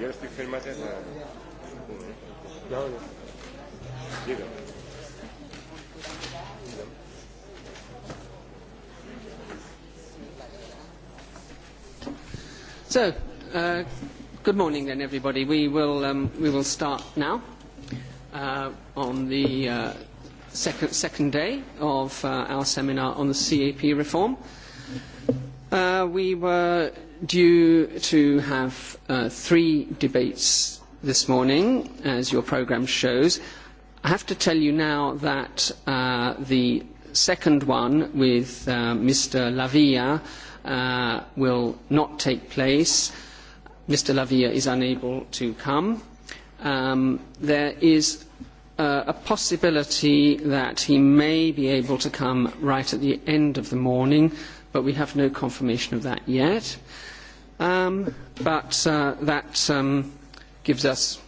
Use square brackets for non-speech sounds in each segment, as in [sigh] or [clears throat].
Yo estoy firmando la... No, no. Digo. So, uh, good morning then everybody. We will, um, we will start now uh, on the uh, second, second day of uh, our seminar on the CAP reform. Uh, we were due to have uh, three debates this morning, as your programme shows. I have to tell you now that uh, the second one with uh, Mr. Lavia uh, will not take place. Mr. Lavia is unable to come. Um, there is uh, a possibility that he may be able to come right at the end of the morning, but we have no confirmation of that yet. Uh, Um, but uh, that um, gives us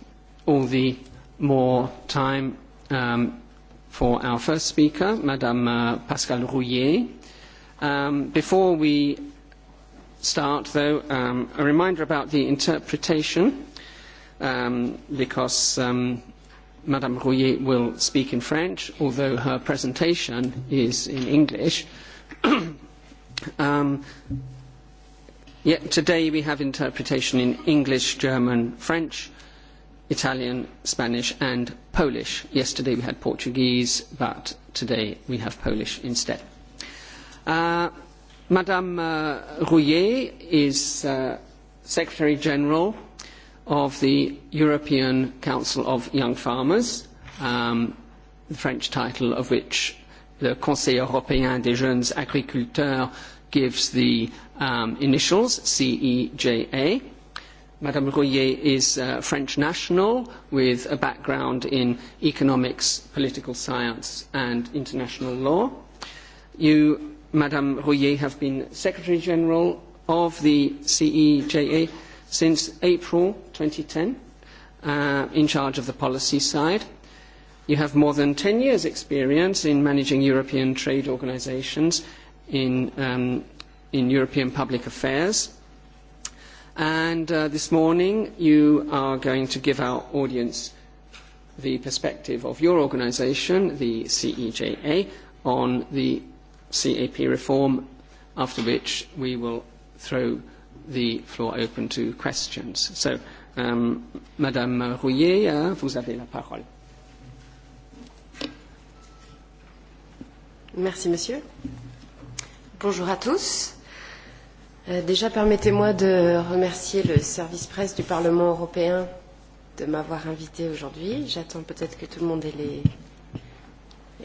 all the more time um, for our first speaker, Madame uh, Pascale Rouillet. Um, before we start, though, um, a reminder about the interpretation, um, because um, Madame Rouillet will speak in French, although her presentation is in English. [clears throat] um, Yet today we have interpretation in English, German, French, Italian, Spanish and Polish. Yesterday we had Portuguese, but today we have Polish instead. Uh, Madame uh, Rouillet is uh, Secretary General of the European Council of Young Farmers, um, the French title of which the Conseil européen des jeunes agriculteurs gives the um, initials CEJA. Madame Royer is a French national with a background in economics, political science, and international law. You, Madame Royer, have been Secretary General of the CEJA since April 2010, uh, in charge of the policy side. You have more than 10 years' experience in managing European trade organizations in, um, in European public affairs. And uh, this morning you are going to give our audience the perspective of your organisation, the CEJA, on the CAP reform, after which we will throw the floor open to questions. So, um, Madame Rouillet, uh, vous avez la parole. Merci, monsieur. Euh, Bonjour à tous. Euh, déjà, permettez-moi de remercier le service presse du Parlement européen de m'avoir invité aujourd'hui. J'attends peut-être que tout le monde ait les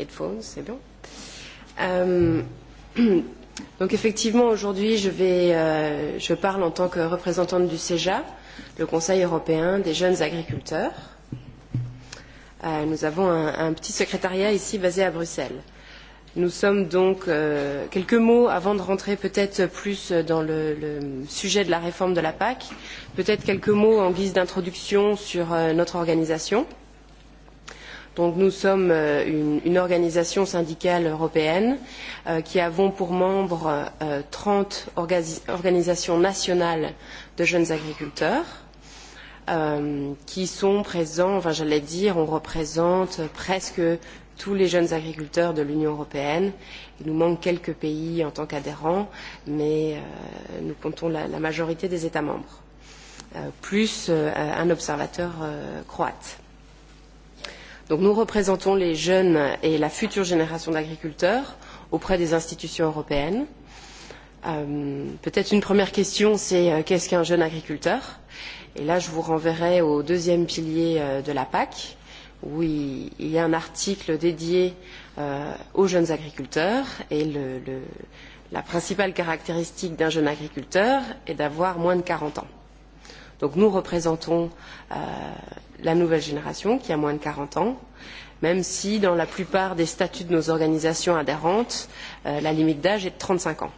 headphones, c'est bon. Euh, [clears throat] donc effectivement, aujourd'hui, je, vais, euh, je parle en tant que représentante du CEJA, le Conseil européen des jeunes agriculteurs. Euh, nous avons un, un petit secrétariat ici basé à Bruxelles. Euh, Nous sommes donc euh, quelques mots avant de rentrer peut-être plus dans le, le sujet de la réforme de la PAC, peut-être quelques mots en guise d'introduction sur euh, notre organisation. Donc nous sommes euh, une, une organisation syndicale européenne euh, qui avons pour membres euh, 30 orga organisations nationales de jeunes agriculteurs euh, qui sont présents, enfin j'allais dire, on représente presque tous les jeunes agriculteurs de l'Union européenne. Il nous manque quelques pays en tant qu'adhérents, mais euh, nous comptons la, la majorité des États membres, euh, plus euh, un observateur euh, croate. Donc nous représentons les jeunes et la future génération d'agriculteurs auprès des institutions européennes. Euh, Peut-être une première question, c'est euh, qu'est-ce qu'un jeune agriculteur Et là, je vous renverrai au deuxième pilier euh, de la PAC, euh, où il, il y a un article dédié euh, aux jeunes agriculteurs et le, le, la principale caractéristique d'un jeune agriculteur est d'avoir moins de 40 ans. Donc nous représentons euh, la nouvelle génération qui a moins de 40 ans, même si dans la plupart des statuts de nos organisations adhérentes, euh, la limite d'âge est de 35 ans.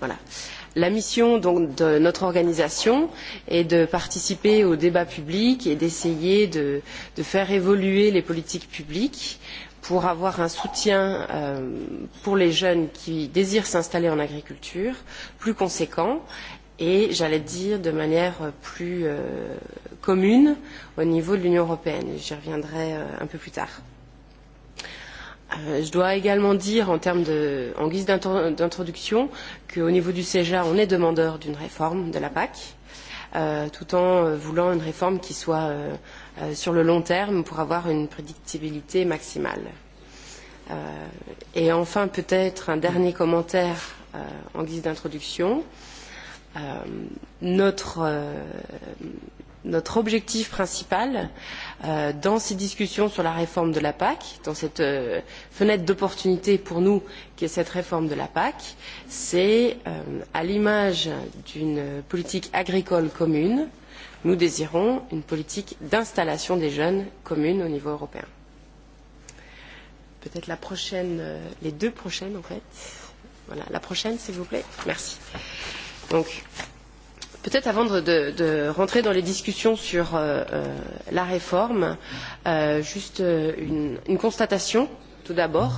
Voilà. Euh, La mission donc, de notre organisation est de participer au débat public et d'essayer de, de faire évoluer les politiques publiques pour avoir un soutien euh, pour les jeunes qui désirent s'installer en agriculture plus conséquent et, j'allais dire, de manière plus euh, commune au niveau de l'Union européenne. J'y reviendrai euh, un peu plus tard. Euh, je dois également dire en, termes de, en guise d'introduction qu'au niveau du CEJA, on est demandeur d'une réforme de la PAC, euh, tout en euh, voulant une réforme qui soit euh, euh, sur le long terme pour avoir une prédictibilité maximale. Euh, et enfin, peut-être un dernier commentaire euh, en guise d'introduction. Euh, notre euh, notre objectif principal euh, dans ces discussions sur la réforme de la PAC, dans cette euh, fenêtre d'opportunité pour nous qui est cette réforme de la PAC, c'est, euh, à l'image d'une politique agricole commune, nous désirons une politique d'installation des jeunes commune au niveau européen. Peut-être la prochaine, euh, les deux prochaines en fait. Voilà, la prochaine s'il vous plaît. Merci. Donc, Peut-être avant de, de rentrer dans les discussions sur euh, euh la réforme, euh, juste euh, une, une constatation tout d'abord,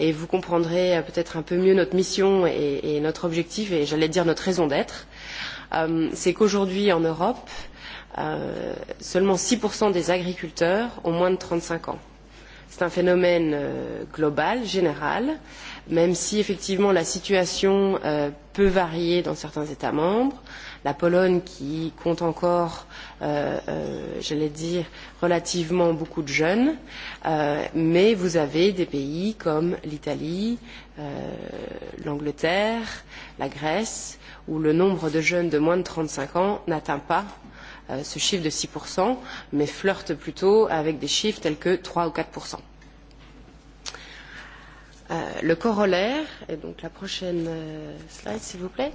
et vous comprendrez euh, peut-être un peu mieux notre mission et, et notre objectif, et j'allais dire notre raison d'être. Euh, C'est qu'aujourd'hui en Europe, euh, seulement 6% des agriculteurs ont moins de 35 ans. C'est un phénomène euh, global, général, même si effectivement la situation euh, peut varier dans certains États membres. Euh, la Pologne qui compte encore, euh, euh, j'allais dire, relativement beaucoup de jeunes, euh, mais vous avez des pays comme l'Italie, euh, l'Angleterre, la Grèce, où le nombre de jeunes de moins de 35 ans n'atteint pas euh, ce chiffre de 6%, mais flirte plutôt avec des chiffres tels que 3 ou 4%. Euh, le corollaire et donc la prochaine euh, slide s'il vous plaît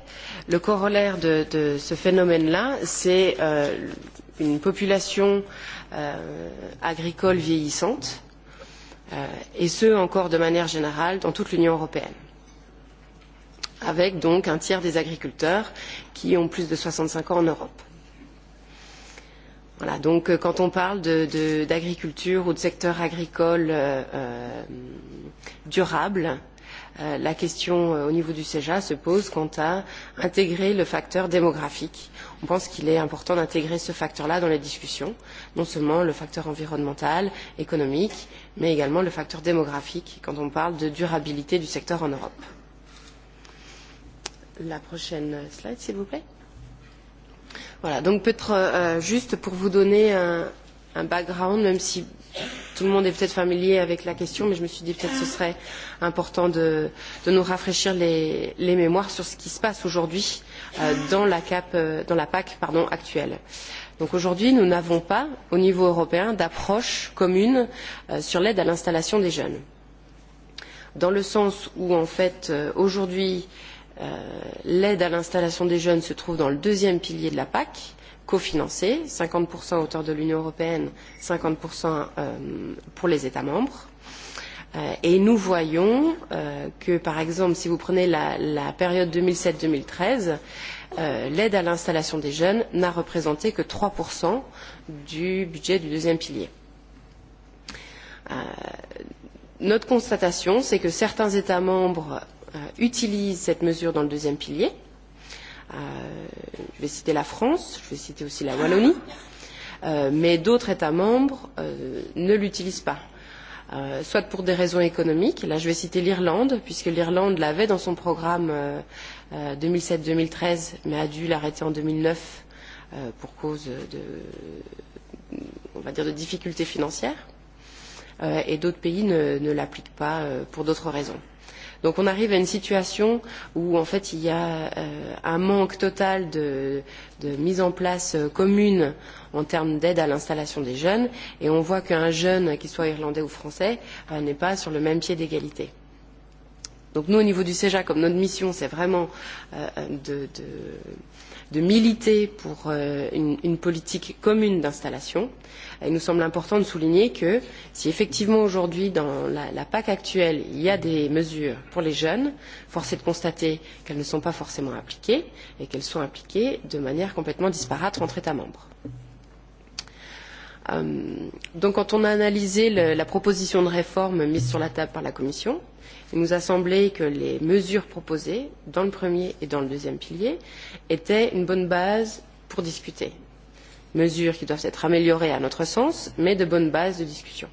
le corollaire de, de ce phénomène là c'est euh, une population euh, agricole vieillissante euh, et ce encore de manière générale dans toute l'Union européenne avec donc un tiers des agriculteurs qui ont plus de 65 ans en Europe. Voilà, donc euh, quand on parle d'agriculture ou de secteur agricole euh, euh, durable, euh, la question euh, au niveau du CEJA se pose quant à intégrer le facteur démographique. On pense qu'il est important d'intégrer ce facteur-là dans les discussions, non seulement le facteur environnemental, économique, mais également le facteur démographique quand on parle de durabilité du secteur en Europe. La prochaine slide, s'il vous plaît. Euh, Voilà, donc peut-être euh, juste pour vous donner un, un background, même si tout le monde est peut-être familier avec la question, mais je me suis dit peut-être ce serait important de, de nous rafraîchir les, les mémoires sur ce qui se passe aujourd'hui euh, dans, la CAP, euh, dans la PAC pardon, actuelle. Donc aujourd'hui, nous n'avons pas, au niveau européen, d'approche commune euh, sur l'aide à l'installation des jeunes. Dans le sens où, en fait, euh, aujourd'hui, euh, Euh, l'aide à l'installation des jeunes se trouve dans le deuxième pilier de la PAC, cofinancé, 50% à hauteur de l'Union européenne, 50% euh, pour les États membres. Euh, et nous voyons euh, que, par exemple, si vous prenez la, la période 2007-2013, euh, l'aide à l'installation des jeunes n'a représenté que 3% du budget du deuxième pilier. Euh, notre constatation, c'est que certains États membres euh, utilisent cette mesure dans le deuxième pilier. Euh, je vais citer la France, je vais citer aussi la Wallonie, euh, mais d'autres États membres euh, ne l'utilisent pas. Euh, soit pour des raisons économiques, là je vais citer l'Irlande, puisque l'Irlande l'avait dans son programme euh, euh, 2007-2013, mais a dû l'arrêter en 2009 euh, pour cause de, on va dire, de difficultés financières, euh, et d'autres pays ne, ne l'appliquent pas euh, pour d'autres raisons. Donc on arrive à une situation où en fait il y a euh, un manque total de, de mise en place euh, commune en termes d'aide à l'installation des jeunes et on voit qu'un jeune, qu'il soit irlandais ou français, euh, n'est pas sur le même pied d'égalité. Donc nous au niveau du CEJA, comme notre mission c'est vraiment euh, euh de, de de militer pour euh, une, une politique commune d'installation. Il nous semble important de souligner que si effectivement aujourd'hui dans la, la PAC actuelle il y a des mesures pour les jeunes, force est de constater qu'elles ne sont pas forcément appliquées et qu'elles sont appliquées de manière complètement disparate entre États membres. Euh, donc quand on a analysé le, la proposition de réforme mise sur la table par la Commission, Il nous a semblé que les mesures proposées dans le premier et dans le deuxième pilier étaient une bonne base pour discuter. Mesures qui doivent être améliorées à notre sens, mais de bonnes bases de discussion.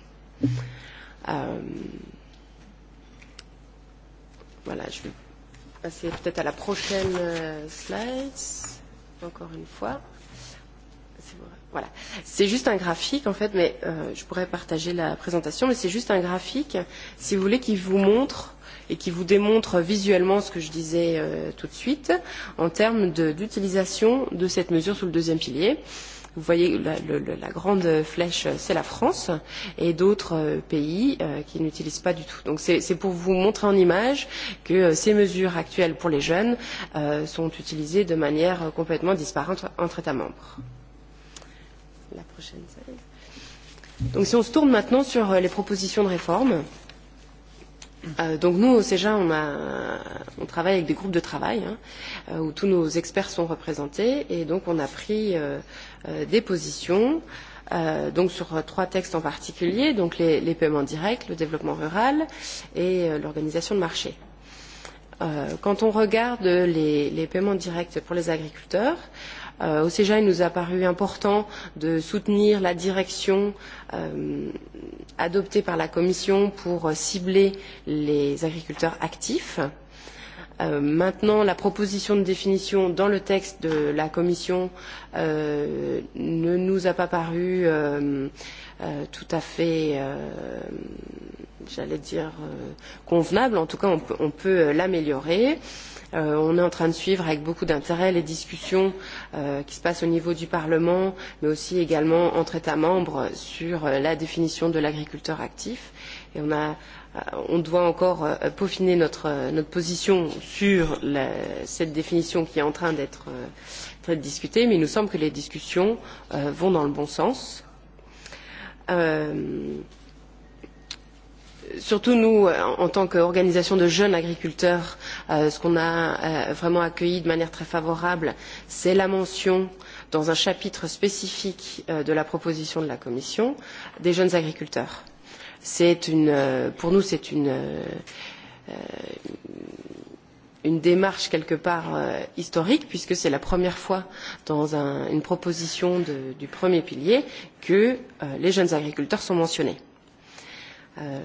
Euh, voilà, je vais passer peut-être à la prochaine euh, slide, encore une fois. Euh, Voilà. C'est juste un graphique, en fait, mais euh, je pourrais partager la présentation, mais c'est juste un graphique, si vous voulez, qui vous montre et qui vous démontre visuellement ce que je disais euh, tout de suite en termes d'utilisation de, de cette mesure sous le deuxième pilier. Vous voyez, la, le, la grande flèche, euh, c'est la France et d'autres euh, pays euh, qui n'utilisent pas du tout. Donc c'est pour vous montrer en image que euh, ces mesures actuelles pour les jeunes euh, sont utilisées de manière euh, complètement disparate entre, entre États membres. Mmh la prochaine slide. Donc si on se tourne maintenant sur euh, les propositions de réforme, euh, donc nous au CEJA on, a, on travaille avec des groupes de travail hein, euh, où tous nos experts sont représentés et donc on a pris euh, euh, des positions euh, donc sur euh, trois textes en particulier, donc les, les paiements directs, le développement rural et euh, l'organisation de marché. Euh, quand on regarde les, les paiements directs pour les agriculteurs, euh, Euh, au CGI, il nous a paru important de soutenir la direction euh, adoptée par la Commission pour euh, cibler les agriculteurs actifs. Euh, maintenant, la proposition de définition dans le texte de la Commission euh, ne nous a pas paru euh, euh, tout à fait, euh, j'allais dire, euh, convenable. En tout cas, on peut, on peut euh, l'améliorer. Euh, Euh, on est en train de suivre avec beaucoup d'intérêt les discussions euh, qui se passent au niveau du Parlement, mais aussi également entre États membres sur euh, la définition de l'agriculteur actif. Et on, a, euh, on doit encore euh, peaufiner notre, euh, notre position sur la, cette définition qui est en train d'être euh, discutée, mais il nous semble que les discussions euh, vont dans le bon sens. Euh, surtout nous, euh, en tant qu'organisation de jeunes agriculteurs, euh, ce qu'on a euh, vraiment accueilli de manière très favorable, c'est la mention dans un chapitre spécifique euh, de la proposition de la Commission des jeunes agriculteurs. C'est une, euh, pour nous, c'est une, euh, euh une démarche quelque part euh, historique puisque c'est la première fois dans un, une proposition de, du premier pilier que euh, les jeunes agriculteurs sont mentionnés Euh,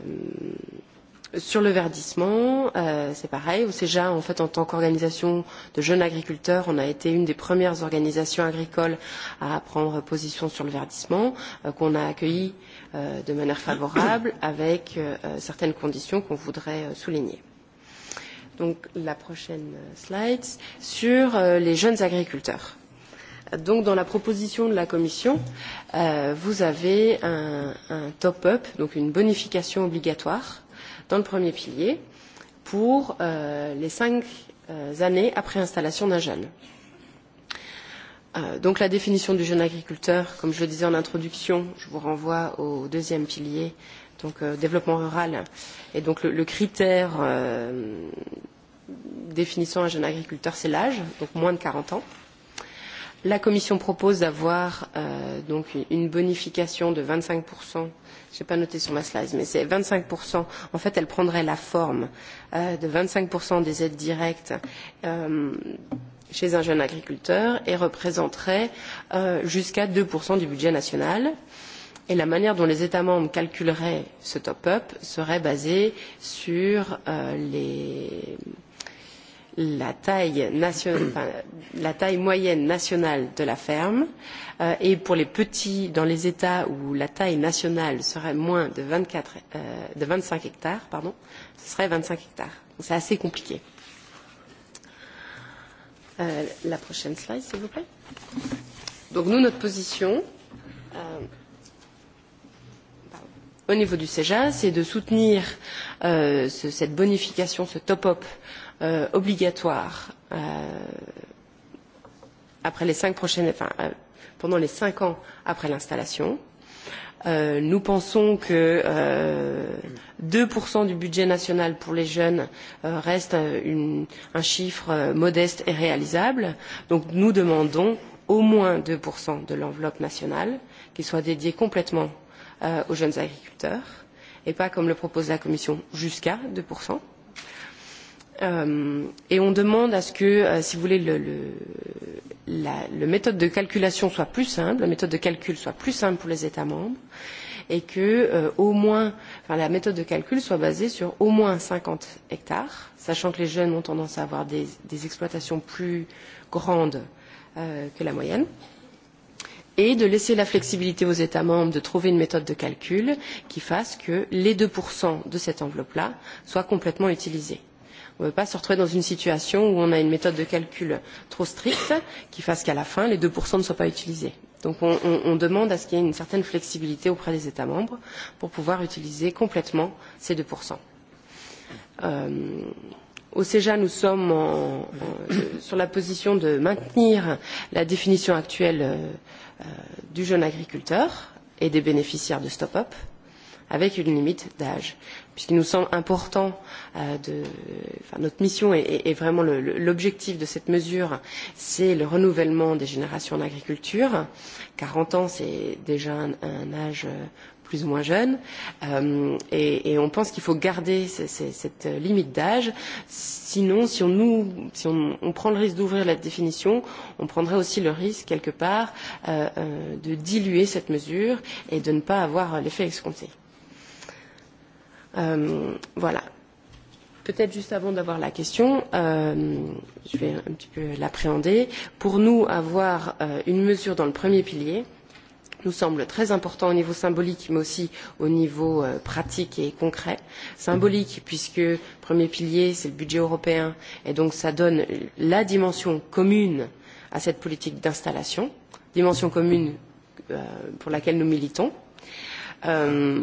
sur le verdissement, euh, c'est pareil. Au CEJA, en fait, en tant qu'organisation de jeunes agriculteurs, on a été une des premières organisations agricoles à prendre position sur le verdissement, euh, qu'on a accueilli euh, de manière favorable, avec euh, euh certaines conditions qu'on voudrait euh, souligner. Donc la prochaine euh, slide sur euh, les jeunes agriculteurs donc dans la proposition de la Commission, euh, vous avez un, un top-up, donc une bonification obligatoire dans le premier pilier pour euh, les cinq euh, années après installation d'un jeune. Euh, donc la définition du jeune agriculteur, comme je le disais en introduction, je vous renvoie au deuxième pilier, donc euh, développement rural, et donc le, le critère euh, définissant un jeune agriculteur, c'est l'âge, donc moins de 40 ans. Euh, La Commission propose d'avoir euh, donc une bonification de 25 je n'ai pas noté sur ma slide, mais c'est 25%. En fait, elle prendrait la forme euh, de 25% des aides directes euh, chez un jeune agriculteur et représenterait euh, jusqu'à 2% du budget national. Et la manière dont les États membres calculeraient ce top-up serait basée sur euh, les la taille, nation, enfin, la taille moyenne nationale de la ferme euh, et pour les petits dans les États où la taille nationale serait moins de, 24, euh, de 25 hectares, pardon, ce serait 25 hectares. Donc c'est assez compliqué. Euh, la prochaine slide, s'il vous plaît. Donc nous, notre position euh, pardon, au niveau du CEJA, c'est de soutenir euh, ce, cette bonification, ce top-up euh, euh, obligatoire euh, après les cinq prochaines, enfin, euh, pendant les cinq ans après l'installation. Euh, nous pensons que euh, 2% du budget national pour les jeunes euh, reste euh, une, un chiffre euh, modeste et réalisable. Donc nous demandons au moins 2% de l'enveloppe nationale qui soit dédiée complètement euh, aux jeunes agriculteurs et pas, comme le propose la Commission, jusqu'à 2%. Euh, et on demande à ce que, euh, si vous voulez, le, le, la le méthode de calculation soit plus simple, la méthode de calcul soit plus simple pour les États membres, et que euh, au moins, enfin, la méthode de calcul soit basée sur au moins 50 hectares, sachant que les jeunes ont tendance à avoir des, des exploitations plus grandes euh, que la moyenne. Euh, et de laisser la flexibilité aux États membres de trouver une méthode de calcul qui fasse que les 2% de cette enveloppe-là soient complètement utilisés. On ne veut pas se retrouver dans une situation où on a une méthode de calcul trop stricte qui fasse qu'à la fin, les 2% ne soient pas utilisés. Donc on, on, on demande à ce qu'il y ait une certaine flexibilité auprès des États membres pour pouvoir utiliser complètement ces 2%. Euh, Au CEJA, nous sommes en, en, euh, sur la position de maintenir la définition actuelle euh, euh, du jeune agriculteur et des bénéficiaires de stop-up avec une limite d'âge puisqu'il nous semble important euh, de enfin, notre mission et, et vraiment l'objectif de cette mesure, c'est le renouvellement des générations en agriculture. 40 ans, c'est déjà un, un âge euh, plus ou moins jeunes. Euh, et, et on pense qu'il faut garder ces, ces, cette limite d'âge. Sinon, si, on, nous, si on, on prend le risque d'ouvrir la définition, on prendrait aussi le risque, quelque part, euh, euh, de diluer cette mesure et de ne pas avoir l'effet escompté. Euh, Euh, voilà. Peut-être juste avant d'avoir la question, euh, je vais un petit peu l'appréhender. Pour nous, avoir euh, une mesure dans le premier pilier nous semble très important au niveau symbolique, mais aussi au niveau euh, pratique et concret. Symbolique, puisque premier pilier, c'est le budget européen, et donc ça donne la dimension commune à cette politique d'installation, dimension commune euh, pour laquelle nous militons. Euh,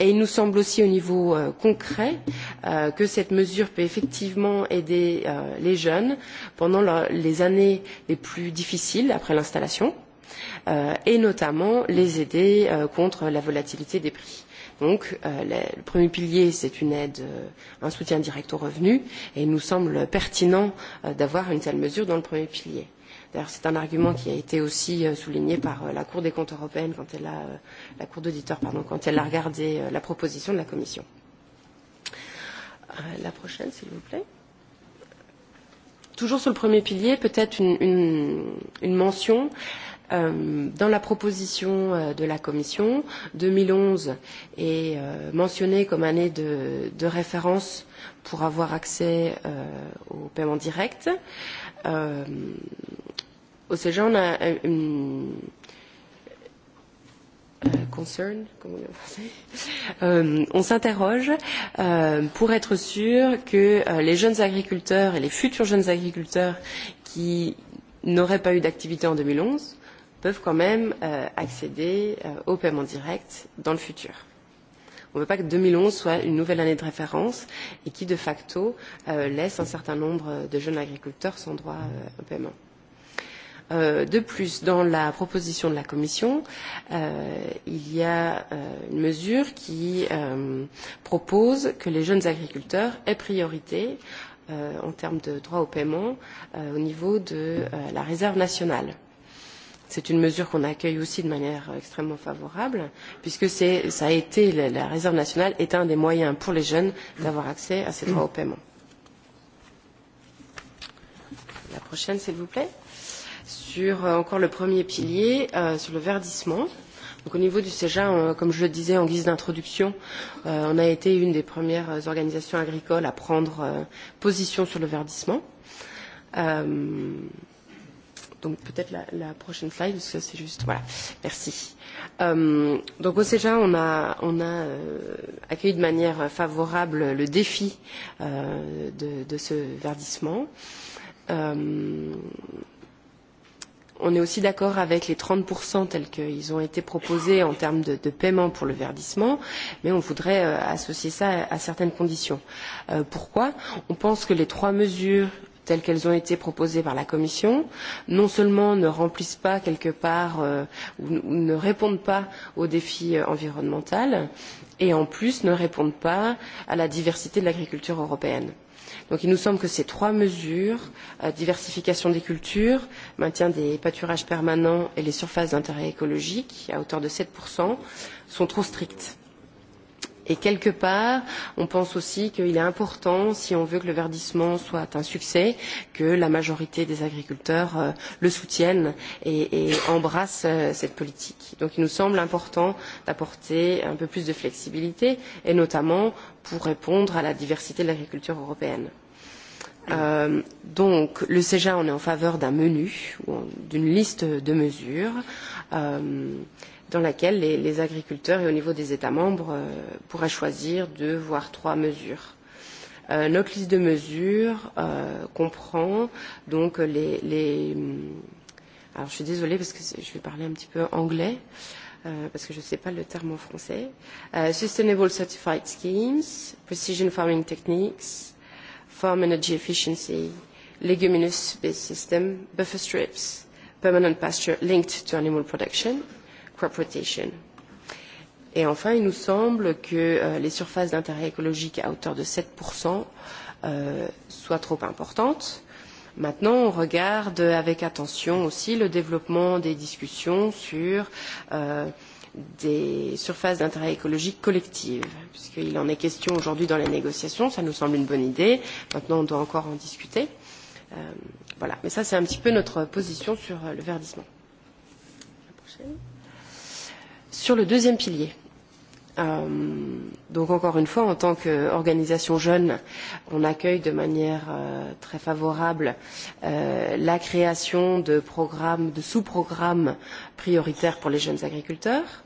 Et il nous semble aussi au niveau euh, concret euh, que cette mesure peut effectivement aider euh, les jeunes pendant leur, les années les plus difficiles après l'installation euh, et notamment les aider euh, contre la volatilité des prix. Donc euh, les, le premier pilier, c'est une aide, euh, un soutien direct aux revenus et il nous semble pertinent euh, d'avoir une telle mesure dans le premier pilier. D'ailleurs, c'est un argument qui a été aussi euh, souligné par euh, la Cour des comptes européenne quand elle a, euh, la Cour d'auditeur, pardon, quand elle a regardé euh, la proposition de la Commission. Euh, la prochaine, s'il vous plaît. Toujours sur le premier pilier, peut-être une, une, une mention. Euh, dans la proposition euh, de la Commission, 2011 est euh, mentionnée comme année de, de référence pour avoir accès euh, au paiement direct. Euh, ou ces gens a, a, euh, um, euh, euh, concern, comment on dit euh, on s'interroge euh, pour être sûr que euh, les jeunes agriculteurs et les futurs jeunes agriculteurs qui n'auraient pas eu d'activité en 2011 peuvent quand même euh, accéder euh, au paiement direct dans le futur. On ne veut pas que 2011 soit une nouvelle année de référence et qui, de facto, euh, laisse un certain nombre de jeunes agriculteurs sans droit euh, au paiement. Euh, Euh, de plus, dans la proposition de la Commission, euh, il y a euh, une mesure qui euh, propose que les jeunes agriculteurs aient priorité euh, en termes de droit au paiement euh, au niveau de euh, la réserve nationale. C'est une mesure qu'on accueille aussi de manière extrêmement favorable, puisque ça a été la, la réserve nationale est un des moyens pour les jeunes d'avoir accès à ces droits au paiement. La prochaine, s'il vous plaît. Euh, sur euh, encore le premier pilier, euh, sur le verdissement. Donc, au niveau du CEJA, on, euh, comme je le disais en guise d'introduction, euh, on a été une des premières organisations agricoles à prendre euh, position sur le verdissement. Euh, donc peut-être la, la prochaine slide, parce que c'est juste. Voilà, merci. Euh, donc au CEJA, on a, on a euh, accueilli de manière favorable le défi euh, de, de ce verdissement. Euh, On est aussi d'accord avec les 30% tels qu'ils ont été proposés en termes de, de paiement pour le verdissement, mais on voudrait euh, associer ça à, à certaines conditions. Euh, pourquoi On pense que les trois mesures telles qu'elles ont été proposées par la Commission, non seulement ne remplissent pas quelque part euh, ou, ou ne répondent pas au défi euh, environnemental, et en plus ne répondent pas à la diversité de l'agriculture européenne. Donc il nous semble que ces trois mesures, euh, diversification des cultures, maintien des pâturages permanents et les surfaces d'intérêt écologique à hauteur de 7%, sont trop strictes Et quelque part, on pense aussi qu'il est important, si on veut que le verdissement soit un succès, que la majorité des agriculteurs euh, le soutiennent et, et embrassent euh, cette politique. Donc il nous semble important d'apporter un peu plus de flexibilité, et notamment pour répondre à la diversité de l'agriculture européenne. Euh, donc, le CEJA, on est en faveur d'un menu, d'une liste de mesures. Euh, dans laquelle les, les agriculteurs et au niveau des États membres euh, pourraient choisir deux voire trois mesures. Euh, notre liste de mesures euh, comprend donc les, les. Hmm, alors je suis désolée parce que je vais parler un petit peu anglais. Uh, parce que je ne sais pas le terme en français. Uh, sustainable Certified Schemes, Precision Farming Techniques, Farm Energy Efficiency, Leguminous Based System, Buffer Strips, Permanent Pasture Linked to Animal Production, uh, crop rotation. Et enfin, il nous semble que euh, les surfaces d'intérêt écologique à hauteur de 7% euh, soient trop importantes. Maintenant, on regarde avec attention aussi le développement des discussions sur euh, des surfaces d'intérêt écologique collectives, puisqu'il en est question aujourd'hui dans les négociations. Ça nous semble une bonne idée. Maintenant, on doit encore en discuter. Euh, voilà. Mais ça, c'est un petit peu notre position sur euh, le verdissement. La prochaine. Sur le deuxième pilier, euh, donc encore une fois, en tant qu'organisation jeune, on accueille de manière euh, très favorable euh, la création de programmes, de sous-programmes prioritaires pour les jeunes agriculteurs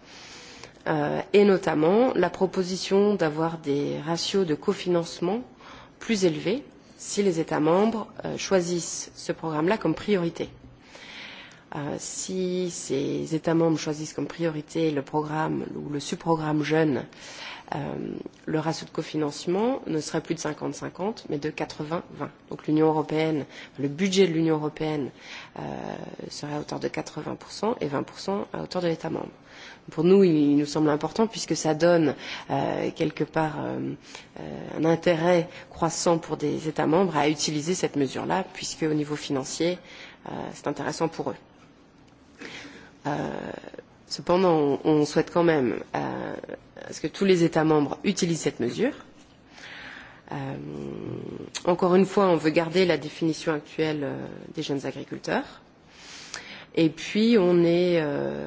euh, et notamment la proposition d'avoir des ratios de cofinancement plus élevés si les États membres euh, choisissent ce programme-là comme priorité euh, si ces États membres choisissent comme priorité le programme ou le sous-programme jeune, euh, le ratio de cofinancement ne serait plus de 50-50, mais de 80-20. Donc l'Union européenne, le budget de l'Union européenne euh, serait à hauteur de 80% et 20% à hauteur de l'État membre. Pour nous, il, il nous semble important puisque ça donne euh, quelque part euh, euh, un intérêt croissant pour des États membres à utiliser cette mesure-là, puisque au niveau financier, euh, c'est intéressant pour eux. Euh, cependant, on, on souhaite quand même euh, ce que tous les États membres utilisent cette mesure. Euh, encore une fois, on veut garder la définition actuelle euh, des jeunes agriculteurs. Et puis, on est euh,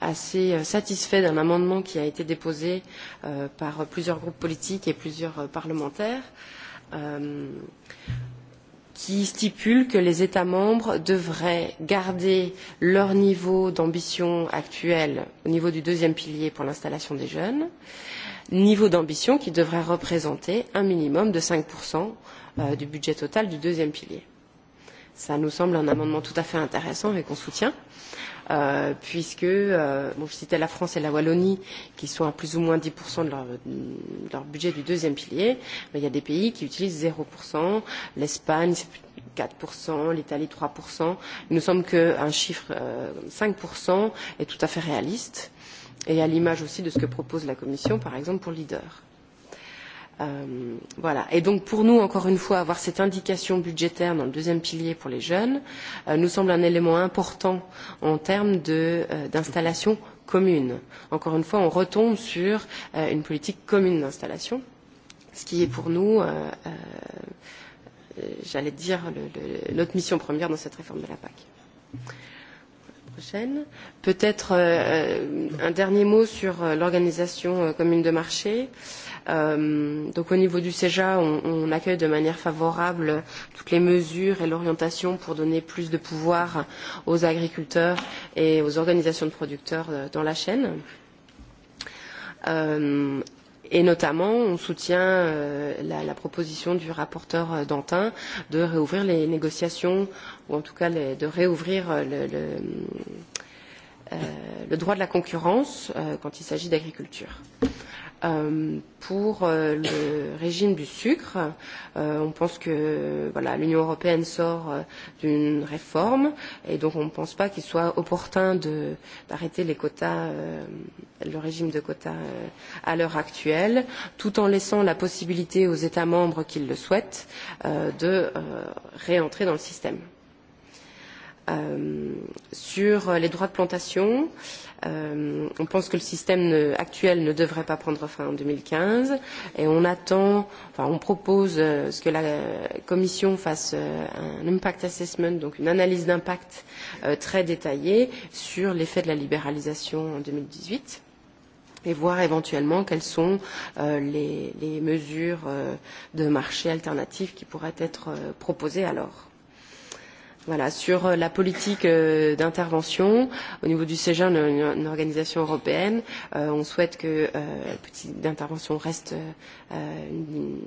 assez euh, satisfait d'un amendement qui a été déposé euh, par plusieurs groupes politiques et plusieurs euh, parlementaires. Euh, qui stipule que les États membres devraient garder leur niveau d'ambition actuel au niveau du deuxième pilier pour l'installation des jeunes, niveau d'ambition qui devrait représenter un minimum de 5% euh, du budget total du deuxième pilier. Ça nous semble un amendement tout à fait intéressant et qu'on soutient. Euh, euh, puisque euh, bon, je citais la France et la Wallonie qui sont à plus ou moins 10% de leur, de leur budget du deuxième pilier, mais il y a des pays qui utilisent 0%, l'Espagne c'est 4%, l'Italie 3%. Il nous semble qu'un chiffre euh, 5% est tout à fait réaliste et à l'image aussi de ce que propose la Commission par exemple pour leader. Euh, voilà. Et donc pour nous, encore une fois, avoir cette indication budgétaire dans le deuxième pilier pour les jeunes euh, nous semble un élément important en termes euh, d'installation euh, commune. Encore une fois, on retombe sur euh, une politique commune d'installation, ce qui est pour nous, euh, euh, euh j'allais dire, le, le, notre mission première dans cette réforme de la PAC. Prochaine. Peut-être euh, euh un dernier mot sur euh, l'organisation euh, commune de marché. Euh, Euh, donc au niveau du CEJA, on, on accueille de manière favorable toutes les mesures et l'orientation pour donner plus de pouvoir aux agriculteurs et aux organisations de producteurs euh, dans la chaîne. Euh, et notamment on soutient euh, la, la proposition du rapporteur euh, Dantin de réouvrir les négociations ou en tout cas les, de réouvrir euh, le, le, euh, le droit de la concurrence euh, quand il s'agit d'agriculture. Euh, pour euh, le régime du sucre. Euh, on pense que voilà, l'Union européenne sort euh, d'une réforme et donc on ne pense pas qu'il soit opportun de, d'arrêter les quotas, euh, le régime de quotas euh, à l'heure actuelle, tout en laissant la possibilité aux États membres qui le souhaitent euh, de euh, réentrer dans le système. Euh, sur les droits de plantation, euh, Euh, on pense que le système ne, actuel ne devrait pas prendre fin en 2015 et on attend, enfin on propose euh, ce que la Commission fasse euh, un impact assessment, donc une analyse d'impact euh, très détaillée sur l'effet de la libéralisation en 2018 et voir éventuellement quelles sont euh, les, les mesures euh, de marché alternatives qui pourraient être euh, proposées alors. Voilà, sur euh, la politique euh, d'intervention au niveau du CEGEN, une, une organisation européenne, euh, on souhaite que euh, la politique d'intervention reste euh, une,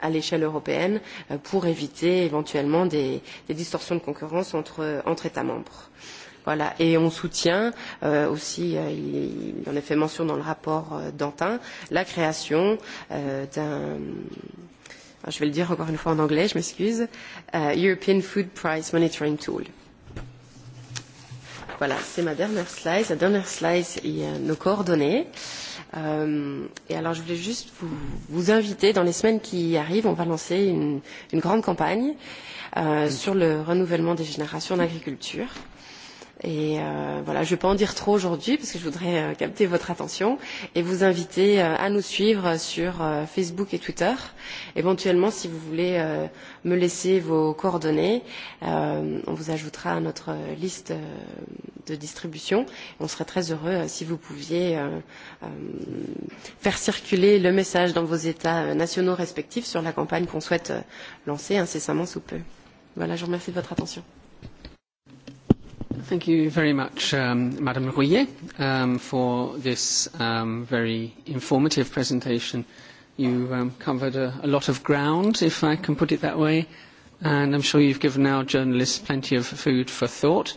à l'échelle européenne euh, pour éviter éventuellement des, des distorsions de concurrence entre, entre États membres. Voilà. Et on soutient euh, aussi, euh, il, il en est fait mention dans le rapport euh, Dantin, la création euh, d'un enfin, ah, je vais le dire encore une fois en anglais, je m'excuse, euh, European Food Price Monitoring Tool. Voilà, c'est ma dernière slide. La dernière slide est euh, nos coordonnées. Euh, et alors, je voulais juste vous, vous inviter, dans les semaines qui arrivent, on va lancer une, une grande campagne euh, sur le renouvellement des générations en agriculture. Euh, Et euh, voilà, je ne vais pas en dire trop aujourd'hui parce que je voudrais euh, capter votre attention et vous inviter euh, à nous suivre sur euh, Facebook et Twitter. Éventuellement, si vous voulez euh, me laisser vos coordonnées, euh, on vous ajoutera à notre liste euh, de distribution. On serait très heureux euh, si vous pouviez euh, euh, faire circuler le message dans vos États euh, nationaux respectifs sur la campagne qu'on souhaite euh, lancer incessamment sous peu. Voilà, je vous remercie de votre attention. Thank you very much, um, Madame Rouillet, um, for this um, very informative presentation. You um, covered a, a lot of ground, if I can put it that way, and I'm sure you've given our journalists plenty of food for thought.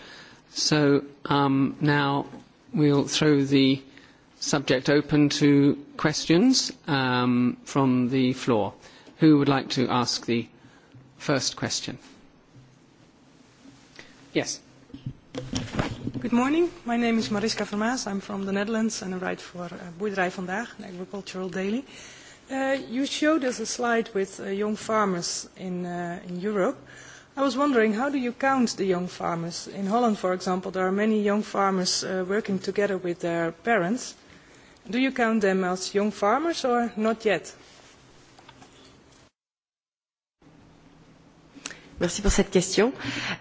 So um, now we'll throw the subject open to questions um, from the floor. Who would like to ask the first question? Yes. Good morning. My name is Mariska Vermaas. I'm from the Netherlands and I write for uh, Boerderij Vandaag, an agricultural daily. Uh, you showed us a slide with uh, young farmers in, uh, in Europe. I was wondering, how do you count the young farmers? In Holland, for example, there are many young farmers uh, working together with their parents. Do you count them as young farmers or not yet? Merci pour cette question.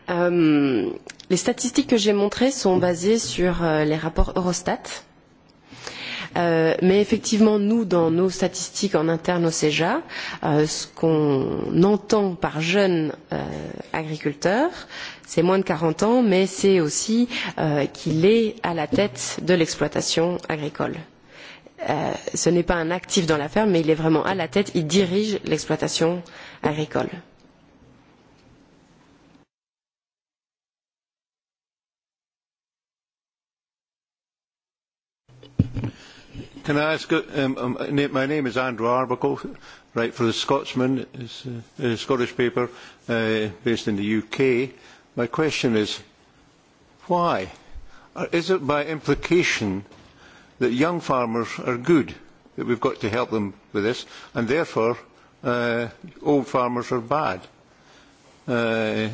Euh, um Les statistiques que j'ai montrées sont basées sur euh, les rapports Eurostat. Euh, mais effectivement, nous, dans nos statistiques en interne au CEJA, euh, ce qu'on entend par jeune euh, agriculteur, c'est moins de 40 ans, mais c'est aussi euh, qu'il est à la tête de l'exploitation agricole. Euh, ce n'est pas un actif dans la ferme, mais il est vraiment à la tête, il dirige l'exploitation agricole. Euh, Can I ask, uh, um, um, uh, my name is Andrew Arbuckle, write for the Scotsman, it's a, uh, a Scottish paper uh, based in the UK. My question is, why? Is it by implication that young farmers are good, that we've got to help them with this, and therefore uh, old farmers are bad? Uh,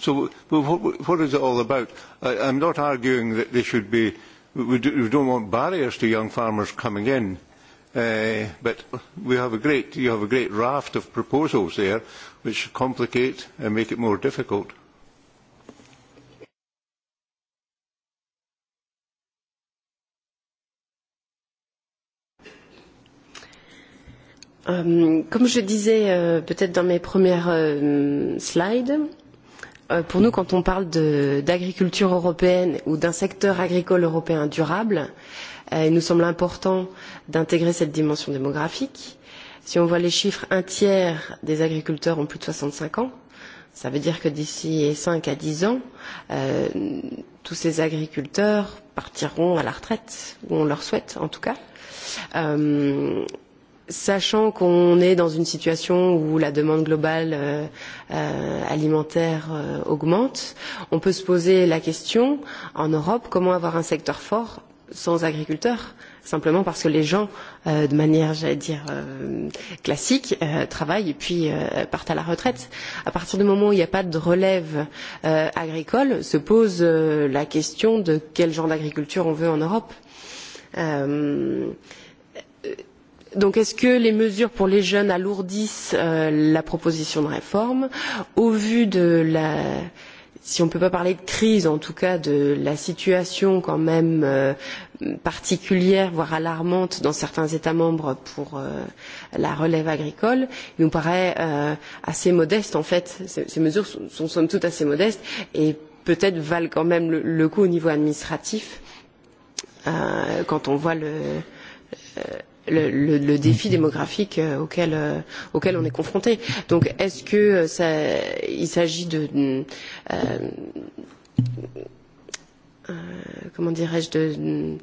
so what, what is it all about? I, I'm not arguing that they should be uh, we, do, we don't want barriers to young farmers coming in. Uh, but we have a great, you have a great raft of proposals there which complicate and make it more difficult. Um, comme je disais euh, peut-être dans mes premières euh, slides, euh, Euh, pour nous, quand on parle d'agriculture européenne ou d'un secteur agricole européen durable, euh, il nous semble important d'intégrer cette dimension démographique. Si on voit les chiffres, un tiers des agriculteurs ont plus de 65 ans. Ça veut dire que d'ici 5 à 10 ans, euh, tous ces agriculteurs partiront à la retraite, ou on leur souhaite en tout cas. Euh, sachant qu'on est dans une situation où la demande globale euh, euh, alimentaire euh, augmente, on peut se poser la question en Europe comment avoir un secteur fort sans agriculteurs simplement parce que les gens, euh, de manière, j'allais dire, euh, classique, euh, travaillent et puis euh, partent à la retraite. À partir du moment où il n'y a pas de relève euh, agricole, se pose euh, la question de quel genre d'agriculture on veut en Europe. Euh, Donc est-ce que les mesures pour les jeunes alourdissent euh, la proposition de réforme au vu de la si on ne peut pas parler de crise, en tout cas de la situation quand même euh, particulière, voire alarmante dans certains États membres pour euh, la relève agricole, il nous paraît euh, assez modeste en fait. Ces, ces mesures sont, sont somme toute assez modestes et peut-être valent quand même le, le coup au niveau administratif euh, quand on voit le, euh, le, le, le défi mhm. démographique euh, auquel, euh, auquel on est confronté. Donc est-ce que euh, ça, il s'agit de, de euh, euh, comment dirais-je de,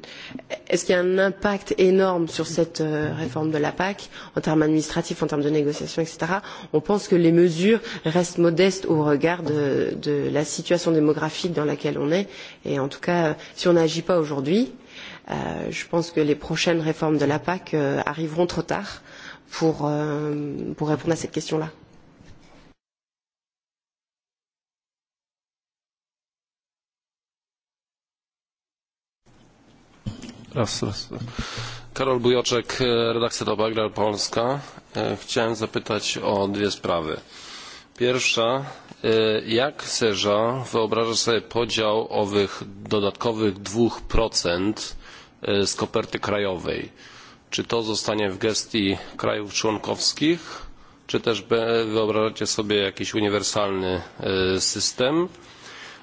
est-ce qu'il y a un impact énorme sur cette euh, réforme de la PAC en termes administratifs, en termes de négociations, etc. On pense que les mesures restent modestes au regard de, de la situation démographique dans laquelle on est. Et en tout cas, euh, si on n'agit pas aujourd'hui, euh, Euh, je pense que les prochaines réformes de la PAC euh, arriveront trop tard pour, euh, pour répondre à cette question-là. Raz, raz. Karol Bujoczek, e, redakcja Doba Agrar Polska. E, chciałem zapytać o dwie sprawy. Pierwsza, e, jak Serza wyobraża sobie podział owych dodatkowych 2% E, z koperty krajowej. Czy to zostanie w gestii krajów członkowskich, czy też wyobrażacie sobie jakiś uniwersalny e, system?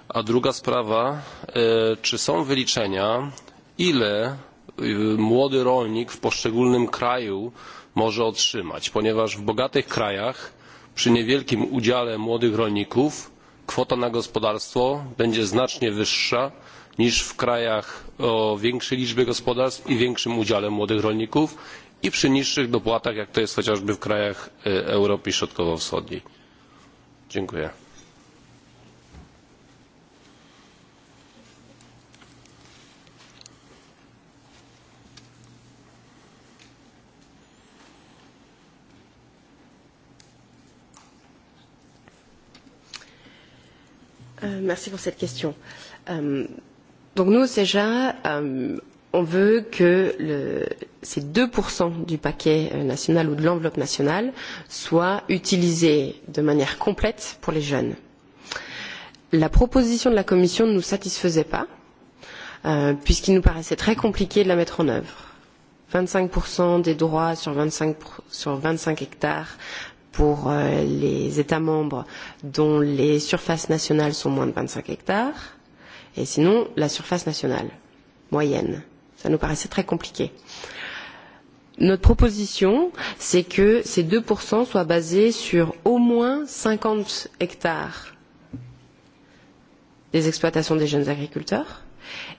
A druga sprawa, e, czy są wyliczenia, ile młody rolnik w poszczególnym kraju może otrzymać, ponieważ w bogatych krajach przy niewielkim udziale młodych rolników kwota na gospodarstwo będzie znacznie wyższa niż w krajach o większej liczbie gospodarstw i większym udziale młodych rolników i przy niższych dopłatach jak to jest chociażby w krajach e, europy środkowo wschodniej. dziękuję. Euh, merci pour cette question. Euh, Donc nous, au CEJA, euh, on veut que le, ces 2% du paquet euh, national ou de l'enveloppe nationale soient utilisés de manière complète pour les jeunes. La proposition de la Commission ne nous satisfaisait pas, euh, puisqu'il nous paraissait très compliqué de la mettre en œuvre. 25% des droits sur 25, sur 25 hectares pour euh, les États membres dont les surfaces nationales sont moins de 25 hectares Et sinon, la surface nationale moyenne. Ça nous paraissait très compliqué. Notre proposition, c'est que ces 2% soient basés sur au moins 50 hectares des exploitations des jeunes agriculteurs.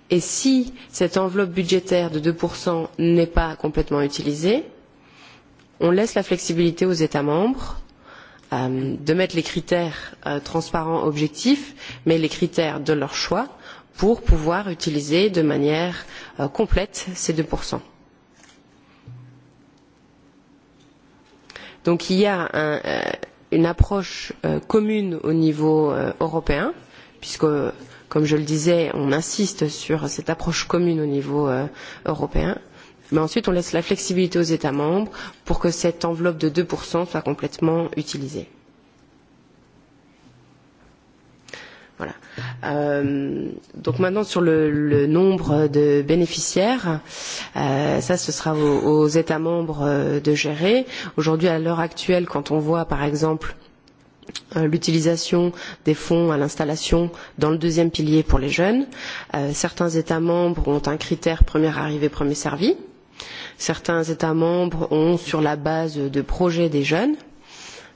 Et si cette enveloppe budgétaire de 2% n'est pas complètement utilisée, on laisse la flexibilité aux États membres euh, de mettre les critères euh, transparents objectifs, mais les critères de leur choix pour pouvoir utiliser de manière euh, complète ces 2%. Donc il y a un, euh, une approche euh, commune au niveau euh, européen, puisque, euh, comme je le disais, on insiste sur cette approche commune au niveau euh, européen. Euh, Mais ensuite, on laisse la flexibilité aux États membres pour que cette enveloppe de 2% soit complètement utilisée. Voilà. Euh, donc maintenant sur le, le nombre de bénéficiaires, euh, ça ce sera aux, aux États membres euh, de gérer. Aujourd'hui, à l'heure actuelle, quand on voit par exemple euh, l'utilisation des fonds à l'installation dans le deuxième pilier pour les jeunes, euh, certains États membres ont un critère premier arrivé, premier servi. Euh, certains États membres ont sur la base de projets des jeunes.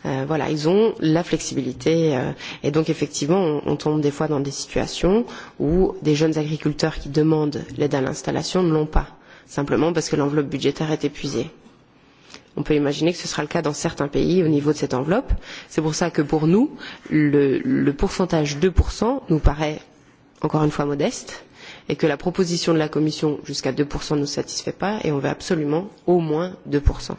Euh, voilà, ils ont la flexibilité euh, et donc effectivement, on, on tombe des fois dans des situations où des jeunes agriculteurs qui demandent l'aide à l'installation ne l'ont pas, simplement parce que l'enveloppe budgétaire est épuisée. On peut imaginer que ce sera le cas dans certains pays au niveau de cette enveloppe. C'est pour ça que pour nous, le, le pourcentage 2% nous paraît encore une fois modeste, et que la proposition de la Commission jusqu'à 2% ne nous satisfait pas et on veut absolument au moins 2%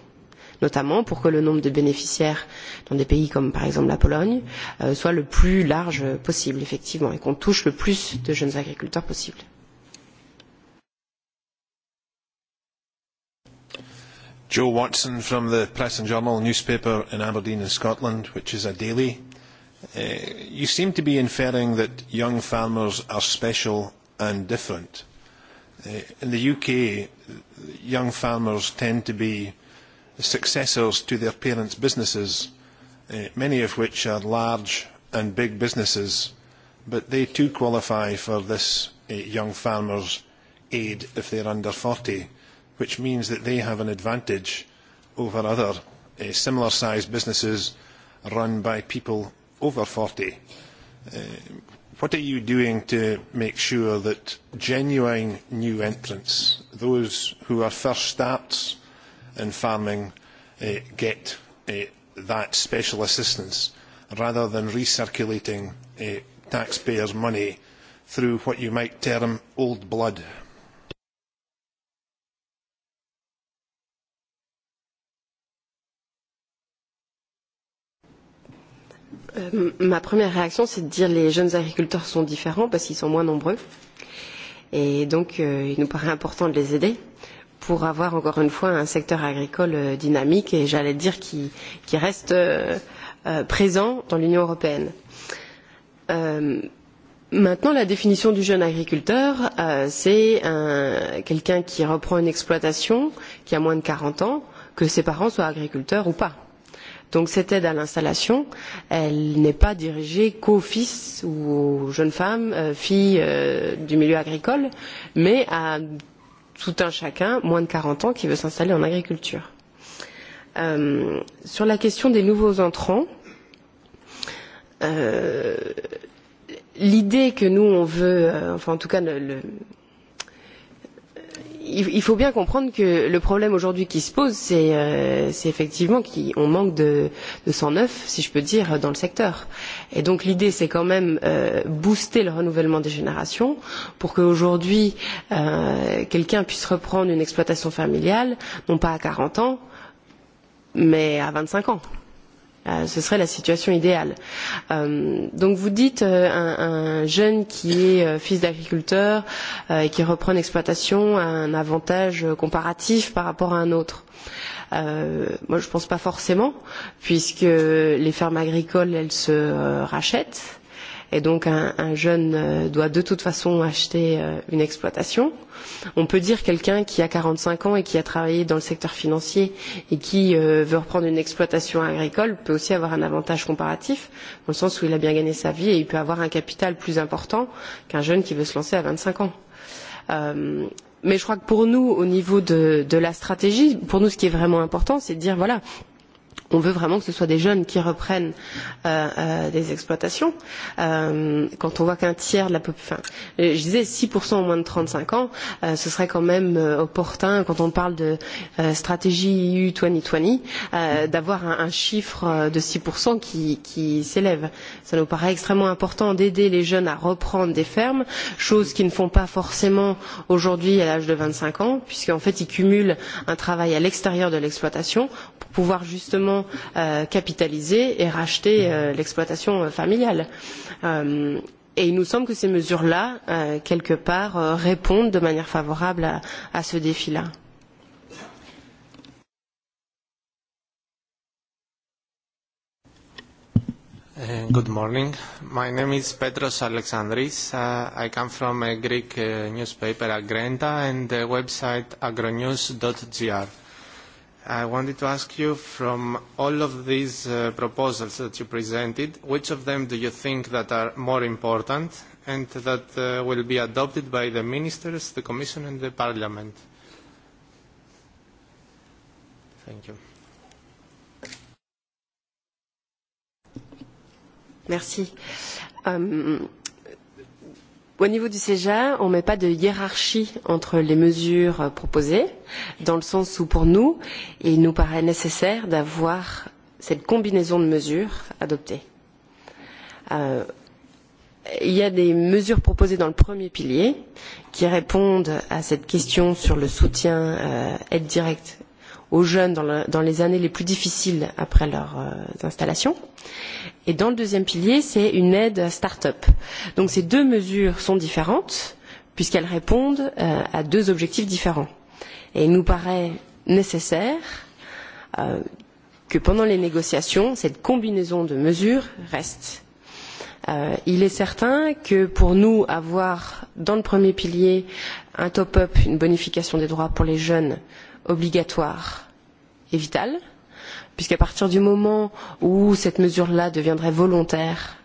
notamment pour que le nombre de bénéficiaires dans des pays comme par exemple la Pologne euh, soit le plus large possible, effectivement, et qu'on touche le plus de jeunes agriculteurs possible. Joe Watson from the Press and Journal newspaper in Aberdeen in Scotland, which is a daily. Uh, you seem to be inferring that young farmers are special and different. Uh, in the UK, young farmers tend to be successors to their parents' businesses, uh, many of which are large and big businesses, but they too qualify for this uh, young farmers' aid if they're under 40, which means that they have an advantage over other uh, similar-sized businesses run by people over 40. Uh, What are you doing to make sure that genuine new entrants, those who are first starts in farming, uh, get uh, that special assistance rather than recirculating uh, taxpayers' money through what you might term old blood? euh, ma première réaction, c'est de dire les jeunes agriculteurs sont différents parce qu'ils sont moins nombreux. Et donc, euh, il nous paraît important de les aider pour avoir encore une fois un secteur agricole euh, dynamique et j'allais dire qui, qui reste euh, euh, présent dans l'Union européenne. Euh, Maintenant, la définition du jeune agriculteur, euh, c'est quelqu'un qui reprend une exploitation, qui a moins de 40 ans, que ses parents soient agriculteurs ou pas. Euh, Donc cette aide à l'installation, elle n'est pas dirigée qu'aux fils ou aux jeunes femmes, euh, filles euh, du milieu agricole, mais à tout un chacun, moins de 40 ans, qui veut s'installer en agriculture. Euh, sur la question des nouveaux entrants, euh, l'idée que nous on veut, euh, enfin en tout cas le, le, il, il faut bien comprendre que le problème aujourd'hui qui se pose, c'est euh, effectivement qu'on manque de, de 109, si je peux dire, dans le secteur. Et donc l'idée, c'est quand même euh, booster le renouvellement des générations pour qu'aujourd'hui, euh, quelqu'un puisse reprendre une exploitation familiale, non pas à 40 ans, mais à 25 ans. Euh, Euh, ce serait la situation idéale. Euh, donc vous dites euh, un, un jeune qui est euh, fils d'agriculteur euh, et qui reprend une exploitation a un avantage euh, comparatif par rapport à un autre. Euh, moi je pense pas forcément puisque les fermes agricoles elles se euh, rachètent Et donc un, un jeune euh, doit de toute façon acheter euh, une exploitation. On peut dire quelqu'un qui a 45 ans et qui a travaillé dans le secteur financier et qui euh, veut reprendre une exploitation agricole peut aussi avoir un avantage comparatif, dans le sens où il a bien gagné sa vie et il peut avoir un capital plus important qu'un jeune qui veut se lancer à 25 ans. Euh, mais je crois que pour nous, au niveau de, de la stratégie, pour nous, ce qui est vraiment important, c'est de dire voilà, euh, on veut vraiment que ce soit des jeunes qui reprennent euh, euh, des exploitations. Euh, quand on voit qu'un tiers de la population, enfin, euh, je disais 6% au moins de 35 ans, euh, ce serait quand même euh, opportun, quand on parle de euh, stratégie EU 2020, euh, d'avoir un, un chiffre euh, de 6% qui, qui s'élève. Ça nous paraît extrêmement important d'aider les jeunes à reprendre des fermes, chose qu'ils ne font pas forcément aujourd'hui à l'âge de 25 ans, puisqu'en fait ils cumulent un travail à l'extérieur de l'exploitation pour pouvoir justement sont euh, capitalisées et racheter euh, l'exploitation euh, familiale. Euh, et il nous semble que ces mesures là, euh, quelque part, euh, répondent de manière favorable à, à ce défi là. Uh, good morning. My name is Petros Alexandris. Uh, I come from a Greek uh, newspaper, Agrenta, and the website agronews.gr. I wanted to ask you from all of these uh, proposals that you presented, which of them do you think that are more important and that uh, will be adopted by the ministers, the commission and the parliament? Thank you. Merci. Um, Au niveau du CEJA, on ne met pas de hiérarchie entre les mesures euh, proposées, dans le sens où pour nous, il nous paraît nécessaire d'avoir cette combinaison de mesures adoptées. Euh, il y a des mesures proposées dans le premier pilier qui répondent à cette question sur le soutien euh, aide directe aux jeunes dans, le, dans les années les plus difficiles après leur euh, installation. Euh, Et dans le deuxième pilier, c'est une aide start-up. Donc ces deux mesures sont différentes puisqu'elles répondent euh, à deux objectifs différents. Et il nous paraît nécessaire euh, que pendant les négociations, cette combinaison de mesures reste. Euh, il est certain que pour nous, avoir dans le premier pilier un top-up, une bonification des droits pour les jeunes obligatoire est vital. Euh, puisqu'à partir du moment où cette mesure-là deviendrait volontaire,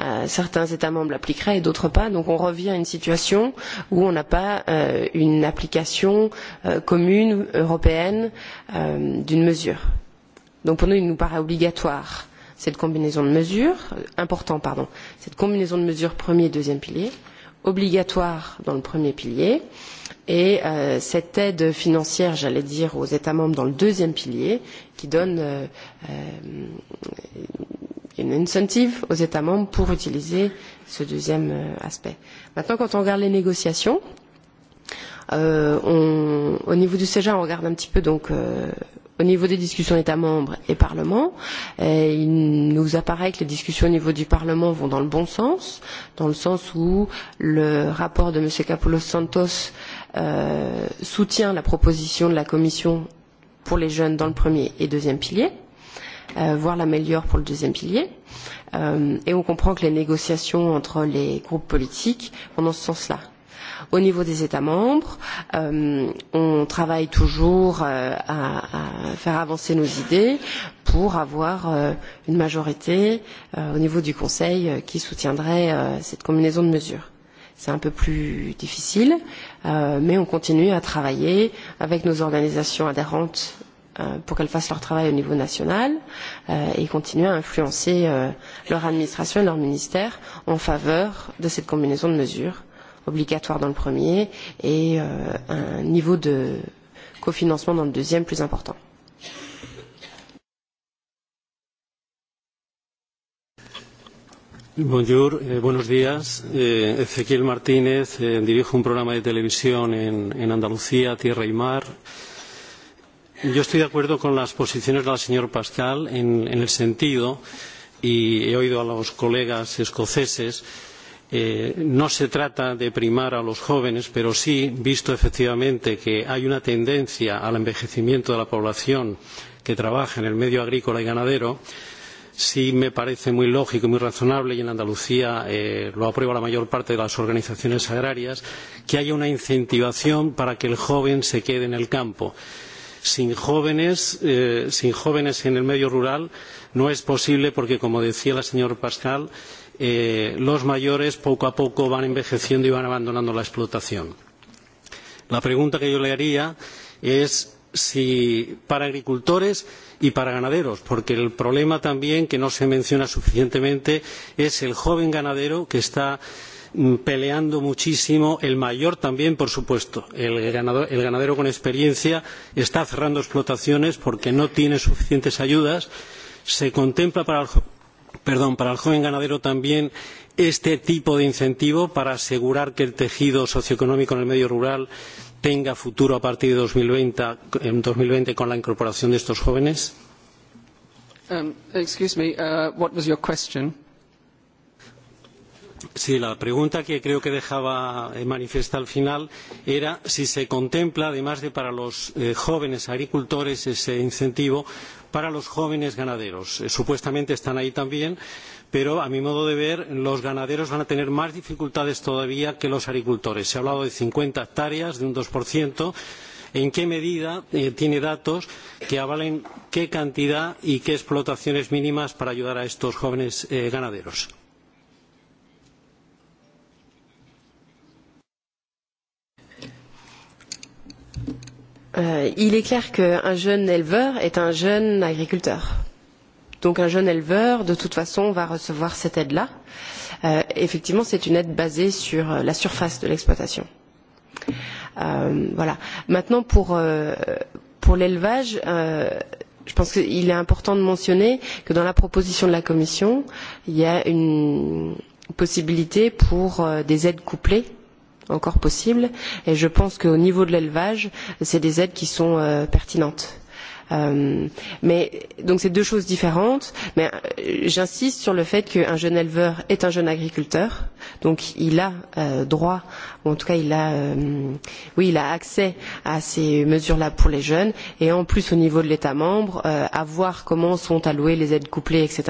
euh, certains États membres l'appliqueraient et d'autres pas. Donc on revient à une situation où on n'a pas euh, une application euh, commune européenne euh, d'une mesure. Donc pour nous, il nous paraît obligatoire cette combinaison de mesures, euh, important pardon, cette combinaison de mesures premier et deuxième pilier, obligatoire dans le premier pilier, euh, et euh, cette aide financière, j'allais dire, aux États membres dans le deuxième pilier, qui donne euh, euh une incentive aux États membres pour utiliser ce deuxième euh, aspect. Maintenant, quand on regarde les négociations, euh, on, au niveau du CEJA, on regarde un petit peu donc euh, au niveau des discussions États membres et Parlement. Et euh, il nous apparaît que les discussions au niveau du Parlement vont dans le bon sens, dans le sens où le rapport de M. Capoulos Santos euh, soutient la proposition de la Commission pour les jeunes dans le premier et deuxième pilier, euh, voire l'améliore pour le deuxième pilier. Euh, et on comprend que les négociations entre les groupes politiques vont dans ce sens-là. Au niveau des États membres, euh, on travaille toujours euh, à, à faire avancer nos idées pour avoir euh, une majorité euh, au niveau du Conseil euh, qui soutiendrait euh, cette combinaison de mesures c'est un peu plus difficile, euh, mais on continue à travailler avec nos organisations adhérentes euh, pour qu'elles fassent leur travail au niveau national euh, et continuer à influencer euh, leur administration et leur ministère en faveur de cette combinaison de mesures obligatoire dans le premier et euh, un niveau de cofinancement dans le deuxième plus important. Bonjour, eh, buenos días. Eh, Ezequiel Martínez, eh, dirijo un programa de televisión en, en Andalucía, Tierra y Mar. Yo estoy de acuerdo con las posiciones de la señora Pascal en, en el sentido, y he oído a los colegas escoceses, eh, no se trata de primar a los jóvenes, pero sí, visto efectivamente que hay una tendencia al envejecimiento de la población que trabaja en el medio agrícola y ganadero, eh, sí me parece muy lógico y muy razonable, y en Andalucía eh, lo aprueba la mayor parte de las organizaciones agrarias, que haya una incentivación para que el joven se quede en el campo. Sin jóvenes, eh, sin jóvenes en el medio rural no es posible porque, como decía la señora Pascal, eh, los mayores poco a poco van envejeciendo y van abandonando la explotación. La pregunta que yo le haría es si para agricultores y para ganaderos, porque el problema también que no se menciona suficientemente es el joven ganadero que está mm, peleando muchísimo el mayor también por supuesto el, ganado, el ganadero con experiencia está cerrando explotaciones porque no tiene suficientes ayudas se contempla para el, perdón, para el joven ganadero también este tipo de incentivo para asegurar que el tejido socioeconómico en el medio rural tenga futuro a partir de 2020, en 2020 con la incorporación de estos jóvenes? Um, excuse me, uh, what was your question? Sí, la pregunta que creo que dejaba manifiesta al final era si se contempla, además de para los eh, jóvenes agricultores, ese incentivo para los jóvenes ganaderos. Eh, supuestamente están ahí también. Eh, pero a mi modo de ver los ganaderos van a tener más dificultades todavía que los agricultores. se ha hablado de cincuenta hectáreas de un dos en qué medida eh, tiene datos que avalen qué cantidad y qué explotaciones mínimas para ayudar a estos jóvenes eh, ganaderos? Euh, il est clair qu'un jeune éleveur est un jeune agriculteur Donc un jeune éleveur, de toute façon, va recevoir cette aide-là. Euh, effectivement, c'est une aide basée sur euh, la surface de l'exploitation. Euh, voilà. Maintenant, pour, euh, pour l'élevage, euh, je pense qu'il est important de mentionner que dans la proposition de la Commission, il y a une possibilité pour euh, des aides couplées encore possibles. Et je pense qu'au niveau de l'élevage, c'est des aides qui sont euh, pertinentes Euh, mais donc c'est deux choses différentes. Mais euh, j'insiste sur le fait qu'un jeune éleveur est un jeune agriculteur, donc il a euh, droit, ou en tout cas il a, euh, oui, il a accès à ces mesures-là pour les jeunes. Et en plus au niveau de l'État membre, euh, à voir comment sont allouées les aides couplées, etc.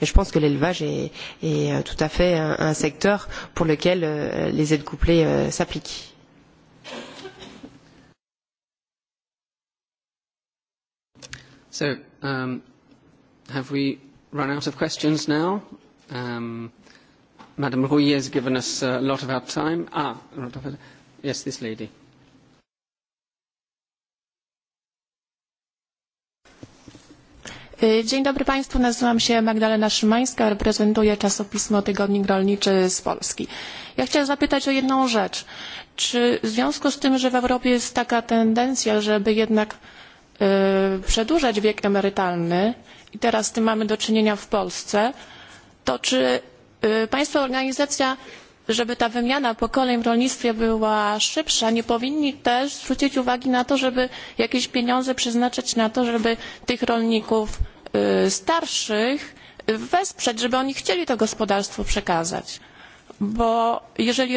Mais je pense que l'élevage est, est euh, tout à fait un, un secteur pour lequel euh, les aides couplées euh, s'appliquent. So, um, have we run out of questions now? Um, Madame Rouillet has given us a lot of our time. Ah, yes, this lady. E, dzień dobry Państwu, nazywam się Magdalena Szymańska, reprezentuję czasopismo Tygodnik Rolniczy z Polski. Ja chciałam zapytać o jedną rzecz. Czy w związku z tym, że w Europie jest taka tendencja, żeby jednak przedłużać wiek emerytalny i teraz z tym mamy do czynienia w Polsce, to czy Państwa organizacja, żeby ta wymiana pokoleń w rolnictwie była szybsza, nie powinni też zwrócić uwagi na to, żeby jakieś pieniądze przeznaczyć na to, żeby tych rolników starszych wesprzeć, żeby oni chcieli to gospodarstwo przekazać bo jeżeli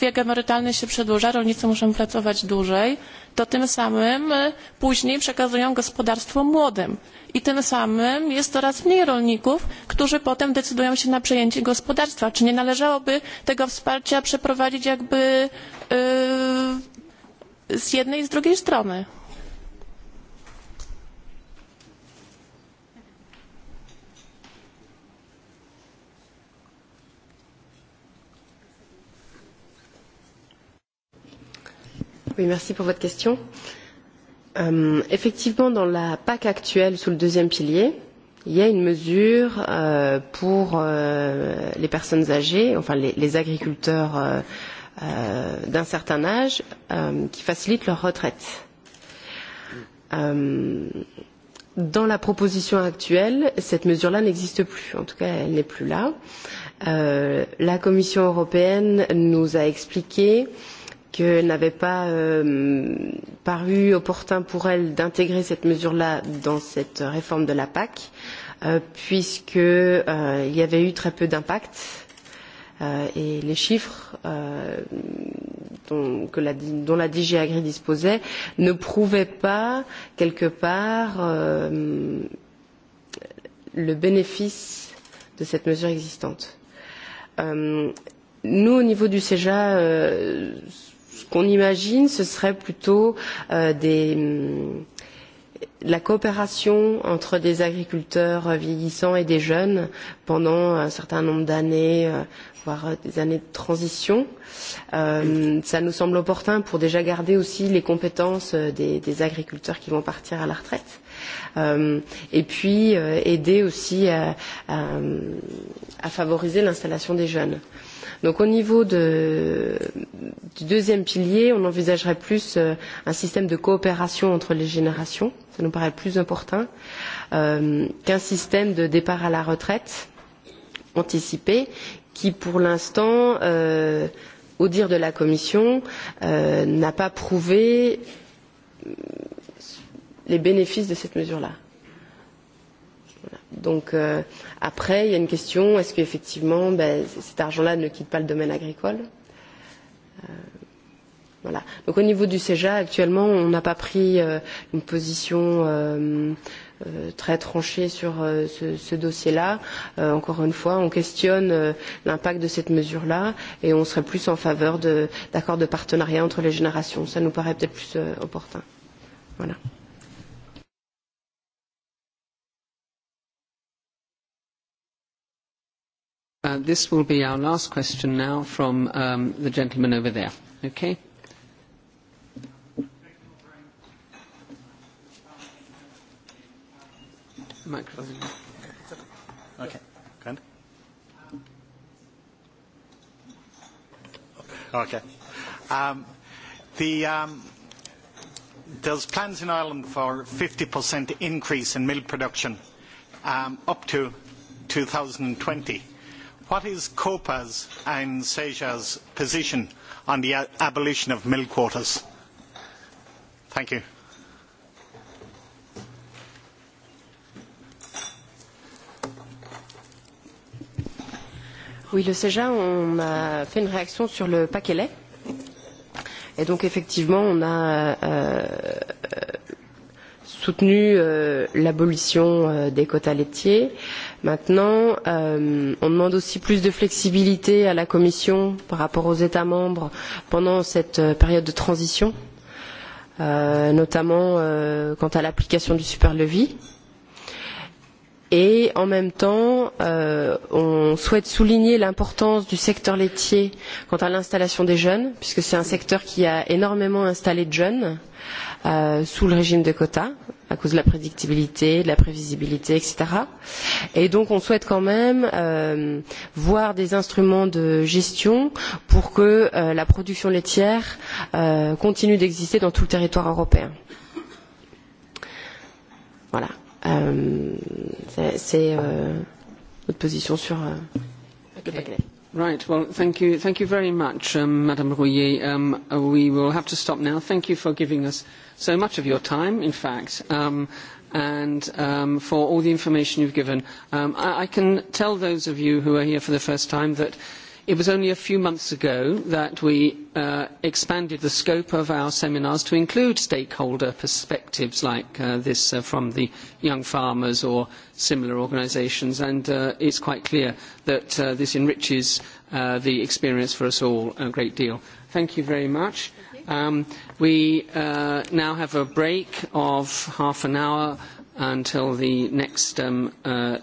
wiek emerytalny się przedłuża, rolnicy muszą pracować dłużej, to tym samym e, później przekazują gospodarstwo młodym. I tym samym jest coraz mniej rolników, którzy potem decydują się na przejęcie gospodarstwa. Czy nie należałoby tego wsparcia przeprowadzić jakby yy, e, z jednej i z drugiej strony? Oui, merci pour votre question. Euh, effectivement, dans la PAC actuelle, sous le deuxième pilier, il y a une mesure euh, pour euh, les personnes âgées, enfin les, les agriculteurs euh, euh, d'un certain âge, euh, qui facilite leur retraite. Euh, dans la proposition actuelle, cette mesure-là n'existe plus. En tout cas, elle n'est plus là. Euh, la Commission européenne nous a expliqué euh, qu'elle n'avait pas euh, paru opportun pour elle d'intégrer cette mesure-là dans cette réforme de la PAC, euh, puisqu'il euh, y avait eu très peu d'impact. Euh, et les chiffres euh, dont, que la, dont la DG Agri disposait ne prouvaient pas, quelque part, euh, le bénéfice de cette mesure existante. Euh, nous, au niveau du CEJA, euh, qu'on imagine, ce serait plutôt euh, des, la coopération entre des agriculteurs euh, vieillissants et des jeunes pendant un certain nombre d'années, euh, voire euh, des années de transition. Euh, ça nous semble opportun pour déjà garder aussi les compétences des, des agriculteurs qui vont partir à la retraite. Euh, et puis euh, aider aussi à, à, à favoriser l'installation des jeunes. Euh, Donc au niveau de, du deuxième pilier, on envisagerait plus euh, un système de coopération entre les générations, ça nous paraît plus important, euh, qu'un système de départ à la retraite anticipé qui pour l'instant, euh, au dire de la Commission, euh, n'a pas prouvé euh, les bénéfices de cette mesure-là. Voilà. Donc euh, Après, il y a une question, est-ce qu'effectivement, ben, cet argent-là ne quitte pas le domaine agricole euh, voilà. Donc au niveau du CEJA, actuellement, on n'a pas pris euh, une position euh, euh, très tranchée sur euh, ce, ce dossier-là. Euh, encore une fois, on questionne euh, l'impact de cette mesure-là et on serait plus en faveur d'accords de, de partenariat entre les générations. Ça nous paraît peut-être plus euh, opportun. Voilà. Euh, Uh, this will be our last question now from um, the gentleman over there. Okay? Microphone. Okay. Grand. Okay. Um, the, um, there's plans in Ireland for 50% increase in milk production um, up to 2020 What is COPA's and SEJA's position on the abolition of milk quotas? Thank you. Oui, le CEJA, on a fait une réaction sur le paquet lait. Et donc, effectivement, on a euh, soutenu euh, l'abolition euh, des quotas laitiers. Maintenant, euh, on demande aussi plus de flexibilité à la Commission par rapport aux États membres pendant cette euh, période de transition, euh, notamment euh, quant à l'application du superlevis. Euh, et en même temps euh, on souhaite souligner l'importance du secteur laitier quant à l'installation des jeunes puisque c'est un secteur qui a énormément installé de jeunes euh, sous le régime des quotas à cause de la prédictibilité, de la prévisibilité, etc. Et donc on souhaite quand même euh, voir des instruments de gestion pour que euh, la production laitière euh, continue d'exister dans tout le territoire européen. Voilà. Um, c'est euh, notre position sur euh, le paquet. Right. Well, thank you. Thank you very much, um, Madame Rouillet. Um, we will have to stop now. Thank you for giving us so much of your time, in fact, um, and um, for all the information you've given. Um, I, I can tell those of you who are here for the first time that It was only a few months ago that we uh, expanded the scope of our seminars to include stakeholder perspectives like uh, this uh, from the young farmers or similar organisations and uh, it's quite clear that uh, this enriches uh, the experience for us all a great deal. Thank you very much. Um, we uh, now have a break of half an hour until the next, um, uh,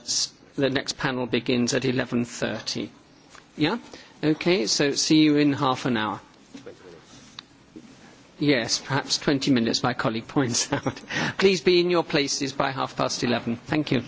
the next panel begins at 11.30. Yeah? Okay, so see you in half an hour. Yes, perhaps 20 minutes, my colleague points [laughs] out. Please be in your places by half past 11. Thank you.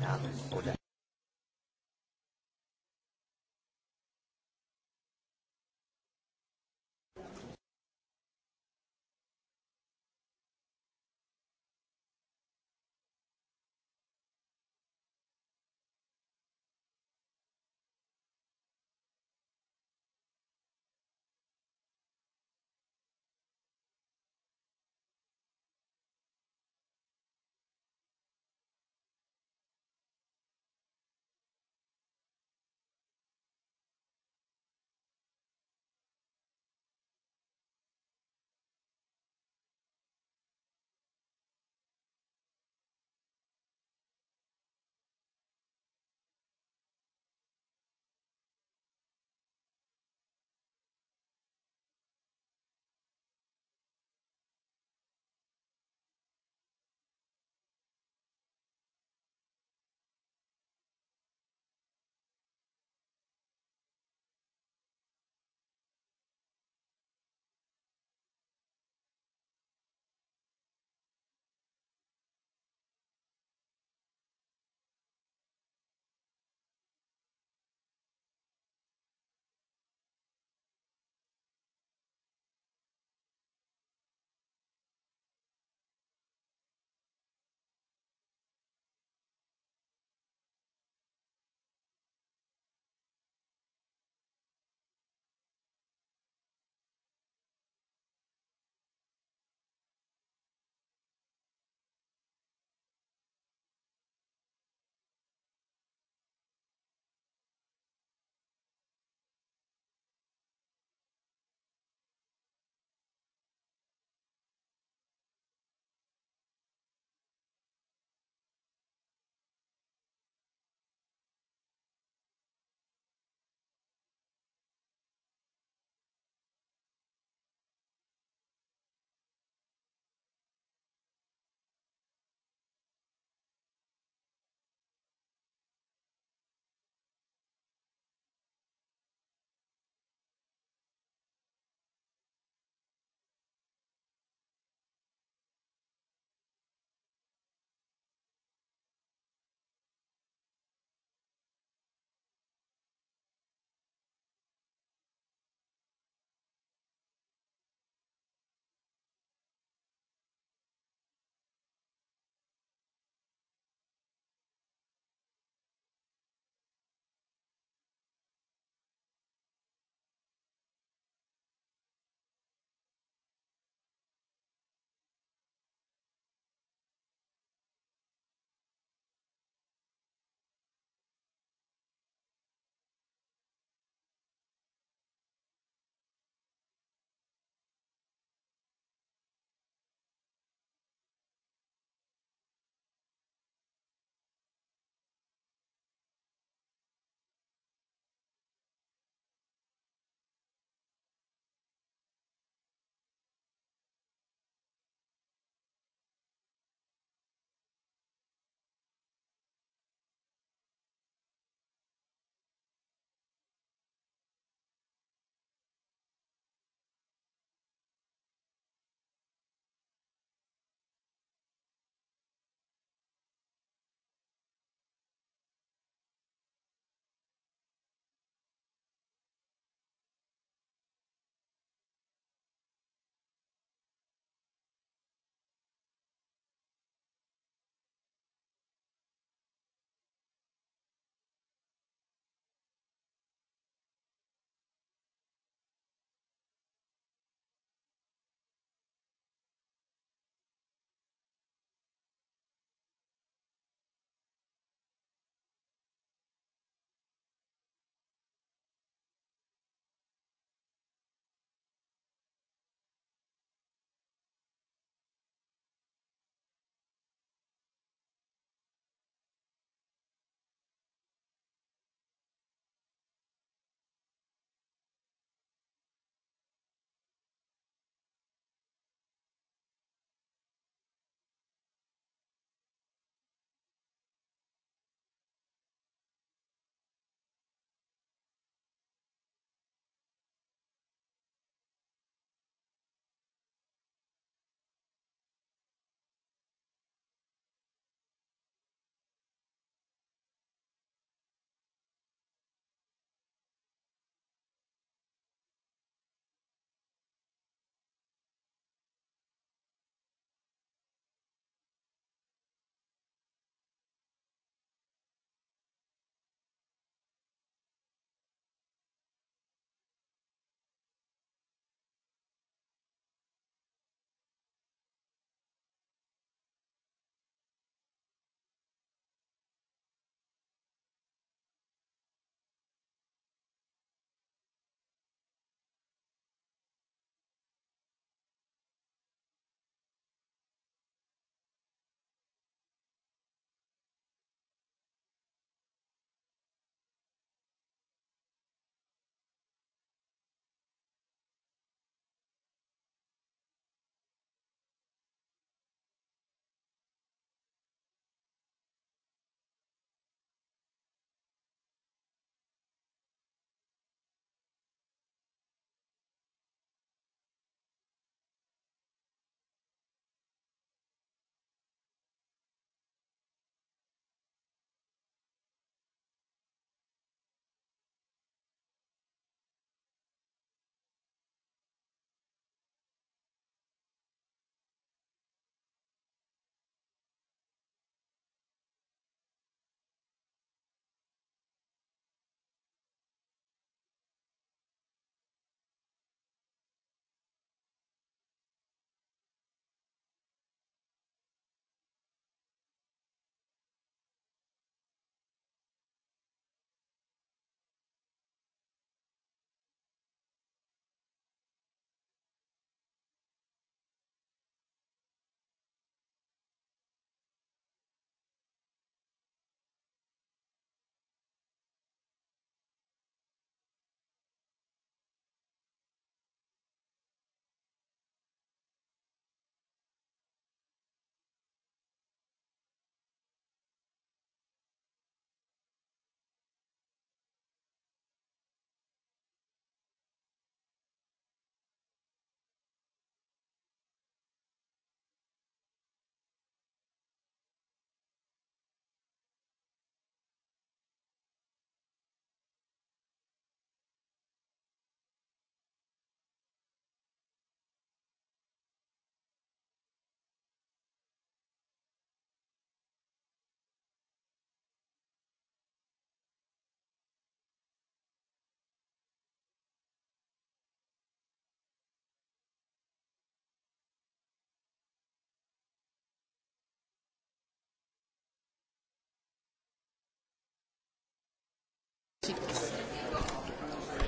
Namen oder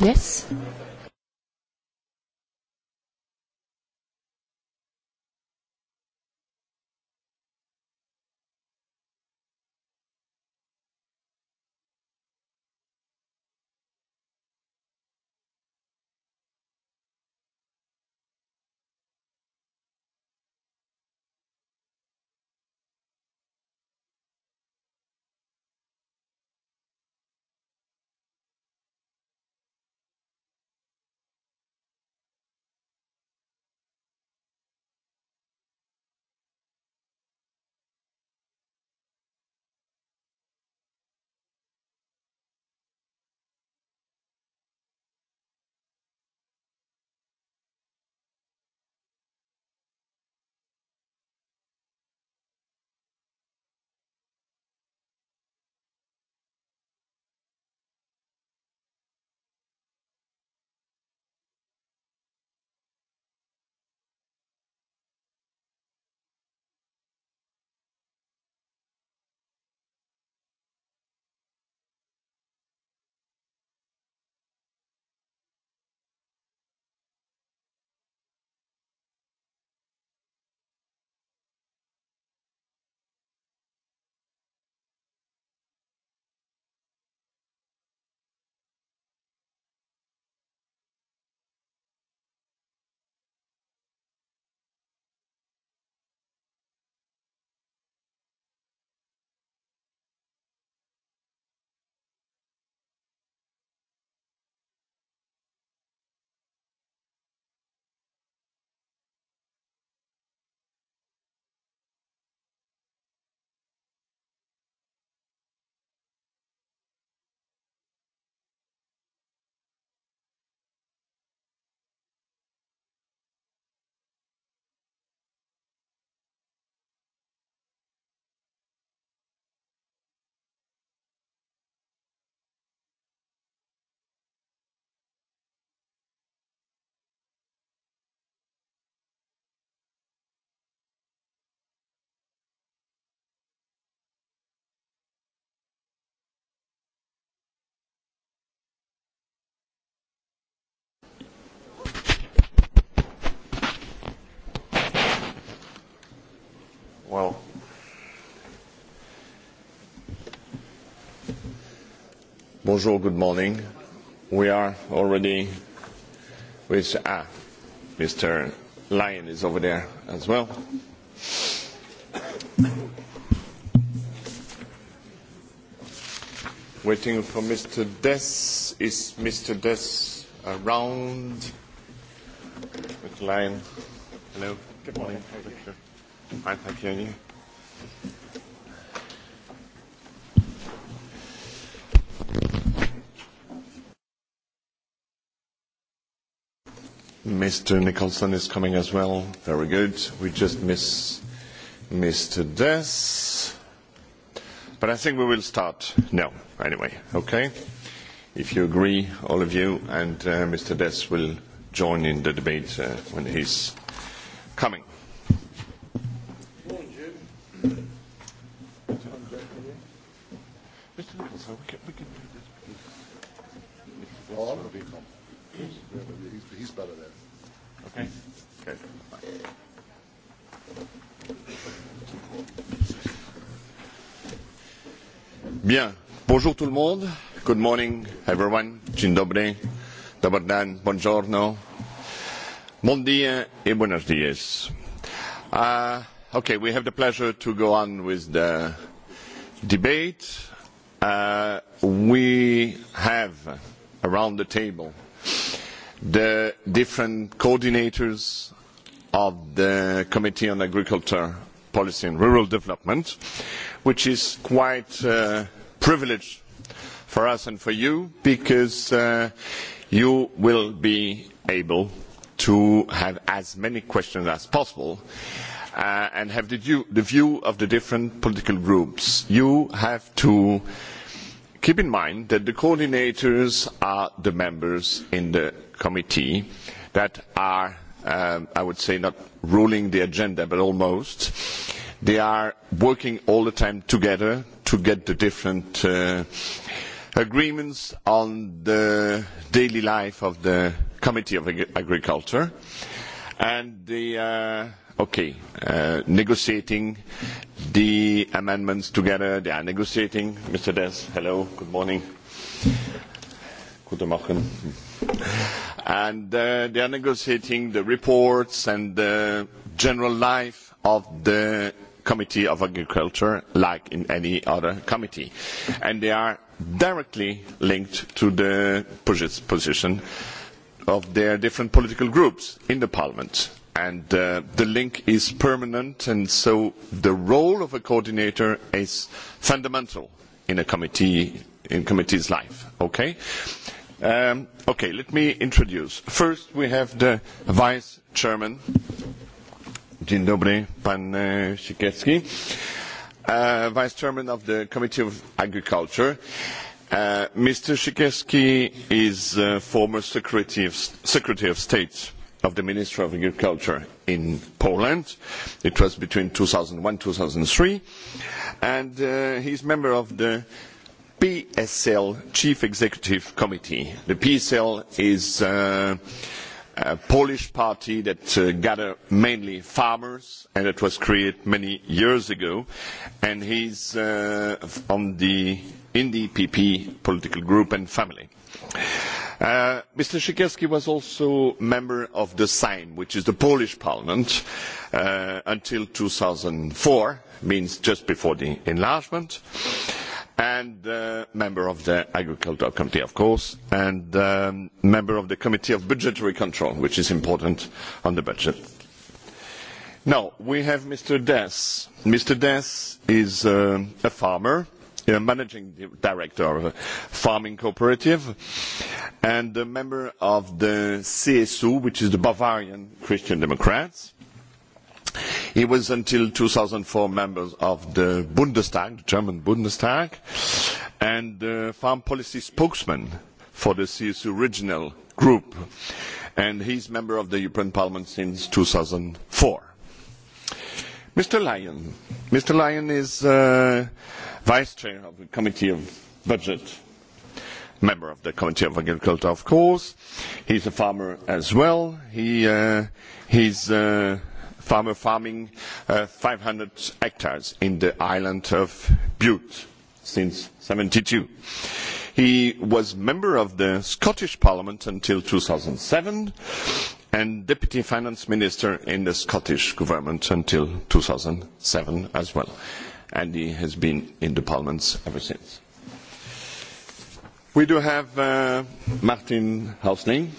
Yes. Bonjour, good morning. We are already with ah, Mr. Lyon is over there as well. Waiting for Mr. Dess. Is Mr. Dess around? Mr. Lyon. Hello. Good morning. Hi, thank you. Mr. Nicholson is coming as well. Very good. We just miss Mr. Dess. But I think we will start now, anyway. Okay? If you agree, all of you, and uh, Mr. Dess will join in the debate uh, when he's coming. Mahmoud. Good morning, everyone. Dzień dobry. Dobar dan. Buongiorno. Bon dia e buenos dias. Uh, okay, we have the pleasure to go on with the debate. Uh, we have around the table the different coordinators of the Committee on Agriculture Policy and Rural Development, which is quite uh, privileged for us and for you because uh, you will be able to have as many questions as possible uh, and have the, due, the view of the different political groups. You have to keep in mind that the coordinators are the members in the committee that are, um, I would say, not ruling the agenda, but almost. Uh, They are working all the time together to get the different uh, agreements on the daily life of the Committee of Ag Agriculture. And they are uh, okay, uh, negotiating the amendments together. They are negotiating. Mr. Des, hello, good morning. Guten Morgen. And uh, they are negotiating the reports and the general life of the Committee of Agriculture like in any other committee. And they are directly linked to the position of their different political groups in the Parliament. And uh, the link is permanent, and so the role of a coordinator is fundamental in a committee in committee's life. Okay? Um, okay, let me introduce. First, we have the vice chairman Dzień dobry, pan e, Siekierski, uh, Vice Chairman of the Committee of Agriculture. Uh, e, Mr. Siekierski is uh, former Secretary of, Secretary of State of the Minister of Agriculture in Poland. It was between 2001-2003. And uh, he's member of the PSL Chief Executive Committee. The PSL is... Uh, a Polish party that uh, gather mainly farmers, and it was created many years ago. And he's uh, on the NDPP political group and family. Uh, Mr. Siekierski was also member of the Sejm, which is the Polish parliament, uh, until 2004, means just before the enlargement. Uh, and uh, member of the Agricultural Committee, of course, and um, member of the Committee of Budgetary Control, which is important on the budget. Now, we have Mr. Dess. Mr. Dess is uh, a farmer, a managing director of a farming cooperative, and a member of the CSU, which is the Bavarian Christian Democrats He was until 2004 member of the Bundestag, the German Bundestag, and uh, farm policy spokesman for the CSU regional group. And he's member of the European Parliament since 2004. Mr. Lyon. Mr. Lyon is uh, vice chair of the Committee of Budget, member of the Committee of Agriculture, of course. He's a farmer as well. He, uh, he's uh, farmer farming uh, 500 hectares in the island of Bute since 72. He was member of the Scottish Parliament until 2007 and Deputy Finance Minister in the Scottish Government until 2007 as well. And he has been in the Parliaments ever since. We do have uh, Martin Hausling.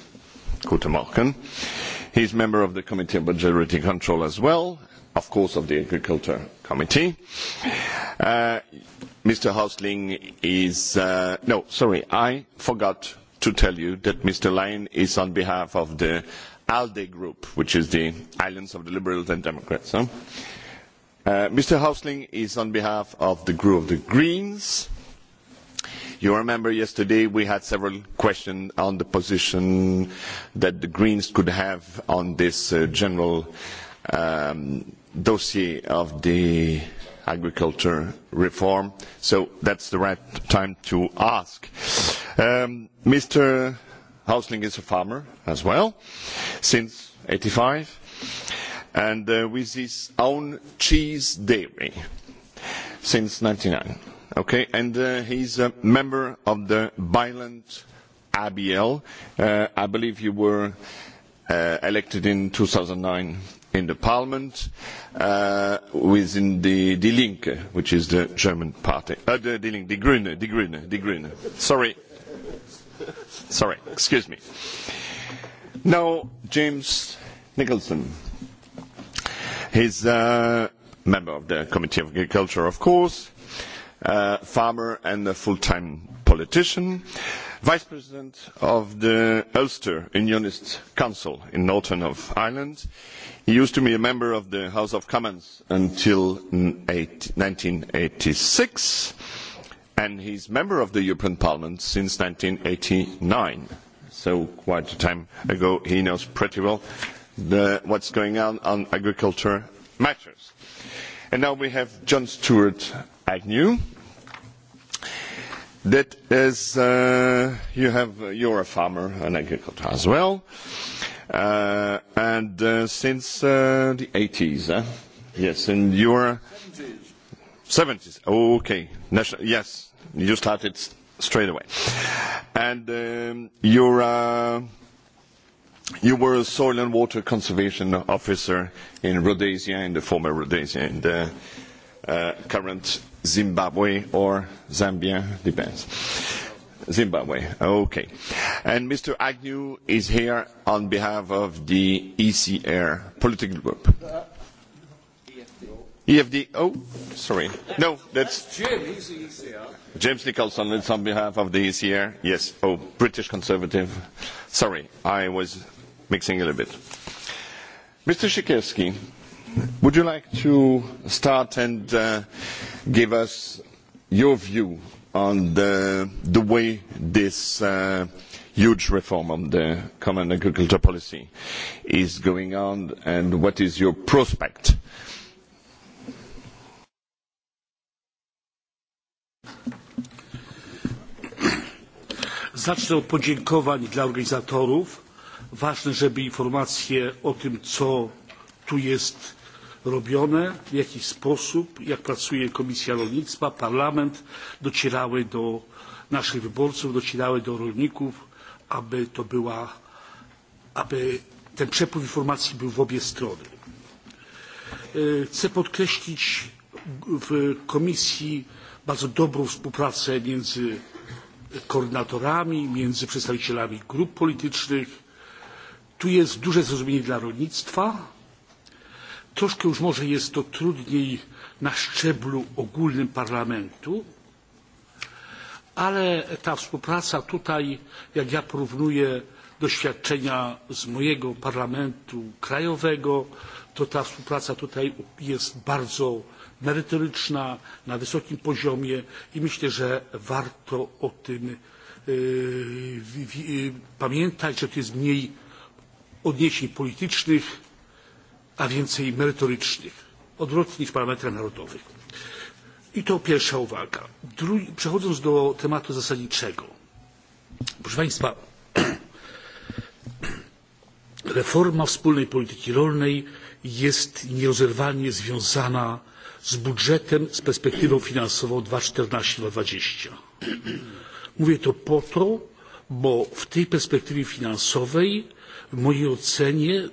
Guten Morgen. Uh, He's member of the Committee on Budgetary Control as well, of course, of the Agriculture Committee. Uh, Mr. Hausling is... Uh, no, sorry, I forgot to tell you that Mr. Lyon is on behalf of the ALDE group, which is the Islands of the Liberals and Democrats. Huh? Uh, Mr. Hausling is on behalf of the group of the Greens. Uh, You remember yesterday we had several questions on the position that the Greens could have on this uh, general um, dossier of the agriculture reform. So that's the right time to ask. Um, Mr. Hausling is a farmer as well, since 85, and uh, with his own cheese dairy since 99 Okay, and uh, he's a member of the Violent ABL. Uh, I believe you were uh, elected in 2009 in the parliament uh, within the Die Linke, which is the German party. Uh, the Die Linke, Die Grüne, Die Grüne, Die Grüne. Sorry. Sorry, excuse me. Now, James Nicholson. He's a member of the Committee of Agriculture, of course uh, farmer and a full-time politician, vice president of the Ulster Unionist Council in Northern of Ireland. He used to be a member of the House of Commons until eight, 1986, and he's member of the European Parliament since 1989. So quite a time ago, he knows pretty well the, what's going on on agriculture matters. And now we have John Stewart Agnew that as uh, you have, uh, you're a farmer, an agriculture as well, uh, and uh, since uh, the 80s, huh? yes, and you're 70s. 70s. Okay, National, yes, you started s- straight away, and um, you're. Uh, you were a soil and water conservation officer in Rhodesia, in the former Rhodesia, in the uh, current Zimbabwe or Zambia, depends. Zimbabwe, okay. And Mr. Agnew is here on behalf of the ECR political group. EFD, oh, sorry. No, that's... James, ECR. E James Nicholson, it's on behalf of the ECR. Yes, oh, British Conservative. Sorry, I was mixing a little bit. Mr. Sikorski, Would you like to start and uh, give us your view on the, the way this uh, huge reform on the common agriculture policy is going on and what is your prospect? Zacznę od podziękowań dla organizatorów. Ważne, żeby informacje o tym, co tu jest robione w jaki sposób jak pracuje komisja rolnictwa parlament docierały do naszych wyborców docierały do rolników aby to była aby ten przepływ informacji był w obie strony. E, chcę podkreślić w komisji bardzo dobrą współpracę między koordynatorami między przedstawicielami grup politycznych. tu jest duże zrozumienie dla rolnictwa Troszkę już może jest to trudniej na szczeblu ogólnym parlamentu, ale ta współpraca tutaj, jak ja porównuję doświadczenia z mojego parlamentu krajowego, to ta współpraca tutaj jest bardzo merytoryczna, na wysokim poziomie i myślę, że warto o tym pamiętać, że to jest mniej odniesień politycznych, a więcej merytorycznych, odwrotnie niż w parlamentach narodowych. I to pierwsza uwaga. Drugi, przechodząc do tematu zasadniczego. Proszę Państwa, [clears throat] reforma wspólnej polityki rolnej jest nierozerwalnie związana z budżetem z perspektywą finansową dwa tysiące czternaście dwa tysiące dwadzieścia mówię to po to bo w tej perspektywie finansowej w mojej ocenie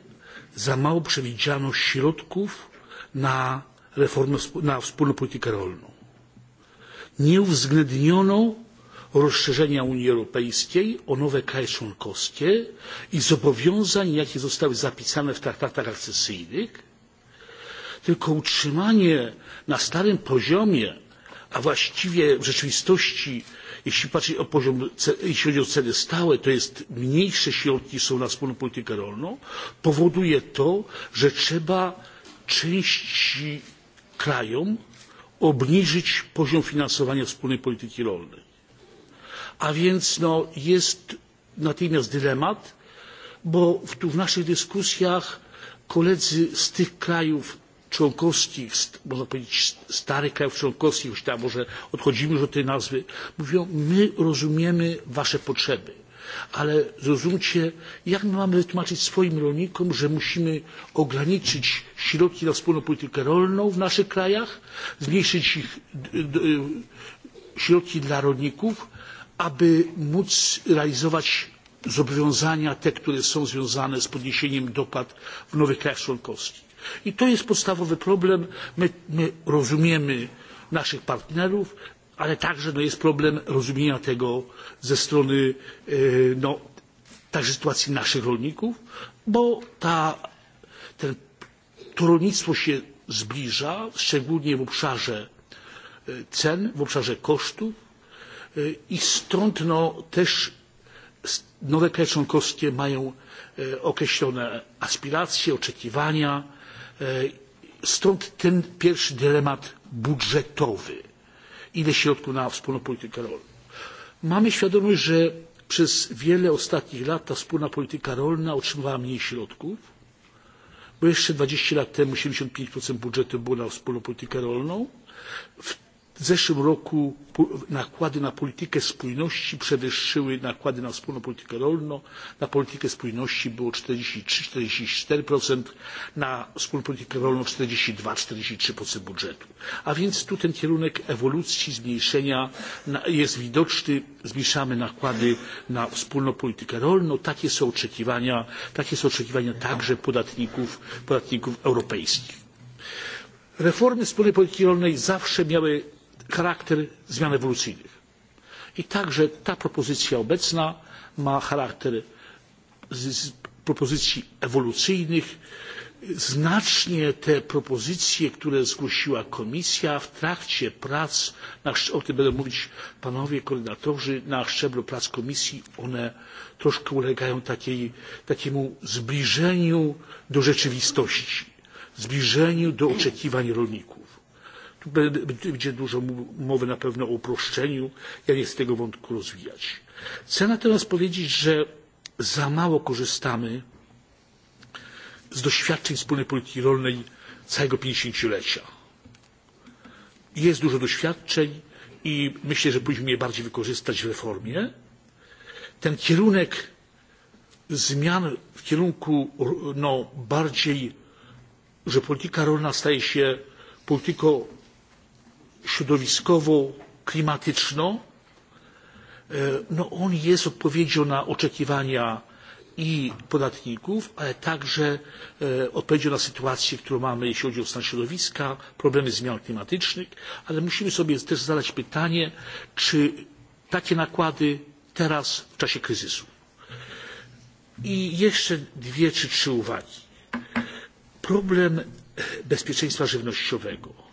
za mało przewidziano środków na, reformę, na wspólną politykę rolną. Nie uwzględniono rozszerzenia Unii Europejskiej o nowe kraje członkowskie i zobowiązań, jakie zostały zapisane w traktatach akcesyjnych, tylko utrzymanie na starym poziomie, a właściwie w rzeczywistości Jeśli patrzeć o poziom, jeśli chodzi o ceny stałe, to jest mniejsze środki są na wspólną politykę rolną. Powoduje to, że trzeba części krajom obniżyć poziom finansowania wspólnej polityki rolnej. A więc no, jest natychmiast dylemat, bo w, tu w naszych dyskusjach koledzy z tych krajów członkowskich, można powiedzieć starych krajów członkowskich, już tam może odchodzimy już od tej nazwy, mówią my rozumiemy wasze potrzeby, ale zrozumcie, jak my mamy wytłumaczyć swoim rolnikom, że musimy ograniczyć środki na wspólną politykę rolną w naszych krajach, zmniejszyć ich środki dla rolników, aby móc realizować zobowiązania te, które są związane z podniesieniem dopłat w nowych krajach członkowskich. I to jest podstawowy problem. My, my rozumiemy naszych partnerów, ale także no, jest problem rozumienia tego ze strony yy, e, no, także sytuacji naszych rolników, bo ta, ten, to rolnictwo się zbliża, szczególnie w obszarze e, cen, w obszarze kosztów e, i stąd no, też nowe kraje członkowskie mają określone aspiracje, oczekiwania, E, stąd ten pierwszy dylemat budżetowy. Ile środków na wspólną politykę rolną? Mamy świadomość, że przez wiele ostatnich lat ta wspólna polityka rolna otrzymywała mniej środków, bo jeszcze 20 lat temu 75% budżetu było na wspólną politykę rolną. W W zeszłym roku nakłady na politykę spójności przewyższyły nakłady na wspólną politykę rolną, na politykę spójności było 43-44%, na wspólną politykę rolną 42-43% budżetu. A więc tu ten kierunek ewolucji, zmniejszenia jest widoczny. Zmniejszamy nakłady na wspólną politykę rolną. Takie są oczekiwania, takie są oczekiwania także podatników, podatników europejskich. Reformy wspólnej polityki rolnej zawsze miały charakter zmian ewolucyjnych. I także ta propozycja obecna ma charakter z, z propozycji ewolucyjnych. Znacznie te propozycje, które zgłosiła Komisja w trakcie prac, na, o tym będą mówić panowie koordynatorzy, na szczeblu prac Komisji, one troszkę ulegają takiej, takiemu zbliżeniu do rzeczywistości, zbliżeniu do oczekiwań rolników będzie dużo mowy na pewno o uproszczeniu. Ja nie chcę tego wątku rozwijać. Chcę natomiast powiedzieć, że za mało korzystamy z doświadczeń wspólnej polityki rolnej całego pięćdziesięciolecia. Jest dużo doświadczeń i myślę, że powinniśmy je bardziej wykorzystać w reformie. Ten kierunek zmian w kierunku no, bardziej, że polityka rolna staje się polityką środowiskowo klimatyczną e, no on jest odpowiedzią na oczekiwania i podatników ale także e, odpowiedzią na sytuację którą mamy jeśli chodzi o stan środowiska problemy zmian klimatycznych ale musimy sobie też zadać pytanie czy takie nakłady teraz w czasie kryzysu. i jeszcze dwie czy trzy uwagi. problem bezpieczeństwa żywnościowego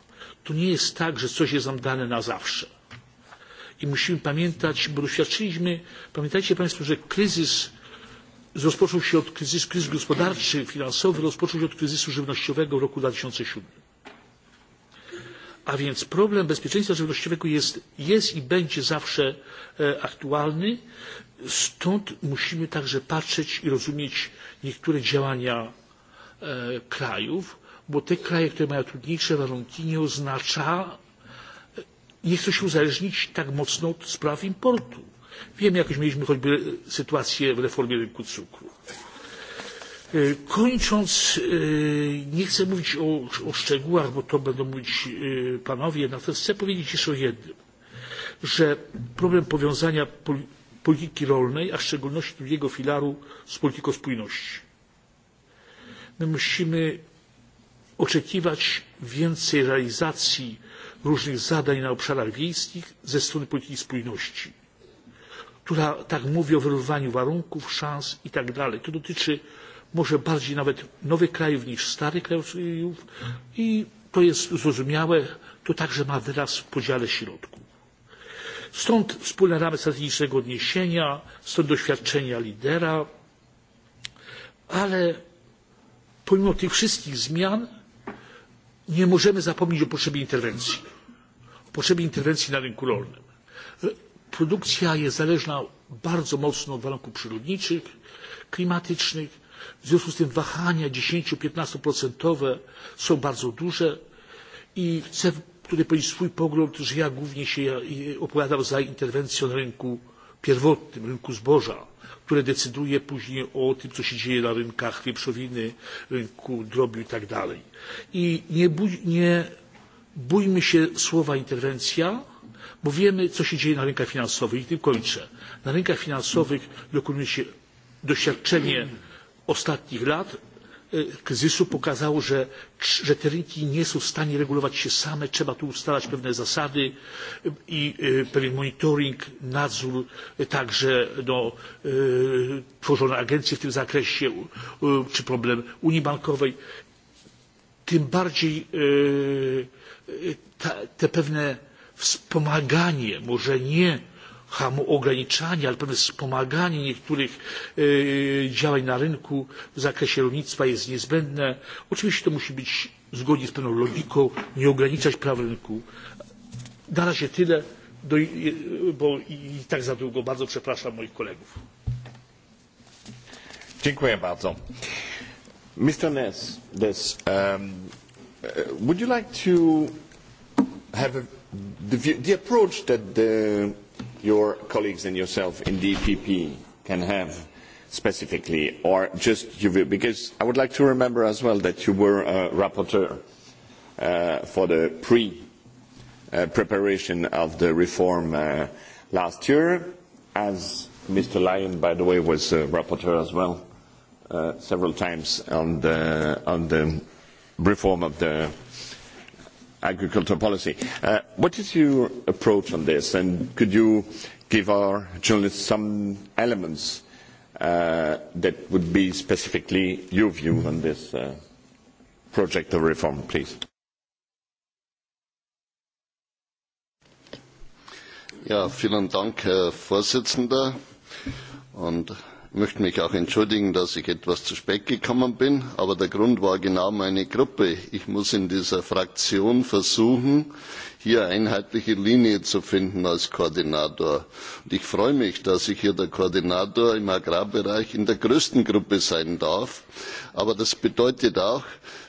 To nie jest tak, że coś jest nam dane na zawsze. I musimy pamiętać, bo doświadczyliśmy, pamiętajcie Państwo, że kryzys rozpoczął się od kryzysu, kryzys gospodarczy, finansowy rozpoczął się od kryzysu żywnościowego w roku 2007. A więc problem bezpieczeństwa żywnościowego jest, jest i będzie zawsze e, aktualny. Stąd musimy także patrzeć i rozumieć niektóre działania e, krajów bo te kraje, które mają trudniejsze warunki, nie oznacza, e, nie chcą się uzależnić tak mocno od spraw importu. Wiemy, jakoś mieliśmy choćby sytuację w reformie rynku cukru. E, kończąc, e, nie chcę mówić o, o szczegółach, bo to będą mówić panowie, natomiast chcę powiedzieć jeszcze o jednym, że problem powiązania polityki rolnej, a w szczególności drugiego filaru z polityką spójności. My musimy oczekiwać więcej realizacji różnych zadań na obszarach wiejskich ze strony polityki spójności która tak mówi o wyrównywaniu warunków szans itd. to dotyczy może bardziej nawet nowych krajów niż starych krajów i to jest zrozumiałe to także ma wyraz w podziale środków. stąd wspólne ramy strategicznego odniesienia stąd doświadczenia lidera ale pomimo tych wszystkich zmian nie możemy zapomnieć o potrzebie interwencji, o potrzebie interwencji na rynku rolnym. E, produkcja jest zależna bardzo mocno od warunków przyrodniczych, klimatycznych, w związku z tym wahania 10-15% są bardzo duże i chcę tutaj powiedzieć swój pogląd, że ja głównie się opowiadam za interwencją na rynku pierwotnym, rynku zboża, które decyduje później o tym, co się dzieje na rynkach wieprzowiny, rynku drobiu i tak dalej. I nie, bój, nie bójmy się słowa interwencja, bo wiemy, co się dzieje na rynkach finansowych. I tym kończę. Na rynkach finansowych dokonuje się doświadczenie ostatnich lat E, kryzysu pokazało, że, że te rynki nie są w stanie regulować się same, trzeba tu ustalać pewne zasady i e, pewien monitoring, nadzór, e, także no, tworzone agencje w tym zakresie, czy problem Unii Bankowej. Tym bardziej te pewne wspomaganie, może nie ograniczanie ale pewne wspomaganie niektórych e, działań na rynku w zakresie rolnictwa jest niezbędne. oczywiście to musi być zgodnie z pewną logiką nie ograniczać praw rynku. na razie tyle e, bo i tak za długo bardzo przepraszam moich kolegów. Dziękuję bardzo. Mr. Ness, this, um, would you like to have a, the, the approach that the your colleagues and yourself in DPP can have specifically, or just your view? Because I would like to remember as well that you were a rapporteur uh, for the pre-preparation uh, of the reform uh, last year, as Mr. Lyon, by the way, was a rapporteur as well uh, several times on the, on the reform of the agricultural policy. Uh, what is your approach on this, and could you give our journalists some elements uh, that would be specifically your view on this uh, project of reform, please? Ja, vielen Dank, Herr Vorsitzender. Und möchte mich auch entschuldigen, dass ich etwas zu spät gekommen bin, aber der Grund war genau meine Gruppe. Ich muss in dieser Fraktion versuchen, hier einheitliche Linie zu finden als Koordinator. Und ich freue mich, dass ich hier der Koordinator im Agrarbereich in der größten Gruppe sein darf. Aber das bedeutet auch,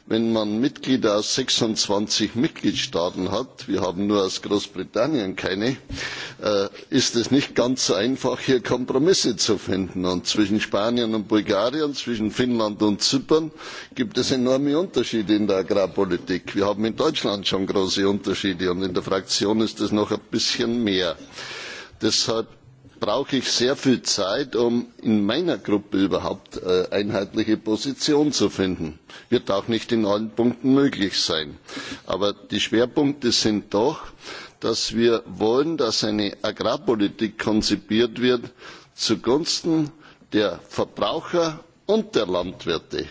wenn man mitglieder aus sechsundzwanzig mitgliedstaaten hat wir haben nur aus großbritannien keine äh, ist es nicht ganz so einfach hier kompromisse zu finden und zwischen spanien und bulgarien zwischen finnland und zypern gibt es enorme unterschiede in der agrarpolitik. wir haben in deutschland schon große unterschiede und in der fraktion ist es noch ein bisschen mehr. deshalb brauche ich sehr viel zeit um in meiner fraktion überhaupt eine äh, einheitliche position zu finden. das wird auch nicht in allen punkten möglich sein. aber die schwerpunkte sind doch dass wir wollen dass eine agrarpolitik konzipiert wird zugunsten der verbraucher und der landwirte.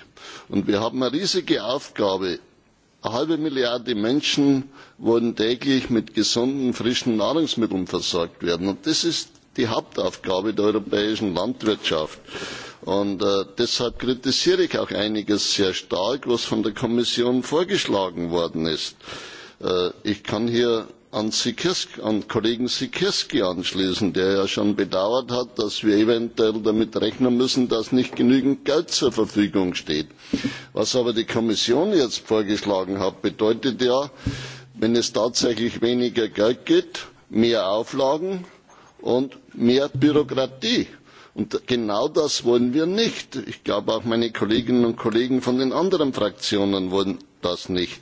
wir haben eine riesige aufgabe eine halbe milliarde menschen wollen täglich mit gesunden frischen nahrungsmitteln versorgt werden und das ist die hauptaufgabe der europäischen landwirtschaft. Und, äh, deshalb kritisiere ich auch einiges sehr stark was von der kommission vorgeschlagen worden ist. Äh, ich kann hier an, Sikirsk, an Kollegen Sikirski anschließen, der ja schon bedauert hat, dass wir eventuell damit rechnen müssen, dass nicht genügend Geld zur Verfügung steht. Was aber die Kommission jetzt vorgeschlagen hat, bedeutet ja, wenn es tatsächlich weniger Geld gibt, mehr Auflagen, und mehr Bürokratie. Und genau das wollen wir nicht. Ich glaube, auch meine Kolleginnen und Kollegen von den anderen Fraktionen wollen das nicht.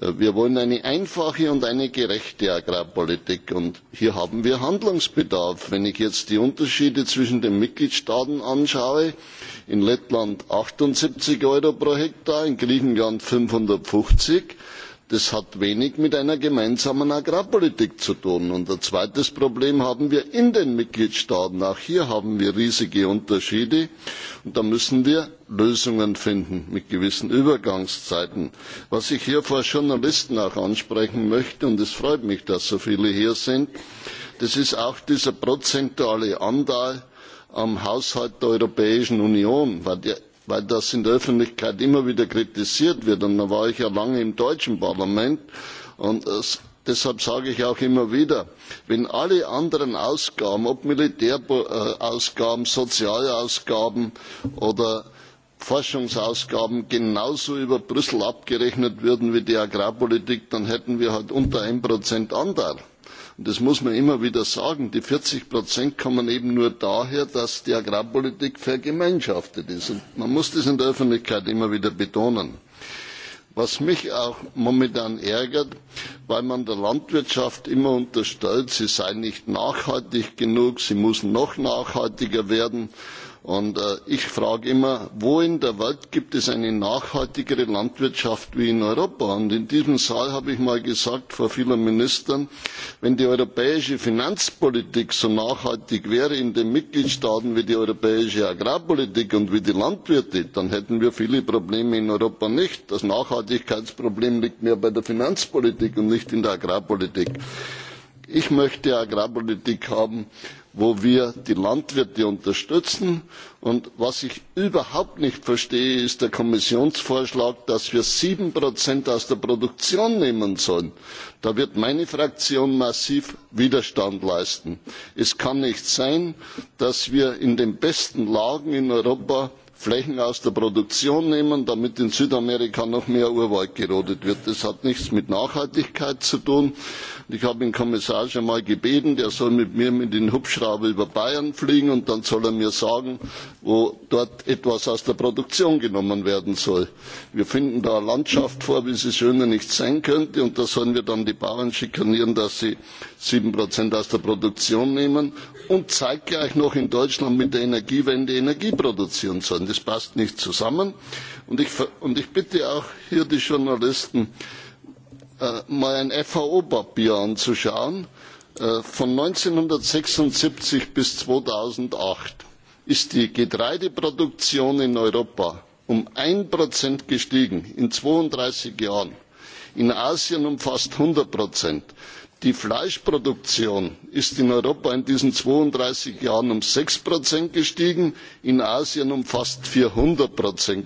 Äh, wir wollen eine einfache und eine gerechte Agrarpolitik. Und hier haben wir Handlungsbedarf. Wenn ich jetzt die Unterschiede zwischen den Mitgliedstaaten anschaue, in Lettland 78 Euro pro Hektar, in Griechenland 550, das hat wenig mit einer gemeinsamen agrarpolitik zu tun. und ein zweites problem haben wir in den mitgliedstaaten auch hier haben wir riesige unterschiede und da müssen wir lösungen finden mit gewissen übergangszeiten. was ich hier vor journalisten auch ansprechen möchte und es freut mich dass so viele hier sind das ist auch dieser prozentuale anteil am haushalt der europäischen union denn weil das in der Öffentlichkeit immer wieder kritisiert wird. Und da war ich ja lange im deutschen Parlament. Und es, deshalb sage ich auch immer wieder, wenn alle anderen Ausgaben, ob Militärausgaben, äh, Sozialausgaben oder Forschungsausgaben genauso über Brüssel abgerechnet würden wie die Agrarpolitik, dann hätten wir halt unter 1% Anteil. Und das muss man immer wieder sagen. Die 40 Prozent kommen eben nur daher, dass die Agrarpolitik vergemeinschaftet ist. Und man muss das in der Öffentlichkeit immer wieder betonen. Was mich auch momentan ärgert, weil man der Landwirtschaft immer unterstellt, sie sei nicht nachhaltig genug, sie muss noch nachhaltiger werden. Und äh, ich frage immer, wo in der Welt gibt es eine nachhaltigere Landwirtschaft wie in Europa? Und in diesem Saal habe ich mal gesagt vor vielen Ministern, wenn die europäische Finanzpolitik so nachhaltig wäre in den Mitgliedstaaten wie die europäische Agrarpolitik und wie die Landwirte, dann hätten wir viele Probleme in Europa nicht. Das Nachhaltigkeitsproblem liegt mehr bei der Finanzpolitik und nicht in der Agrarpolitik. Ich möchte Agrarpolitik haben, wo wir die landwirte unterstützen. Und was ich überhaupt nicht verstehe ist der kommissionsvorschlag dass wir sieben aus der produktion nehmen sollen. da wird meine fraktion massiv widerstand leisten. es kann nicht sein dass wir in den besten lagen in europa flächen aus der produktion nehmen damit in südamerika noch mehr urwald gerodet wird. das hat nichts mit nachhaltigkeit zu tun. ich habe den kommissar schon einmal gebeten er soll mit mir mit dem hubschrauber über bayern fliegen und dann soll er mir sagen wo dort etwas aus der produktion genommen werden soll. wir finden da eine landschaft vor wie sie schöner nicht sein könnte und da sollen wir dann die bauern schikanieren dass sie sieben aus der produktion nehmen und zeitgleich noch in deutschland mit der energiewende energie produzieren sollen das passt nicht zusammen. Und ich, und ich bitte auch hier die Journalisten, äh, mal ein FAO-Papier anzuschauen äh, von 1976 bis 2008 ist die Getreideproduktion in Europa um 1% gestiegen in 32 Jahren in asien um fast einhundert prozent die fleischproduktion ist in europa in diesen zweiunddreißig jahren um sechs gestiegen in asien um fast. vierhundert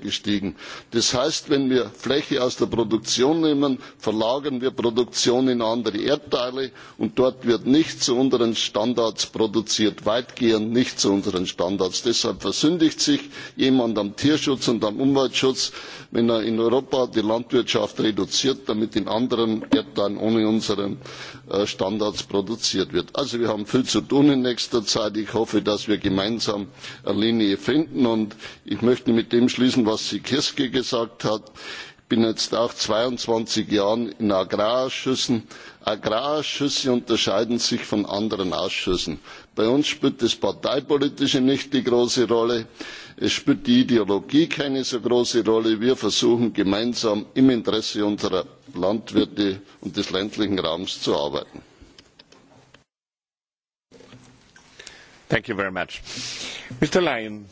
gestiegen. das heißt wenn wir fläche aus der produktion nehmen verlagern wir produktion in andere erdteile und dort wird nicht zu unseren standards produziert weitgehend nicht zu unseren standards. deshalb versündigt sich jemand am tierschutz und am umweltschutz wenn er in europa die landwirtschaft reduziert damit in anderen erdteilen ohne unseren Äh, standards produziert wird. also wir haben viel zu tun in nächster zeit. ich hoffe dass wir gemeinsam eine linie finden und ich möchte mit dem schließen was sie kirske gesagt hat. ich bin jetzt auch zweiundzwanzig jahre in agrarausschüssen. agrarausschüsse unterscheiden sich von anderen ausschüssen. bei uns spielt das parteipolitische nicht die große rolle spielt die Ideologie keine so große Rolle. Wir versuchen gemeinsam im Interesse unserer Landwirte und des ländlichen Raums zu arbeiten. Thank you very much. Mr. Lyon,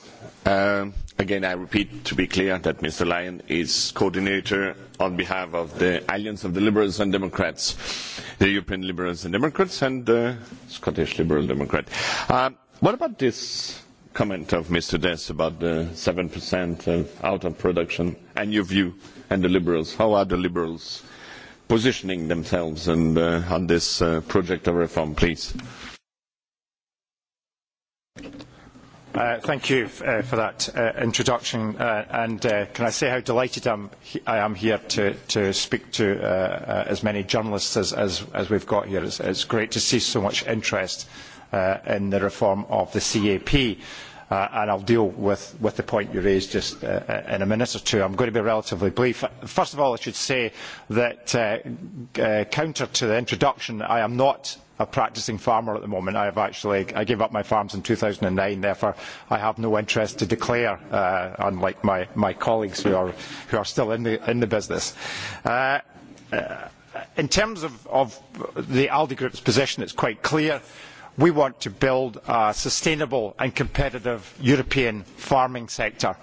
uh, again, I repeat to be clear that Mr. Lyon is coordinator on behalf of the Alliance of the Liberals and Democrats, the European Liberals and Democrats, and the Scottish Liberal Democrat. Uh, what about this comment of Mr. Dess about the 7% of out of production and your view and the Liberals. How are the Liberals positioning themselves and, uh, on this uh, project of reform, please? Uh, thank you uh, for that uh, introduction. Uh, and uh, can I say how delighted I'm, I am here to, to speak to uh, uh, as many journalists as, as, as we've got here. It's, it's great to see so much interest uh, uh, in the reform of the CAP. Uh, and I'll deal with, with the point you raised just uh, uh in a minute or two. I'm going to be relatively brief. First of all, I should say that, uh, uh, counter to the introduction, I am not a practicing farmer at the moment. I have actually I gave up my farms in 2009. Therefore, I have no interest to declare, uh, unlike my, my colleagues who are who are still in the in the business. Uh, uh, in terms of, of the ALDE group's position, it's quite clear we want to build a sustainable and competitive European farming sector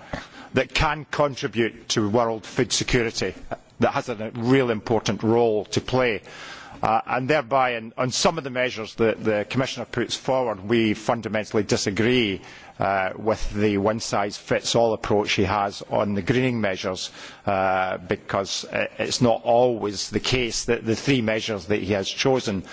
that can contribute to world food security, that has a real important role to play. Uh, and thereby, in, on some of the measures that the Commissioner puts forward, we fundamentally disagree uh, with the one-size-fits-all approach he has on the greening measures, uh, because uh, it's not always the case that the three measures that he has chosen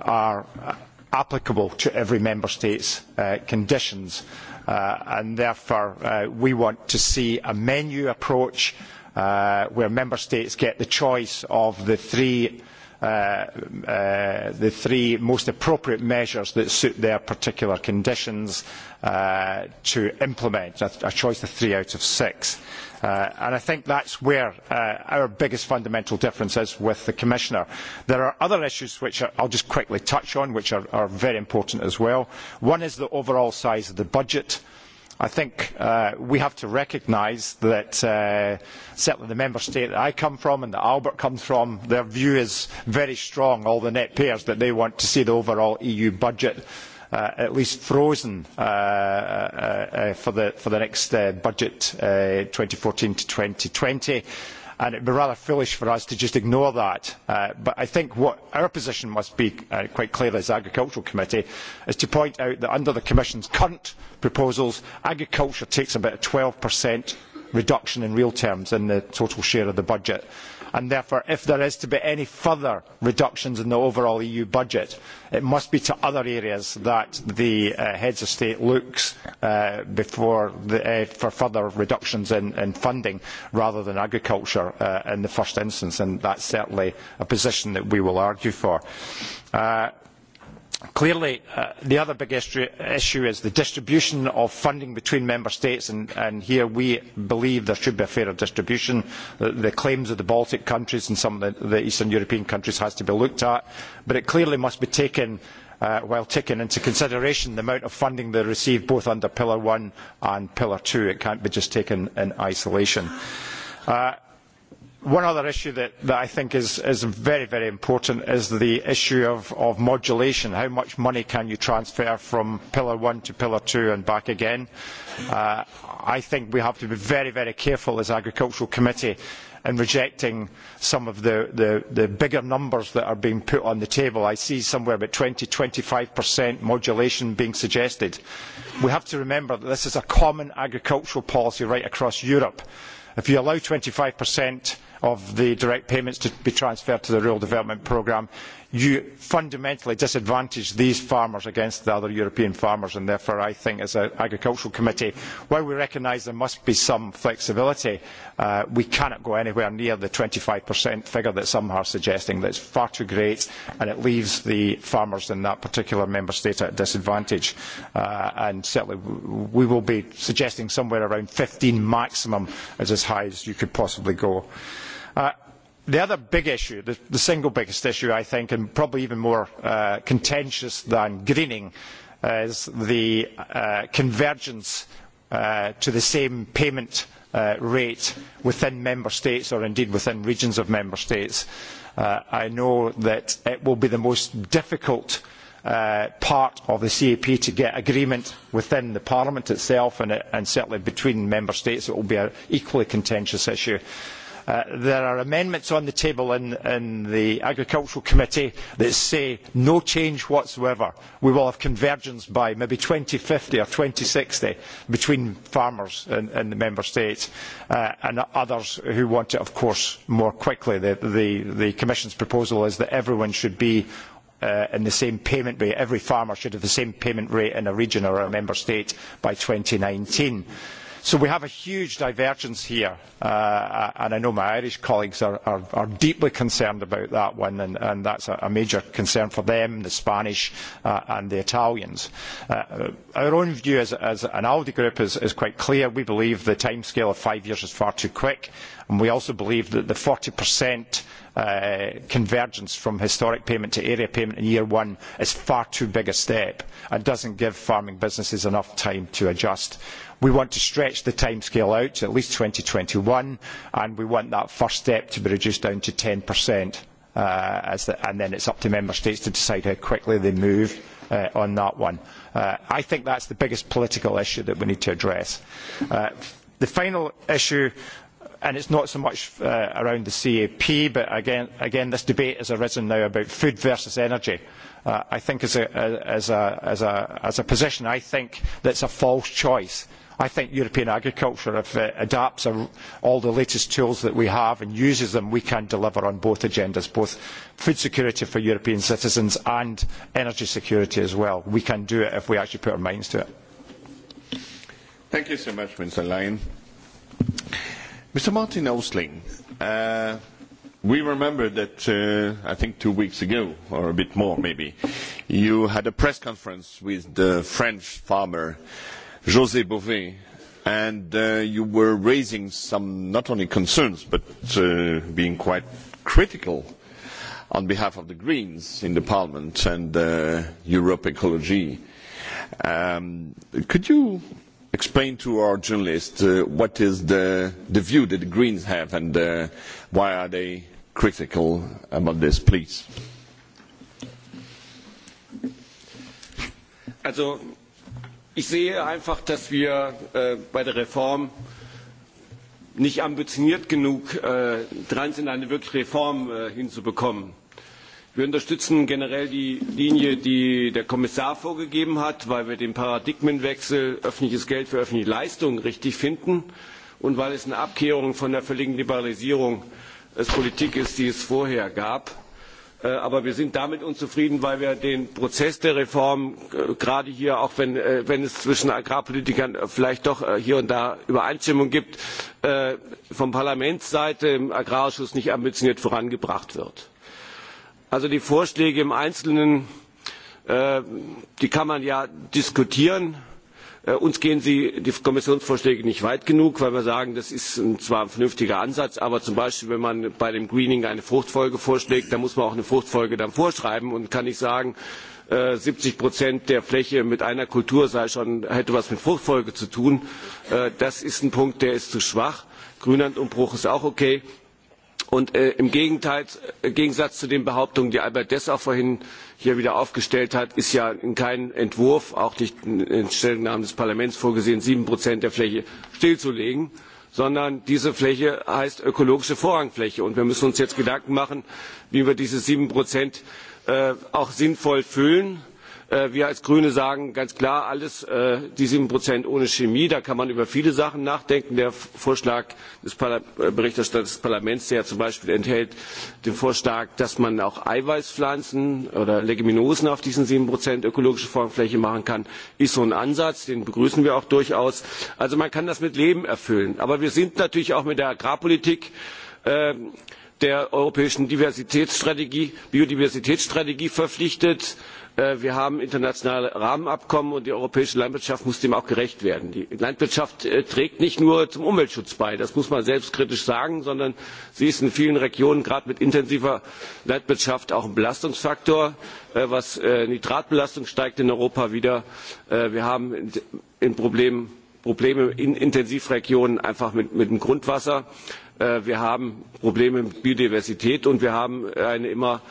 are uh, applicable to every member state's uh, conditions uh, and therefore uh, we want to see a menu approach uh, where member states get the choice of the three uh, uh, the three most appropriate measures that suit their particular conditions uh, to implement, a, a choice of three out of six. Uh, Uh, and I think that's where uh, our biggest fundamental difference is with the Commissioner. There are other issues which are, I'll just quickly touch on, which are, are very important as well. One is the overall size of the budget. I think uh, we have to recognise that uh, certainly the member state that I come from and that Albert comes from, their view is very strong, all the net payers, that they want to see the overall EU budget uh, at least frozen uh, uh, uh, for, the, for the next uh, budget, uh, 2014 to 2020 and it would be rather foolish for us to just ignore that. Uh, but I think what our position must be uh, quite clear as Agricultural Committee is to point out that under the Commission's current proposals, agriculture takes about a 12% reduction in real terms in the total share of the budget. Uh, and therefore if there is to be any further reductions in the overall EU budget, it must be to other areas that the uh, heads of state looks uh, before the, uh, for further reductions in, in funding rather than agriculture uh, in the first instance, and that's certainly a position that we will argue for. Uh, clearly uh, the other big issue, issue is the distribution of funding between member states and, and here we believe there should be a fairer distribution. The, the claims of the Baltic countries and some of the, the Eastern European countries has to be looked at but it clearly must be taken uh, while taking into consideration the amount of funding they receive both under Pillar 1 and Pillar 2. It can't be just taken in isolation. Uh, one other issue that, that I think is, is very, very important is the issue of, of modulation. How much money can you transfer from Pillar 1 to Pillar 2 and back again? Uh, I think we have to be very, very careful as Agricultural Committee in rejecting some of the, the, the bigger numbers that are being put on the table. I see somewhere about 20-25% modulation being suggested. We have to remember that this is a common agricultural policy right across Europe. If you allow 25 percent of the direct payments to be transferred to the rural development programme, you fundamentally disadvantage these farmers against the other European farmers and therefore I think as an agricultural committee, while we recognise there must be some flexibility, uh, we cannot go anywhere near the 25% figure that some are suggesting. That's far too great and it leaves the farmers in that particular member state at a disadvantage. Uh, and certainly we will be suggesting somewhere around 15 maximum is as high as you could possibly go. Uh, Uh, the other big issue, the, the single biggest issue, I think, and probably even more uh, contentious than greening, uh, is the uh, convergence uh, to the same payment uh, rate within member states or indeed within regions of member states. Uh, I know that it will be the most difficult uh, part of the CAP to get agreement within the Parliament itself and, it, and certainly between member states it will be an equally contentious issue. Uh, Uh, there are amendments on the table in, in the Agricultural Committee that say no change whatsoever. We will have convergence by maybe 2050 or 2060 between farmers in, in the Member States uh, and others who want it, of course, more quickly. The, the, the Commission's proposal is that everyone should be uh, in the same payment rate. Every farmer should have the same payment rate in a region or a member state by 2019. So we have a huge divergence here, uh, and I know my Irish colleagues are, are, are deeply concerned about that one, and, and that's a, a major concern for them, the Spanish uh, and the Italians. Uh, our own view as, as an ALDE group is, is quite clear. We believe the timescale of five years is far too quick, and we also believe that the 40% uh, convergence from historic payment to area payment in year one is far too big a step and doesn't give farming businesses enough time to adjust. We want to stretch the timescale out to at least 2021 and we want that first step to be reduced down to 10% uh, as the, and then it's up to member states to decide how quickly they move uh, on that one. Uh, I think that's the biggest political issue that we need to address. Uh, the final issue and it's not so much uh, around the CAP, but again, again, this debate has arisen now about food versus energy. Uh, I think as a, as, a, as, a, as a position, I think that's a false choice. I think European agriculture, if it uh, adapts a, all the latest tools that we have and uses them, we can deliver on both agendas, both food security for European citizens and energy security as well. We can do it if we actually put our minds to it. Thank you so much, Mr. Lyon. Mr. Martin Osling, uh, we remember that uh, I think two weeks ago, or a bit more maybe, you had a press conference with the French farmer José Bové, and uh, you were raising some not only concerns but uh, being quite critical on behalf of the Greens in the Parliament and uh, Europe Ecology. Um, could you explain to our journalists uh, what is the, the view that the Greens have and uh, why are they critical about this, please? Also, ich sehe einfach, dass wir äh, bei der Reform nicht ambitioniert genug äh, dran sind, eine wirkliche Reform äh, hinzubekommen Wir unterstützen generell die Linie, die der Kommissar vorgegeben hat, weil wir den Paradigmenwechsel öffentliches Geld für öffentliche Leistungen richtig finden und weil es eine Abkehrung von der völligen Liberalisierung des Politik ist, die es vorher gab. Äh, aber wir sind damit unzufrieden, weil wir den Prozess der Reform äh, gerade hier, auch wenn, äh, wenn es zwischen Agrarpolitikern vielleicht doch hier und da Übereinstimmung gibt, vom Parlamentsseite im Agrarausschuss nicht ambitioniert vorangebracht wird Also die Vorschläge im Einzelnen, äh, die kann man ja diskutieren. Äh, uns gehen sie, die Kommissionsvorschläge nicht weit genug, weil wir sagen, das ist ein, zwar ein vernünftiger Ansatz, aber zum Beispiel, wenn man bei dem Greening eine Fruchtfolge vorschlägt, dann muss man auch eine Fruchtfolge dann vorschreiben und kann nicht sagen, 70 äh, Prozent der Fläche mit einer Kultur sei schon, hätte was mit Fruchtfolge zu tun. Äh, das ist ein Punkt, der ist zu schwach. Grünlandumbruch ist auch okay. Und äh, im Gegenteil, äh, im Gegensatz zu den Behauptungen, die Albert Dessau vorhin hier wieder aufgestellt hat, ist ja in keinem Entwurf, auch nicht in Stellungnahmen des Parlaments vorgesehen, sieben Prozent der Fläche stillzulegen, sondern diese Fläche heißt ökologische Vorrangfläche. Und wir müssen uns jetzt Gedanken machen, wie wir diese sieben Prozent äh, auch sinnvoll füllen. Äh, Äh, wir als grüne sagen ganz klar alles äh, die sieben ohne chemie da kann man über viele sachen nachdenken. der vorschlag des äh, berichterstatters des parlaments der zum beispiel enthält den vorschlag dass man auch eiweißpflanzen oder leguminosen auf diesen sieben ökologische formfläche machen kann ist so ein ansatz den begrüßen wir auch durchaus. also man kann das mit leben erfüllen. aber wir sind natürlich auch mit der agrarpolitik äh, der europäischen Diversitätsstrategie, Biodiversitätsstrategie verpflichtet. Äh, wir haben internationale Rahmenabkommen und die europäische Landwirtschaft muss dem auch gerecht werden. Die Landwirtschaft äh, trägt nicht nur zum Umweltschutz bei, das muss man selbstkritisch sagen, sondern sie ist in vielen Regionen gerade mit intensiver Landwirtschaft auch ein Belastungsfaktor. Äh, was Nitratbelastung steigt in Europa wieder. Wir haben in Problemen Probleme in Intensivregionen einfach mit, mit dem Grundwasser. Äh, wir haben Probleme mit Biodiversität und wir haben eine immer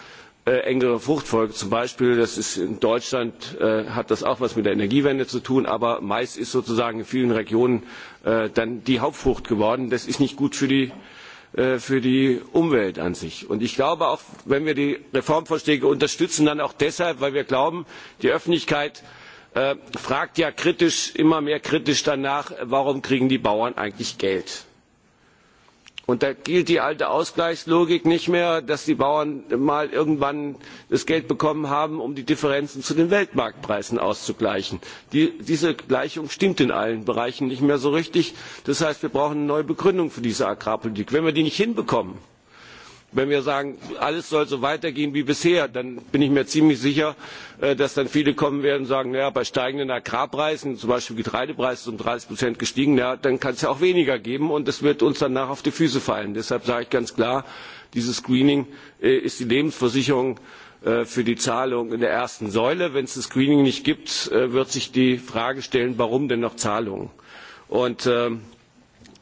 äh, engere Fruchtfolge. Zum Beispiel, das ist in Deutschland, äh, hat das auch was mit der Energiewende zu tun, aber Mais ist sozusagen in vielen Regionen äh, dann die Hauptfrucht geworden. Das ist nicht gut für die, äh, für die Umwelt an sich. Und ich glaube auch, wenn wir die Reformvorschläge unterstützen, dann auch deshalb, weil wir glauben, die Öffentlichkeit äh, fragt ja kritisch, immer mehr kritisch danach, warum kriegen die Bauern eigentlich Geld? Und da gilt die alte Ausgleichslogik nicht mehr, dass die Bauern mal irgendwann das Geld bekommen haben, um die Differenzen zu den Weltmarktpreisen auszugleichen. Die, diese Gleichung stimmt in allen Bereichen nicht mehr so richtig. Das heißt, wir brauchen eine neue Begründung für diese Agrarpolitik. Wenn wir die nicht hinbekommen, wenn wir sagen alles soll so weitergehen wie bisher dann bin ich mir ziemlich sicher äh, dass dann viele kommen werden und sagen na ja bei steigenden agrarpreisen zum beispiel getreidepreis um dreißig gestiegen na ja, dann kann es ja auch weniger geben und das wird uns danach auf die füße fallen. deshalb sage ich ganz klar dieses greening äh, ist die lebensversicherung äh, für die zahlung in der ersten säule. wenn es das greening nicht gibt wird sich die frage stellen warum denn noch zahlungen? und ähm,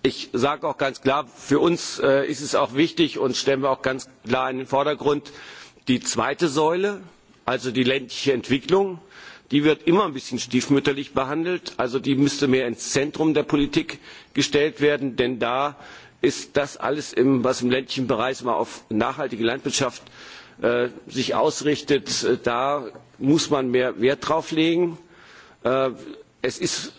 ich sage auch ganz klar für uns äh, ist es auch wichtig und stellen wir auch ganz klar in den vordergrund die zweite säule also die ländliche entwicklung die wird immer ein bisschen stiefmütterlich behandelt also die müsste mehr ins zentrum der politik gestellt werden denn da ist das alles was im ländlichen bereich sich auf nachhaltige landwirtschaft äh, ausrichtet äh, da muss man mehr wert drauf legen. es ist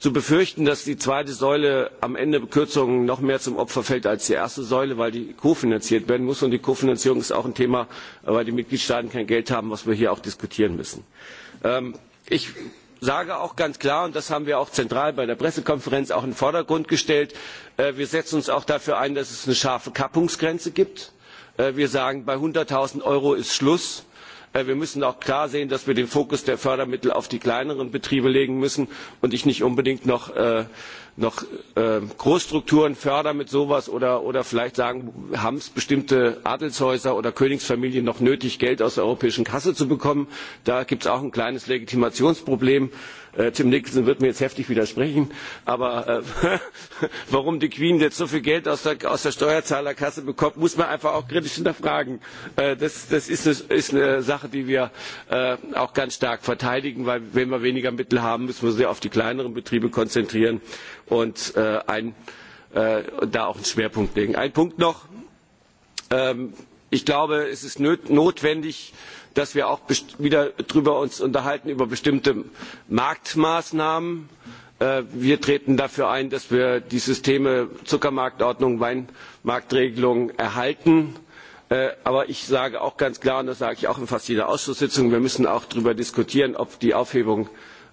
zu befürchten, dass die zweite Säule am Ende Kürzungen noch mehr zum Opfer fällt als die erste Säule, weil die kofinanziert werden muss. Und die Kofinanzierung ist auch ein Thema, weil die Mitgliedstaaten kein Geld haben, was wir hier auch diskutieren müssen. Ähm, ich sage auch ganz klar, und das haben wir auch zentral bei der Pressekonferenz auch in den Vordergrund gestellt, äh, wir setzen uns auch dafür ein, dass es eine scharfe Kappungsgrenze gibt. Äh, wir sagen, bei 100.000 Euro ist Schluss Äh, wir müssen auch klar sehen dass wir den fokus der fördermittel auf die kleineren betriebe legen müssen und ich nicht unbedingt noch, äh, noch äh, großstrukturen fördern mit so etwas oder, oder vielleicht sagen haben es bestimmte adelshäuser oder königsfamilien noch nötig geld aus der europäischen kasse zu bekommen? da gibt es auch ein kleines legitimationsproblem Äh, Tim Nixon wird mir jetzt heftig widersprechen, aber äh, [laughs] warum die Queen jetzt so viel Geld aus der, aus der Steuerzahlerkasse bekommt, muss man einfach auch kritisch hinterfragen. Äh, das das ist, eine, ist eine Sache, die wir äh, auch ganz stark verteidigen, weil wenn wir weniger Mittel haben, müssen wir sie auf die kleineren Betriebe konzentrieren und äh, ein, äh, da auch einen Schwerpunkt legen. Ein Punkt noch. Ähm, ich glaube, es ist nöt notwendig, äh, dass wir auch wieder darüber uns unterhalten über bestimmte Marktmaßnahmen. Äh, wir treten dafür ein, dass wir die Systeme Zuckermarktordnung, Weinmarktregelung erhalten. Äh, aber ich sage auch ganz klar, und das sage ich auch in fast jeder Ausschusssitzung, wir müssen auch darüber diskutieren, ob die Aufhebung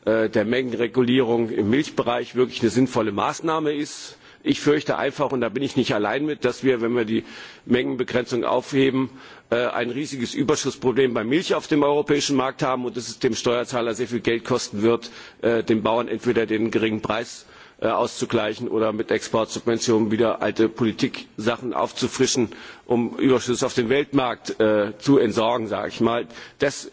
äh, der Mengenregulierung im Milchbereich wirklich eine sinnvolle Maßnahme ist. Ich fürchte einfach, und da bin ich nicht allein mit, dass wir, wenn wir die Mengenbegrenzung aufheben, Äh, ein riesiges überschussproblem bei milch auf dem europäischen markt haben und es dem steuerzahler sehr viel geld kosten wird äh, den bauern entweder den geringen preis äh, auszugleichen oder mit exportsubventionen wieder alte politiksachen aufzufrischen um überschüsse auf dem weltmarkt zu entsorgen sage ich mal. das,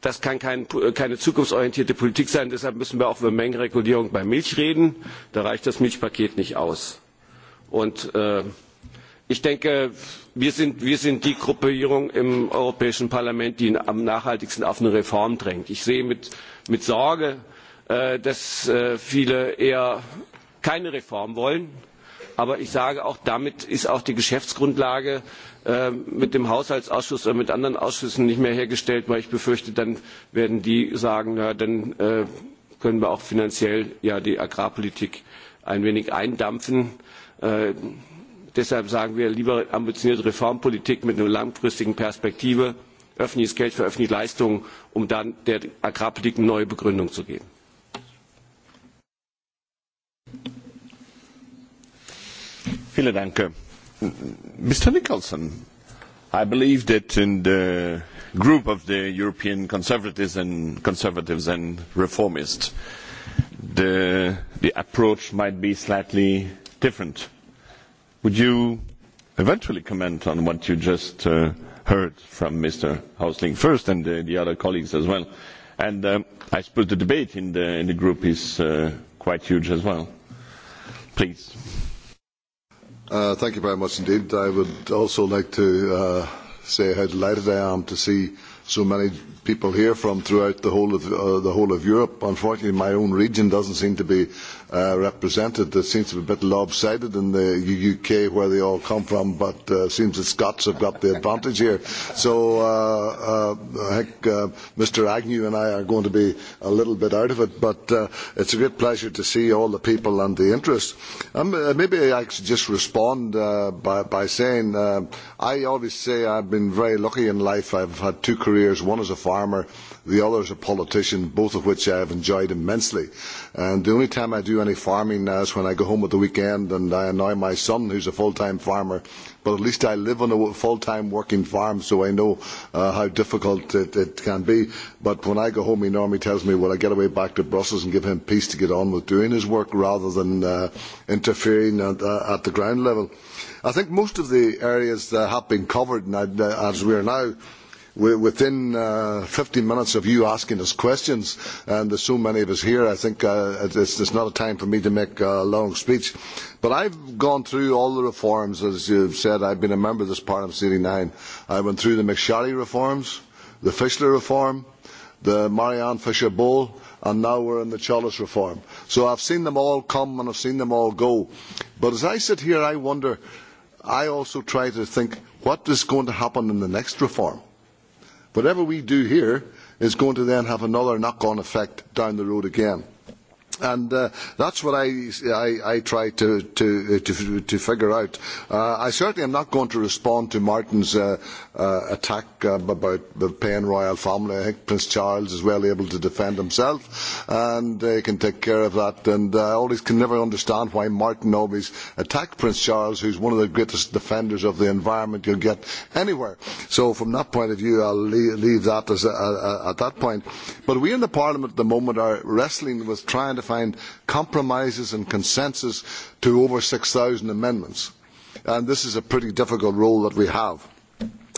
das kann kein, keine zukunftsorientierte politik sein. deshalb müssen wir auch über mengenregulierung bei milch reden. da reicht das milchpaket nicht aus. Und, äh, ich denke wir sind, wir sind die gruppierung im europäischen parlament die am nachhaltigsten auf eine reform drängt. ich sehe mit, mit sorge äh, dass äh, viele eher keine reform wollen aber ich sage auch damit ist auch die geschäftsgrundlage äh, mit dem haushaltsausschuss oder mit anderen ausschüssen nicht mehr hergestellt weil ich befürchte dann werden die sagen na dann äh, können wir auch finanziell ja die agrarpolitik ein wenig eindampfen. Äh, Deshalb sagen wir lieber ambitionierte Reformpolitik mit einer langfristigen Perspektive, öffentliches Geld für öffentliche Leistungen, um dann der Agrarpolitik eine neue Begründung zu geben. Vielen Dank. Mr. Nicholson, I believe that in the group of the European conservatives and conservatives and reformists, the, the approach might be slightly different would you eventually comment on what you just uh, heard from Mr. Hausling first and uh, the other colleagues as well? And um, I suppose the debate in the, in the group is uh, quite huge as well. Please. Uh, thank you very much indeed. I would also like to uh, say how delighted I am to see so many people here from throughout the whole of uh, the whole of Europe. Unfortunately, my own region doesn't seem to be uh, represented that seems to be a bit lopsided in the UK where they all come from, but uh, seems the Scots have got the advantage here. So uh, uh, I think uh, Mr Agnew and I are going to be a little bit out of it, but uh, it's a great pleasure to see all the people and the interest. Um, uh, maybe I should just respond uh, by, by saying uh, I always say I've been very lucky in life. I've had two careers, one as a farmer, the other as a politician, both of which I have enjoyed immensely. Uh, And the only time I do any farming now is when I go home at the weekend and I annoy my son, who's a full-time farmer. But at least I live on a full-time working farm, so I know uh, how difficult it, it can be. But when I go home, he normally tells me, well, I get away back to Brussels and give him peace to get on with doing his work rather than uh, interfering at, uh, at the ground level. I think most of the areas that have been covered, and I, as we are now, within uh, 15 minutes of you asking us questions, and there's so many of us here, I think uh, it's, it's not a time for me to make a long speech. But I've gone through all the reforms, as you've said. I've been a member of this Parliament since 89. I went through the McSharry reforms, the Fischler reform, the Marianne Fisher Bowl, and now we're in the Chalice reform. So I've seen them all come and I've seen them all go. But as I sit here, I wonder, I also try to think, what is going to happen in the next reform? Whatever we do here is going to then have another knock on effect down the road again and uh, that's what I, I, I try to, to, to, to figure out. Uh, I certainly am not going to respond to Martin's uh, uh, attack uh, about the paying royal family. I think Prince Charles is well able to defend himself and uh, can take care of that. And uh, I uh, always can never understand why Martin always attacked Prince Charles, who's one of the greatest defenders of the environment you'll get anywhere. So from that point of view, I'll leave, leave that as a, a, a, at that point. But we in the Parliament at the moment are wrestling with trying to find compromises and consensus to over 6,000 amendments. And this is a pretty difficult role that we have.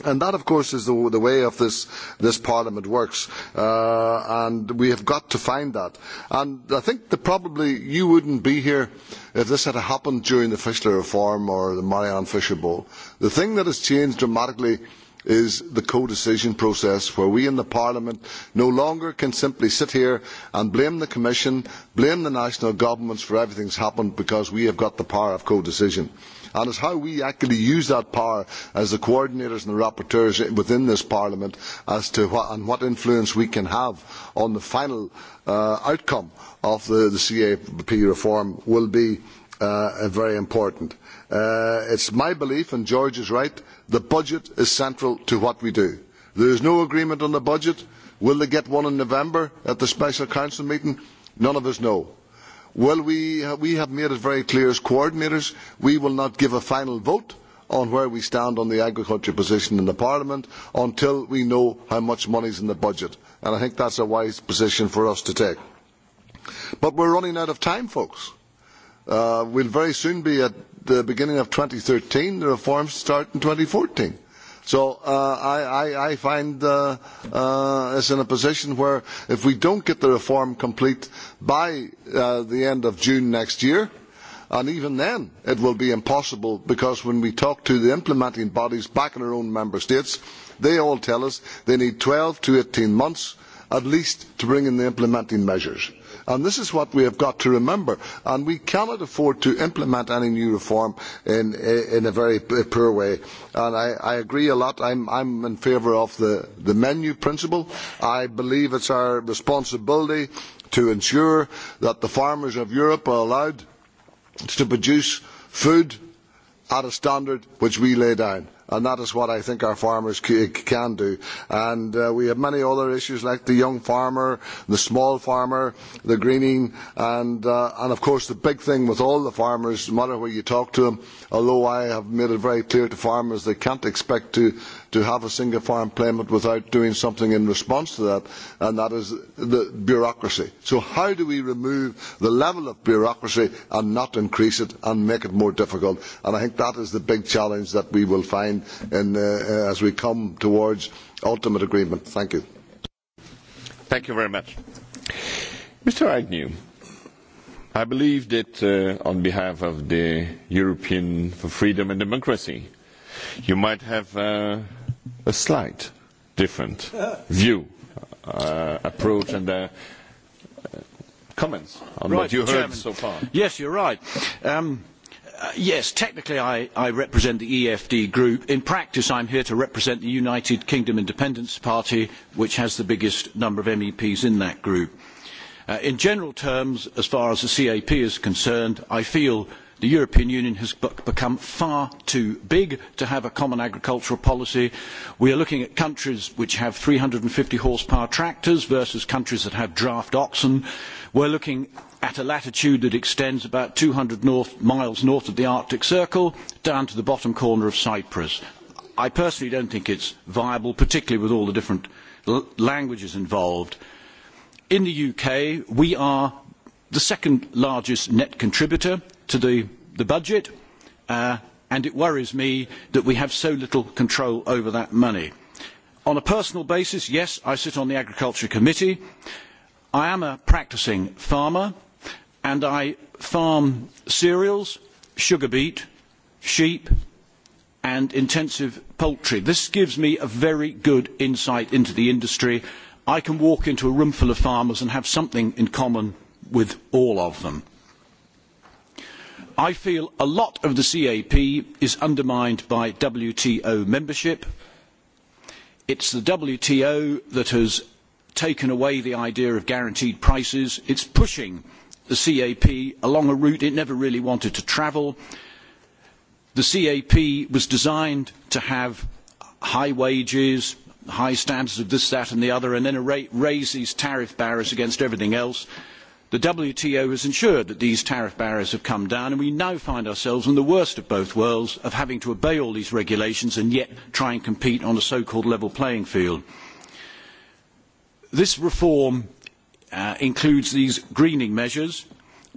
And that, of course, is the, the way of this, this Parliament works. Uh, and we have got to find that. And I think that probably you wouldn't be here if this had happened during the Fischler Reform or the Marianne Fisher Bowl. The thing that has changed dramatically is the codecision process where we in the parliament no longer can simply sit here and blame the commission blame the national governments for everything that has happened because we have got the power of codecision and it is how we actually use that power as the coordinators and the rapporteurs within this parliament as to what, and what influence we can have on the final uh, outcome of the, the CAP reform will be uh, very important. Uh, it's my belief, and George is right, the budget is central to what we do. There is no agreement on the budget. Will they get one in November at the special council meeting? None of us know. Well, we, we have made it very clear as coordinators we will not give a final vote on where we stand on the agriculture position in the Parliament until we know how much money is in the budget. And I think that's a wise position for us to take. But we're running out of time, folks. Uh, we'll very soon be at the beginning of 2013, the reforms start in 2014. So uh, I, I, I find uh, uh, us in a position where if we don't get the reform complete by uh, the end of June next year, and even then it will be impossible because when we talk to the implementing bodies back in our own member states, they all tell us they need 12 to 18 months at least to bring in the implementing measures And this is what we have got to remember. And we cannot afford to implement any new reform in, in a very poor way. And I, I agree a lot. I'm, I'm in favour of the, the menu principle. I believe it's our responsibility to ensure that the farmers of Europe are allowed to produce food at a standard which we lay down and that is what I think our farmers c- can do. And uh, we have many other issues like the young farmer, the small farmer, the greening, and, uh, and of course the big thing with all the farmers, no matter where you talk to them, although I have made it very clear to farmers they can't expect to to have a single farm payment without doing something in response to that, and that is the bureaucracy. So how do we remove the level of bureaucracy and not increase it and make it more difficult? And I think that is the big challenge that we will find in, uh, uh as we come towards ultimate agreement. Thank you. Thank you very much. Mr Agnew, I believe that uh, on behalf of the European for Freedom and Democracy, you might have uh, a slight different view, uh, approach, and uh, comments on right, what you heard Chairman. so far. Yes, you're right. Um, uh, yes, technically I, I represent the EFD group. In practice, I'm here to represent the United Kingdom Independence Party, which has the biggest number of MEPs in that group. Uh, in general terms, as far as the CAP is concerned, I feel the European Union has become far too big to have a common agricultural policy. We are looking at countries which have 350 horsepower tractors versus countries that have draft oxen. We're looking at a latitude that extends about 200 north, miles north of the Arctic Circle down to the bottom corner of Cyprus. I personally don't think it's viable, particularly with all the different l- languages involved. In the UK, we are the second largest net contributor to the, the budget, uh, and it worries me that we have so little control over that money. On a personal basis, yes, I sit on the Agriculture Committee. I am a practicing farmer, and I farm cereals, sugar beet, sheep, and intensive poultry. This gives me a very good insight into the industry. I can walk into a room full of farmers and have something in common with all of them. I feel a lot of the CAP is undermined by WTO membership. It's the WTO that has taken away the idea of guaranteed prices. It's pushing the CAP along a route it never really wanted to travel. The CAP was designed to have high wages, high standards of this, that and the other, and then raise these tariff barriers against everything else. The WTO has ensured that these tariff barriers have come down, and we now find ourselves in the worst of both worlds of having to obey all these regulations and yet try and compete on a so-called level playing field. This reform uh, includes these greening measures,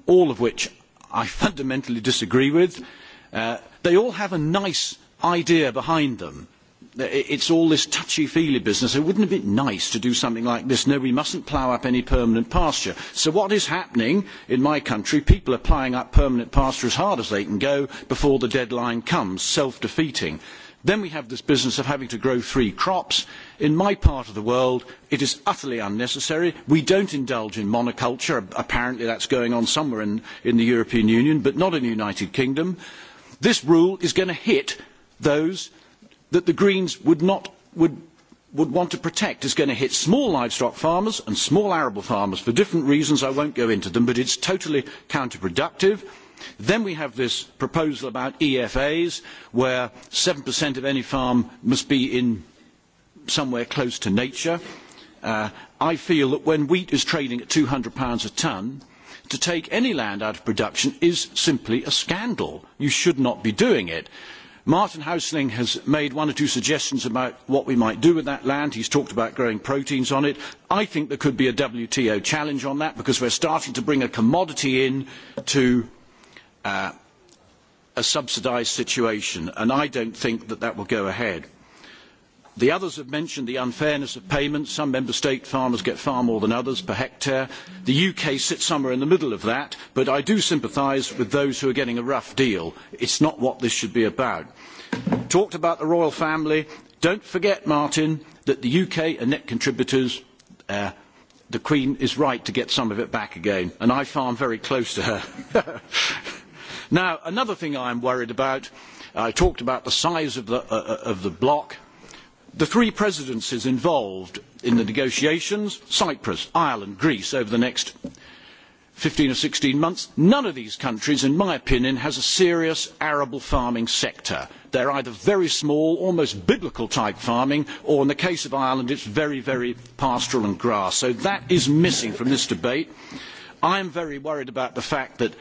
all of which I [laughs] fundamentally disagree with. Uh, they all have a nice idea behind them Uh, it's all this touchy-feely business. So wouldn't it be nice to do something like this? No, we mustn't plough up any permanent pasture. So what is happening in my country? People are ploughing up permanent pasture as hard as they can go before the deadline comes, self-defeating. Then we have this business of having to grow three crops. In my part of the world, it is utterly unnecessary. We don't indulge in monoculture. Apparently that's going on somewhere in, in the European Union, but not in the United Kingdom. This rule is going to hit those that the Greens would, not, would, would want to protect is going to hit small livestock farmers and small arable farmers for different reasons. I won't go into them, but it's totally counterproductive. Then we have this proposal about EFAs, where 7% of any farm must be in somewhere close to nature. Uh, I feel that when wheat is trading at £200 a tonne, to take any land out of production is simply a scandal. You should not be doing it. Martin Hausling has made one or two suggestions about what we might do with that land. He's talked about growing proteins on it. I think there could be a WTO challenge on that because we're starting to bring a commodity in to uh, a subsidised situation, and I don't think that that will go ahead. The others have mentioned the unfairness of payments. Some member state farmers get far more than others per hectare. The UK sits somewhere in the middle of that, but I do sympathise with those who are getting a rough deal. It's not what this should be about. Talked about the royal family. Don't forget, Martin, that the UK are net contributors. Uh, the Queen is right to get some of it back again, and I farm very close to her. [laughs] now, another thing I'm worried about, I talked about the size of the, uh, uh of the block the three presidencies involved in the negotiations cyprus ireland greece over the next 15 or 16 months none of these countries in my opinion has a serious arable farming sector they're either very small almost biblical type farming or in the case of ireland it's very very pastoral and grass so that is missing from this debate i am very worried about the fact that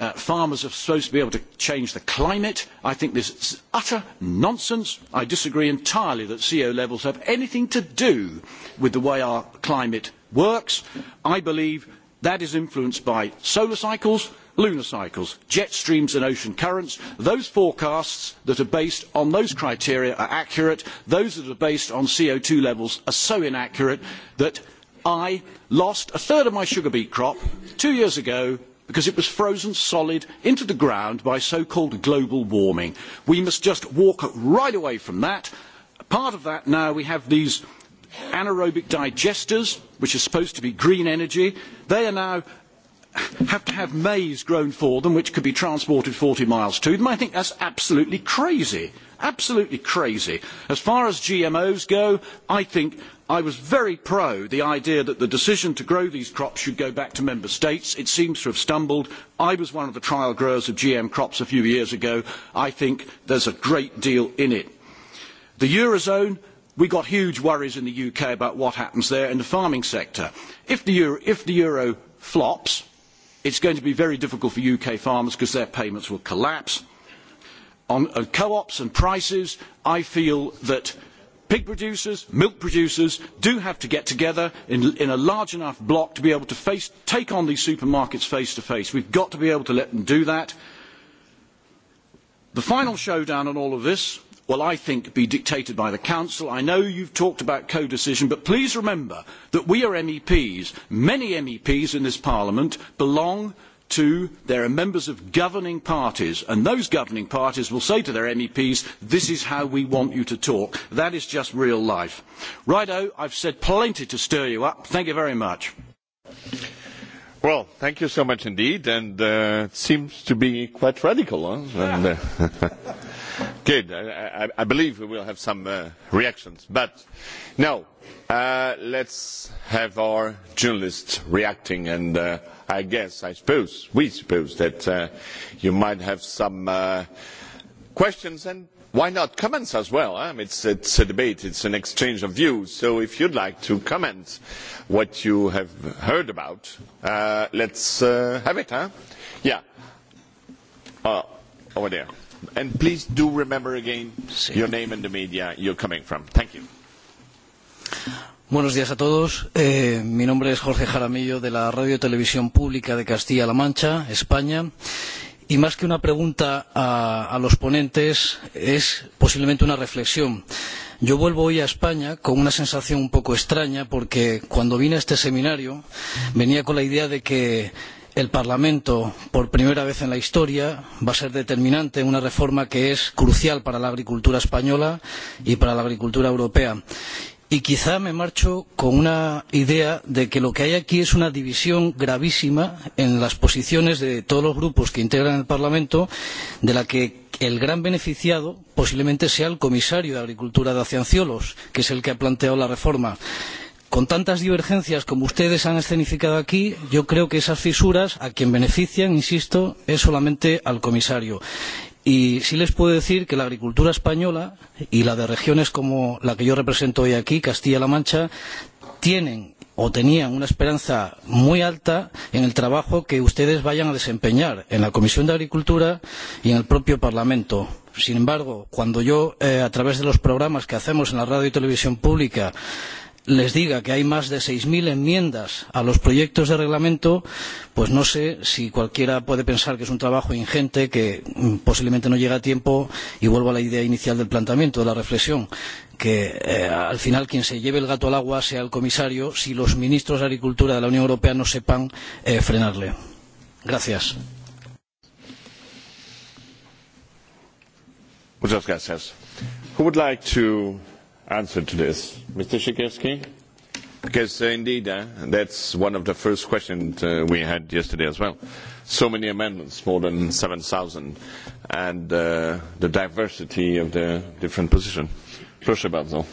uh, farmers are supposed to be able to change the climate. I think this is utter nonsense. I disagree entirely that CO levels have anything to do with the way our climate works. I believe that is influenced by solar cycles, lunar cycles, jet streams and ocean currents. Those forecasts that are based on those criteria are accurate. Those that are based on CO2 levels are so inaccurate that I lost a third of my sugar beet crop two years ago because it was frozen solid into the ground by so called global warming. We must just walk right away from that. Part of that now we have these anaerobic digesters, which are supposed to be green energy. They are now have to have maize grown for them, which could be transported 40 miles to them. I think that's absolutely crazy. Absolutely crazy. As far as GMOs go, I think I was very pro the idea that the decision to grow these crops should go back to member states. It seems to have stumbled. I was one of the trial growers of GM crops a few years ago. I think there's a great deal in it. The Eurozone, we got huge worries in the UK about what happens there in the farming sector. If the Euro, if the Euro flops, it's going to be very difficult for UK farmers because their payments will collapse. On, on co-ops and prices, I feel that pig producers milk producers do have to get together in, in a large enough block to be able to face, take on these supermarkets face to face. We've got to be able to let them do that. The final showdown on all of this will, I think, be dictated by the Council. I know you've talked about co-decision, but please remember that we are MEPs. Many MEPs in this Parliament belong Two, there are members of governing parties, and those governing parties will say to their MEPs, this is how we want you to talk. That is just real life. Righto, I've said plenty to stir you up. Thank you very much. Well, thank you so much indeed, and uh, it seems to be quite radical. Huh? Yeah. And, uh, [laughs] good. I, I, I believe we will have some uh, reactions. But now, Uh, let's have our journalists reacting, and uh, I guess, I suppose, we suppose that uh, you might have some uh, questions and why not comments as well? Eh? It's, it's a debate, it's an exchange of views. So if you'd like to comment what you have heard about, uh, let's uh, have it, huh? Yeah. Uh, over there. And please do remember again your name and the media you're coming from. Thank you. Buenos días a todos. Eh, mi nombre es Jorge Jaramillo de la Radio Televisión Pública de Castilla-La Mancha, España. Y más que una pregunta a, a los ponentes, es posiblemente una reflexión. Yo vuelvo hoy a España con una sensación un poco extraña porque cuando vine a este seminario venía con la idea de que el Parlamento, por primera vez en la historia, va a ser determinante en una reforma que es crucial para la agricultura española y para la agricultura europea y quizá me marcho con una idea de que lo que hay aquí es una división gravísima en las posiciones de todos los grupos que integran el Parlamento, de la que el gran beneficiado posiblemente sea el comisario de Agricultura Dacian Ciolos, que es el que ha planteado la reforma. Con tantas divergencias como ustedes han escenificado aquí, yo creo que esas fisuras a quien benefician, insisto, es solamente al comisario. Y sí les puedo decir que la agricultura española y la de regiones como la que yo represento hoy aquí, Castilla-La Mancha, tienen o tenían una esperanza muy alta en el trabajo que ustedes vayan a desempeñar en la Comisión de Agricultura y en el propio Parlamento. Sin embargo, cuando yo, eh, a través de los programas que hacemos en la radio y televisión pública, eh, les diga que hay más de seis mil enmiendas a los proyectos de reglamento pues no sé si cualquiera puede pensar que es un trabajo ingente que posiblemente no llega a tiempo y vuelvo a la idea inicial del planteamiento de la reflexión que eh, al final quien se lleve el gato al agua sea el comisario si los ministros de agricultura de la unión europea no sepan eh, frenarle. gracias. Muchas gracias. Who would like to answer to this. Mr. Sikorski? Because uh, indeed, uh, that's one of the first questions uh, we had yesterday as well. So many amendments, more than 7,000, and uh, the diversity of the different position. Proszę bardzo.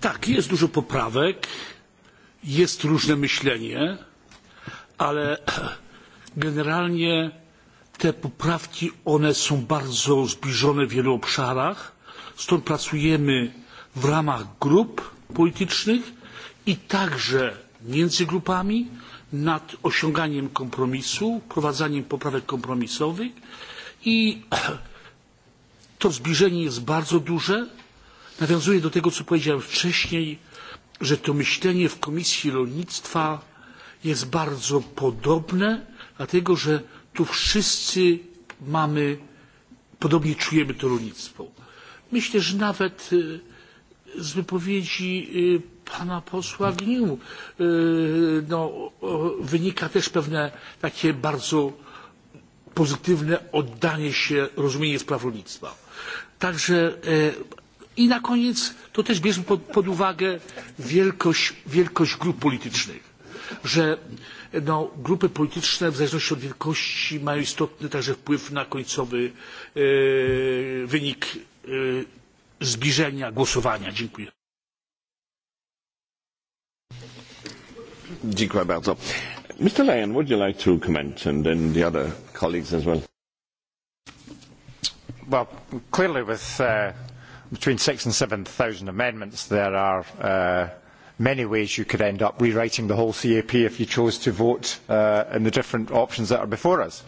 Tak, jest dużo poprawek, jest różne myślenie, ale [clears throat] generalnie te poprawki, one są bardzo zbliżone w wielu obszarach stąd pracujemy w ramach grup politycznych i także między grupami nad osiąganiem kompromisu wprowadzaniem poprawek kompromisowych i [clears throat] to zbliżenie jest bardzo duże. nawiązuję do tego co powiedziałem wcześniej że to myślenie w komisji rolnictwa jest bardzo podobne dlatego że tu wszyscy mamy podobnie czujemy to rolnictwo. Myślę, że nawet z wypowiedzi pana posła Gniu no, wynika też pewne takie bardzo pozytywne oddanie się, rozumienie spraw rolnictwa. Także i na koniec to też bierzmy pod, pod uwagę wielkość, wielkość grup politycznych, że no, grupy polityczne w zależności od wielkości mają istotny także wpływ na końcowy e, wynik zbliżenia głosowania. Dziękuję. Dziękuję bardzo. Mr. Lyon, would you like to comment and then the other colleagues as well? Well, clearly with uh, between six and seven thousand amendments, there are uh, many ways you could end up rewriting the whole CAP if you chose to vote uh, in the different options that are before us.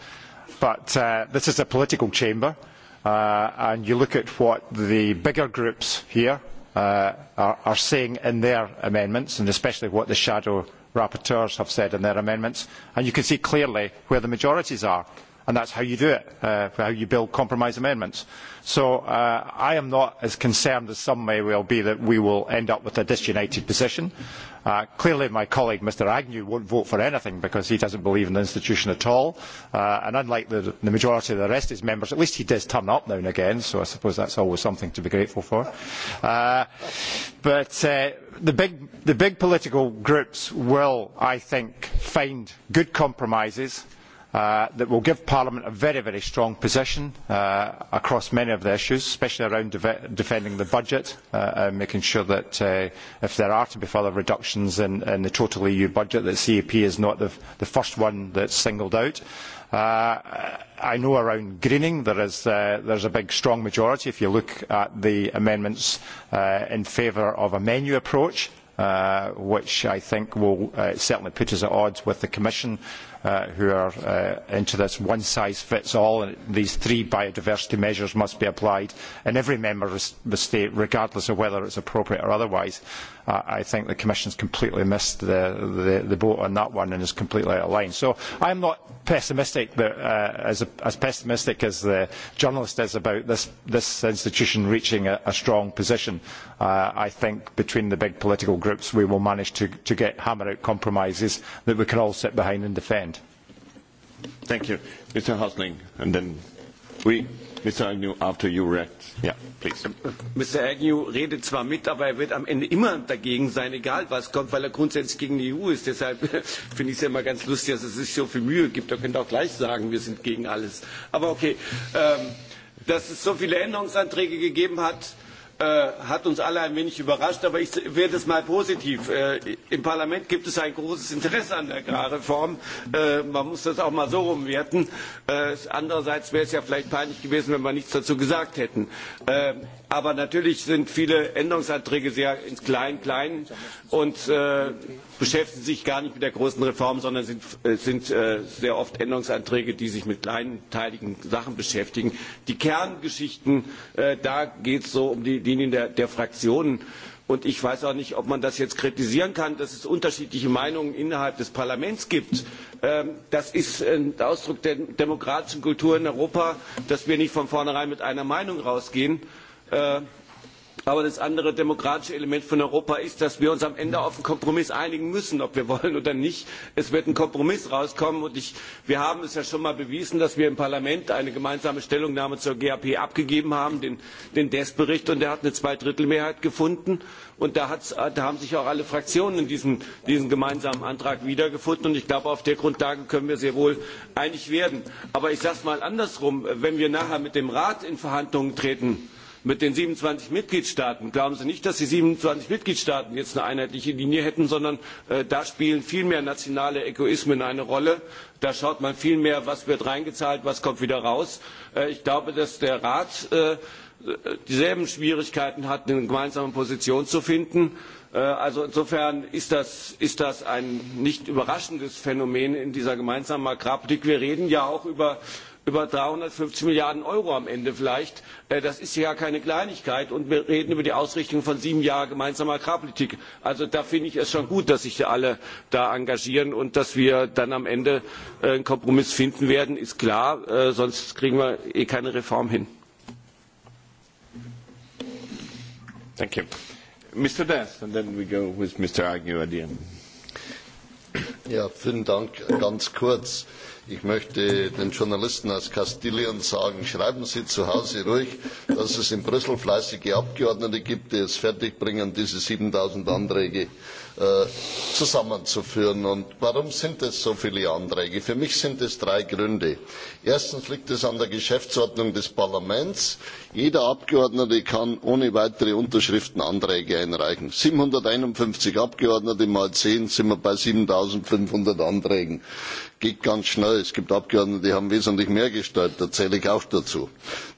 But uh, this is a political chamber. Uh, uh, and you look at what the bigger groups here uh, are, are saying in their amendments, and especially what the shadow rapporteurs have said in their amendments, and you can see clearly where the majorities are and that's how you do it, uh, how you build compromise amendments. So uh, I am not as concerned as some may well be that we will end up with a disunited position. Uh, clearly, my colleague, Mr Agnew, won't vote for anything because he doesn't believe in the institution at all. Uh, and unlike the, the majority of the rest of his members, at least he does turn up now and again, so I suppose that's always something to be grateful for. Uh, but uh, the, big, the big political groups will, I think, find good compromises uh, that will give Parliament a very, very strong position uh, across many of the issues, especially around de defending the budget uh, and making sure that uh, if there are to be further reductions in, in the total EU budget, that CAP is not the, the first one that's singled out. Uh, I know around greening there is uh, there's a big strong majority if you look at the amendments uh, in favour of a menu approach uh, which I think will uh, certainly put us at odds with the Commission uh, who are uh, into this one size fits all and these three biodiversity measures must be applied in every member state regardless of whether it's appropriate or otherwise. Uh, I, I think the Commission's completely missed the, the, the boat on that one and is completely out of line. So I'm not pessimistic, but uh, as, a, as pessimistic as the journalist is about this, this institution reaching a, a strong position, uh, I think between the big political groups we will manage to, to get hammer out compromises that we can all sit behind and defend. Thank you. Mr. Hosling, and then we. Oui. Mr. Agnew, after you react. Yeah, please. Mr. Agnew redet zwar mit, aber er wird am Ende immer dagegen sein, egal was kommt, weil er grundsätzlich gegen die EU ist. Deshalb [laughs] finde ich es ja immer ganz lustig, dass es sich so viel Mühe gibt. Er könnte auch gleich sagen, wir sind gegen alles. Aber okay, ähm, dass es so viele Änderungsanträge gegeben hat, äh, Äh, hat uns alle ein wenig überrascht, aber ich werde es mal positiv. Äh, Im Parlament gibt es ein großes Interesse an der Agrarreform. Äh, man muss das auch mal so rumwerten. Andererseits wäre es ja vielleicht peinlich gewesen, wenn wir nichts dazu gesagt hätten. Aber natürlich sind viele Änderungsanträge sehr ins Klein-Klein und äh, beschäftigen sich gar nicht mit der großen Reform, sondern sind, äh, sind äh, sehr oft Änderungsanträge, die sich mit kleinteiligen Sachen beschäftigen. Die Kerngeschichten, äh, da geht es so um die Linien der, der Fraktionen. Und ich weiß auch nicht, ob man das jetzt kritisieren kann, dass es unterschiedliche Meinungen innerhalb des Parlaments gibt. Ähm, das ist ein Ausdruck der demokratischen Kultur in Europa, dass wir nicht von vornherein mit einer Meinung rausgehen. Äh, aber das andere demokratische Element von Europa ist, dass wir uns am Ende auf einen Kompromiss einigen müssen, ob wir wollen oder nicht. Es wird ein Kompromiss rauskommen und ich, wir haben es ja schon mal bewiesen, dass wir im Parlament eine gemeinsame Stellungnahme zur GAP abgegeben haben, den, den DES-Bericht und der hat eine Zweidrittelmehrheit gefunden und da, hat's, da haben sich auch alle Fraktionen in diesem, diesem gemeinsamen Antrag wiedergefunden und ich glaube, auf der Grundlage können wir sehr wohl einig werden. Aber ich sage es mal andersrum, wenn wir nachher mit dem Rat in Verhandlungen treten, mit den siebenundzwanzig mitgliedstaaten glauben sie nicht dass die siebenundzwanzig mitgliedstaaten jetzt eine einheitliche linie hätten sondern äh, da spielen viel mehr nationale egoismen eine rolle da schaut man viel mehr was wird reingezahlt was kommt wieder raus. Äh, ich glaube dass der rat äh, dieselben Schwierigkeiten hatten, eine gemeinsame Position zu finden. Äh, also insofern ist das, ist das ein nicht überraschendes Phänomen in dieser gemeinsamen Agrarpolitik. Wir reden ja auch über, über 350 Milliarden Euro am Ende vielleicht. Äh, das ist ja keine Kleinigkeit. Und wir reden über die Ausrichtung von sieben Jahren gemeinsamer Agrarpolitik. Also da finde ich es schon gut, dass sich alle da engagieren und dass wir dann am Ende äh, einen Kompromiss finden werden, ist klar. Sonst kriegen wir eh keine Reform hin. Thank you. Mr. Dess, and then we go with Mr. Agnew at the end. Ja, vielen Dank. Ganz kurz. Ich möchte den Journalisten aus Kastilien sagen, schreiben Sie zu Hause ruhig, dass es in Brüssel fleißige Abgeordnete gibt, die es fertigbringen, diese 7000 Anträge äh, Äh, zusammenzuführen. Und warum sind es so viele Anträge? Für mich sind es drei Gründe. Erstens liegt es an der Geschäftsordnung des Parlaments. Jeder Abgeordnete kann ohne weitere Unterschriften Anträge einreichen. 751 Abgeordnete mal 10 sind wir bei 7500 Anträgen. Geht ganz schnell. Es gibt Abgeordnete, die haben wesentlich mehr gestellt. Da zähle ich auch dazu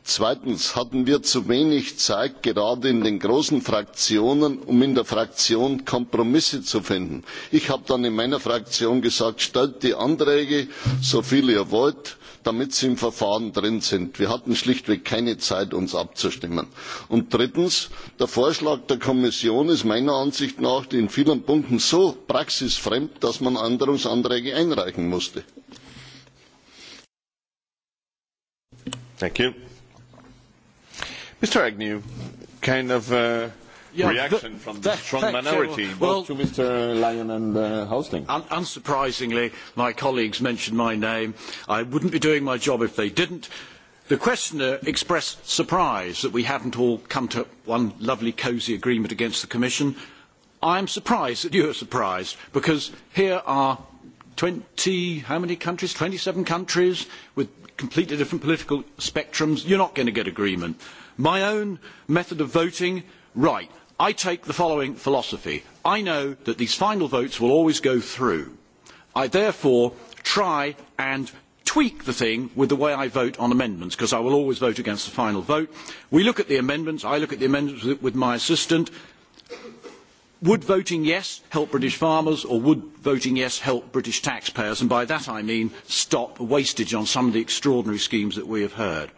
zweitens hatten wir zu wenig zeit gerade in den großen fraktionen um in der fraktion kompromisse zu finden. ich habe dann in meiner fraktion gesagt stellt die anträge so viele ihr wollt damit sie im verfahren drin sind. wir hatten schlichtweg keine zeit uns abzustimmen. und drittens der vorschlag der kommission ist meiner ansicht nach in vielen punkten so praxisfremd dass man änderungsanträge einreichen musste. Thank you. Mr. Agnew, kind of uh, yeah, reaction th- from the th- strong th- minority, th- well, both to Mr. Lyon and uh, Hosting. Un- unsurprisingly, my colleagues mentioned my name. I wouldn't be doing my job if they didn't. The questioner expressed surprise that we haven't all come to one lovely cosy agreement against the Commission. I'm surprised that you are surprised, because here are 20, how many countries? 27 countries with completely different political spectrums. You're not going to get agreement. Uh, my own method of voting, right, I take the following philosophy. I know that these final votes will always go through. I therefore try and tweak the thing with the way I vote on amendments, because I will always vote against the final vote. We look at the amendments, I look at the amendments with, with my assistant. Would voting yes help British farmers, or would voting yes help British taxpayers? And by that I mean stop wastage on some of the extraordinary schemes that we have heard.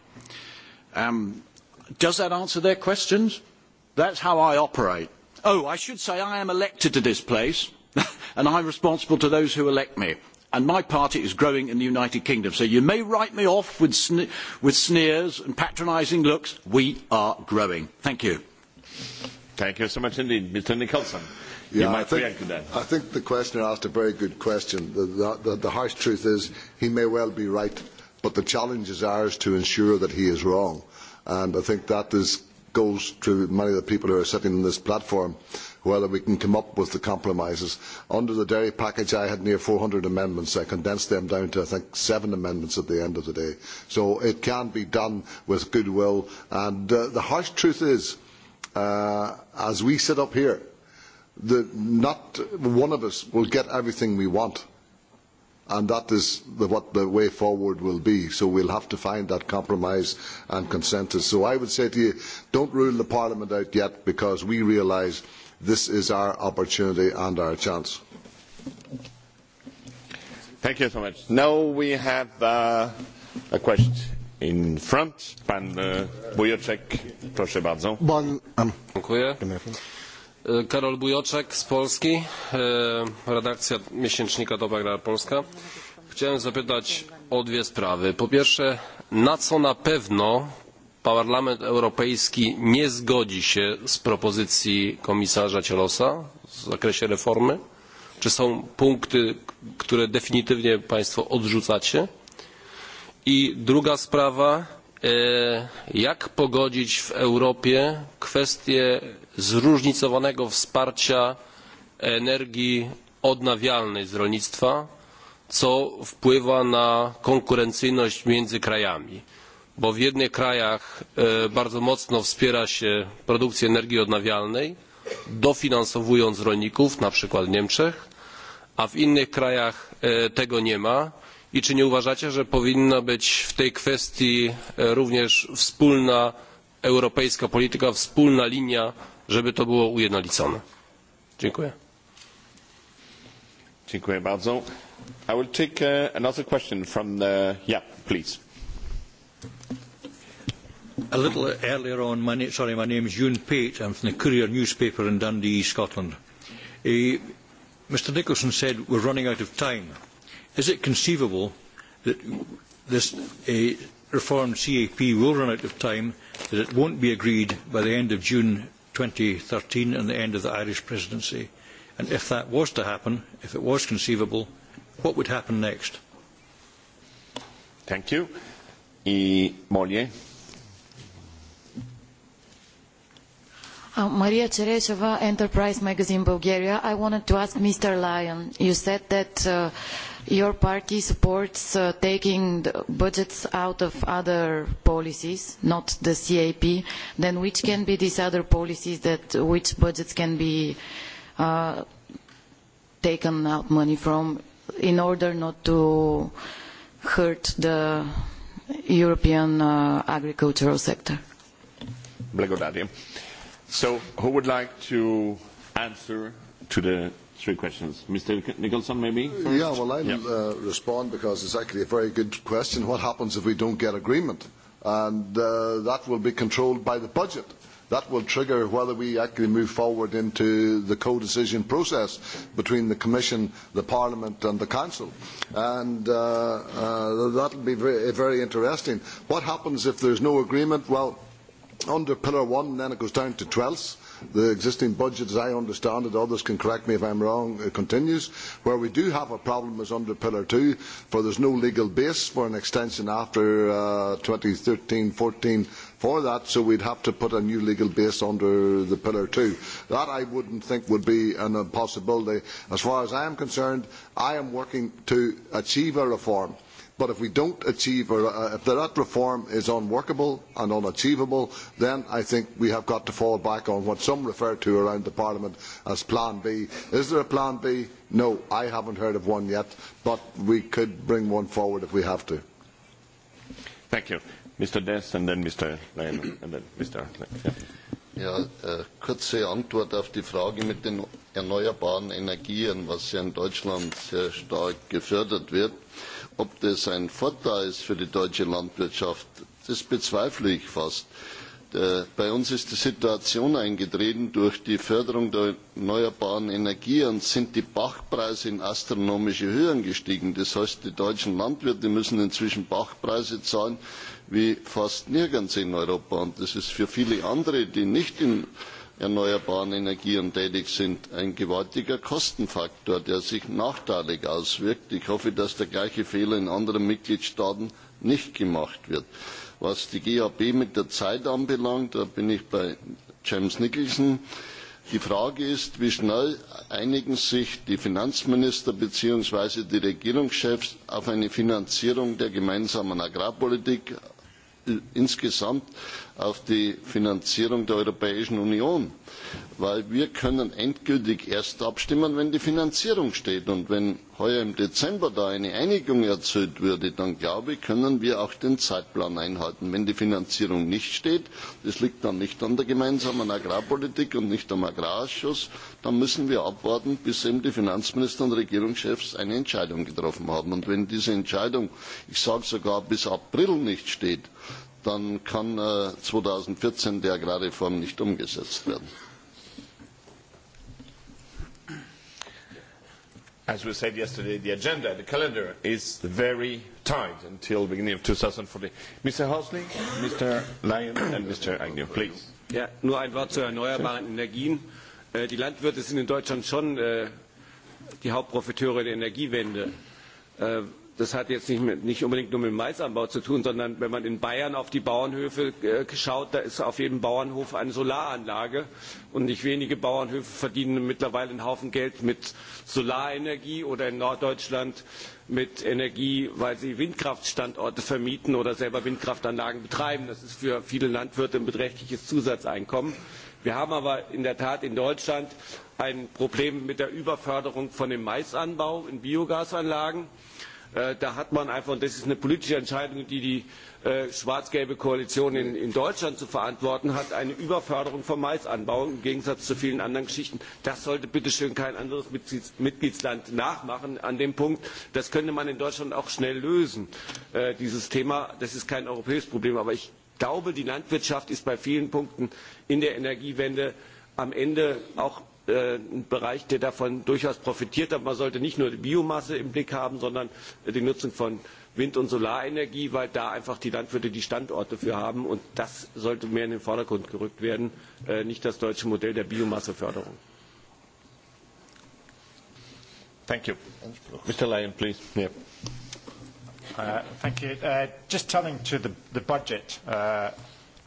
Um, Does that answer their questions? That's how I operate. Oh, I should say I am elected to this place, [laughs] and I'm responsible to those who elect me. And my party is growing in the United Kingdom. So you may write me off with, sne- with sneers and patronising looks. We are growing. Thank you. Thank you so much indeed, Mr. Nicholson. Yeah, you might I think, react to that. I think the questioner asked a very good question. The, the, the, the harsh truth is he may well be right, but the challenge is ours to ensure that he is wrong And I think that is, goes to many of the people who are sitting on this platform, whether we can come up with the compromises. Under the dairy package, I had near 400 amendments. I condensed them down to, I think, seven amendments at the end of the day. So it can be done with goodwill. And uh, the harsh truth is, uh, as we sit up here, the, not one of us will get everything we want and that is the, what the way forward will be. So we'll have to find that compromise and consensus. So I would say to you, don't rule the Parliament out yet, because we realise this is our opportunity and our chance. Thank you so much. Now we have uh, a question in front. Pan uh, Bujeczek, proszę bardzo. Bon, um, Dziękuję. E, Karol Bujoczek z Polski, e, redakcja miesięcznika Dobra Gra Polska. Chciałem zapytać o dwie sprawy. Po pierwsze, na co na pewno Parlament Europejski nie zgodzi się z propozycji komisarza Cielosa w zakresie reformy? Czy są punkty, które definitywnie Państwo odrzucacie? I druga sprawa, e, jak pogodzić w Europie kwestie zróżnicowanego wsparcia energii odnawialnej z rolnictwa, co wpływa na konkurencyjność między krajami, bo w jednych krajach e, bardzo mocno wspiera się produkcję energii odnawialnej, dofinansowując rolników, na przykład w Niemczech, a w innych krajach e, tego nie ma i czy nie uważacie że powinna być w tej kwestii e, również wspólna europejska polityka wspólna linia żeby to było ujednolicone. Dziękuję. Dziękuję bardzo. I will take uh, another question from the... Yeah, please. A little earlier on, my na- sorry, my name is Ewan Pate. I'm from the Courier newspaper in Dundee, Scotland. Uh, eh, Mr Nicholson said we're running out of time. Is it conceivable that this uh, reformed CAP will run out of time, that it won't be agreed by the end of June 2013 and the end of the Irish presidency? And if that was to happen, if it was conceivable, what would happen next? Thank you. Y e. Mollier. Uh, Maria Ceresheva, Enterprise Magazine Bulgaria. I wanted to ask Mr. Lyon. You said that uh, your party supports uh, taking the budgets out of other policies, not the CAP, then which can be these other policies that which budgets can be uh, taken out money from in order not to hurt the European uh, agricultural sector? Blagodadim. So who would like to answer to the three questions. Mr. Nicholson, maybe? First? Uh, yeah, well, I'll yeah. Uh, respond because it's actually a very good question. What happens if we don't get agreement? And uh, that will be controlled by the budget. That will trigger whether we actually move forward into the co-decision process between the Commission, the Parliament and the Council. And uh, uh, that will be very, very interesting. What happens if there's no agreement? Well, under Pillar 1, then it goes down to 12th The existing budget, as I understand it, others can correct me if I'm wrong, it uh, continues. Where we do have a problem is under Pillar 2, for there's no legal base for an extension after uh, 2013-14 for that, so we'd have to put a new legal base under the Pillar 2. That I wouldn't think would be an impossibility. As far as I am concerned, I am working to achieve a reform. But if we don't achieve, or uh, if that reform is unworkable and unachievable, then I think we have got to fall back on what some refer to around the Parliament as Plan B. Is there a Plan B? No, I haven't heard of one yet, but we could bring one forward if we have to. Thank you. Mr. Dess and then Mr. Lyon and then Mr. Yeah. Ja, äh, kurze Antwort auf die Frage mit den erneuerbaren Energien, was ja in Deutschland sehr stark gefördert wird. Äh, Ob das ein Vorteil ist für die deutsche Landwirtschaft, das bezweifle ich fast. Äh, bei uns ist die Situation eingetreten, durch die Förderung der erneuerbaren Energien sind die Bachpreise in astronomische Höhen gestiegen. Das heißt, die deutschen Landwirte müssen inzwischen Bachpreise zahlen wie fast nirgends in Europa. Und das ist für viele andere, die nicht in erneuerbaren energien tätig sind ein gewaltiger kostenfaktor der sich nachteilig auswirkt. ich hoffe dass der gleiche fehler in anderen mitgliedstaaten nicht gemacht wird. was die gap mit der zeit anbelangt da bin ich bei james nicholson die frage ist wie schnell einigen sich die finanzminister beziehungsweise die regierungschefs auf eine finanzierung der gemeinsamen agrarpolitik insgesamt auf die finanzierung der europäischen union denn wir können endgültig erst abstimmen wenn die finanzierung steht. wenn heuer im dezember eine einigung erzielt würde dann können wir auch den zeitplan einhalten. wenn die finanzierung nicht steht das liegt dann nicht an der gemeinsamen agrarpolitik und nicht am agrarausschuss dann müssen wir abwarten bis die finanzminister und regierungschefs eine entscheidung getroffen haben. wenn diese entscheidung ich sage sogar bis april nicht steht dann kann äh, zweitausendvierzehn die agrarreform nicht umgesetzt werden. as we said yesterday, the agenda, the calendar is very tight until beginning of 2014. Mr. Hosling, Mr. Lyon and Mr. Agnew, please. Ja, nur ein Wort zu erneuerbaren Energien. Äh, die Landwirte sind in Deutschland schon äh, die Hauptprofiteure der Energiewende. Äh, das hat jetzt nicht, mit, nicht unbedingt nur mit dem Maisanbau zu tun, sondern wenn man in Bayern auf die Bauernhöfe äh, schaut, da ist auf jedem Bauernhof eine Solaranlage. Und nicht wenige Bauernhöfe verdienen mittlerweile einen Haufen Geld mit Solarenergie oder in Norddeutschland mit Energie, weil sie Windkraftstandorte vermieten oder selber Windkraftanlagen betreiben. Das ist für viele Landwirte ein beträchtliches Zusatzeinkommen. Wir haben aber in der Tat in Deutschland ein Problem mit der Überförderung von dem Maisanbau in Biogasanlagen. Äh, da hat man einfach, und das ist eine politische Entscheidung, die die äh, schwarz-gelbe Koalition in, in Deutschland zu verantworten hat, eine Überförderung von Maisanbau im Gegensatz zu vielen anderen Geschichten. Das sollte bitteschön kein anderes Mitglieds Mitgliedsland nachmachen an dem Punkt. Das könnte man in Deutschland auch schnell lösen, äh, dieses Thema. Das ist kein europäisches Problem, aber ich glaube, die Landwirtschaft ist bei vielen Punkten in der Energiewende am Ende auch Äh, ein Bereich, der davon durchaus profitiert hat. Man sollte nicht nur die Biomasse im Blick haben, sondern äh, die Nutzung von Wind- und Solarenergie, weil da einfach die Landwirte die Standorte für haben. Und das sollte mehr in den Vordergrund gerückt werden, äh, nicht das deutsche Modell der Biomasseförderung. Thank you. Mr. Lyon, please. Yeah. Uh, thank you. Uh, just turning to the, the budget. Uh,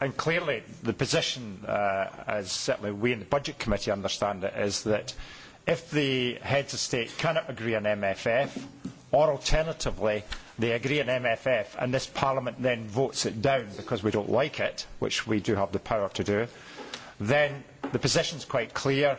And clearly, the position, uh, as certainly we in the Budget Committee understand it, is that if the heads of state cannot agree on MFF, or alternatively, they agree on MFF and this Parliament then votes it down because we don't like it, which we do have the power to do, then the position is quite clear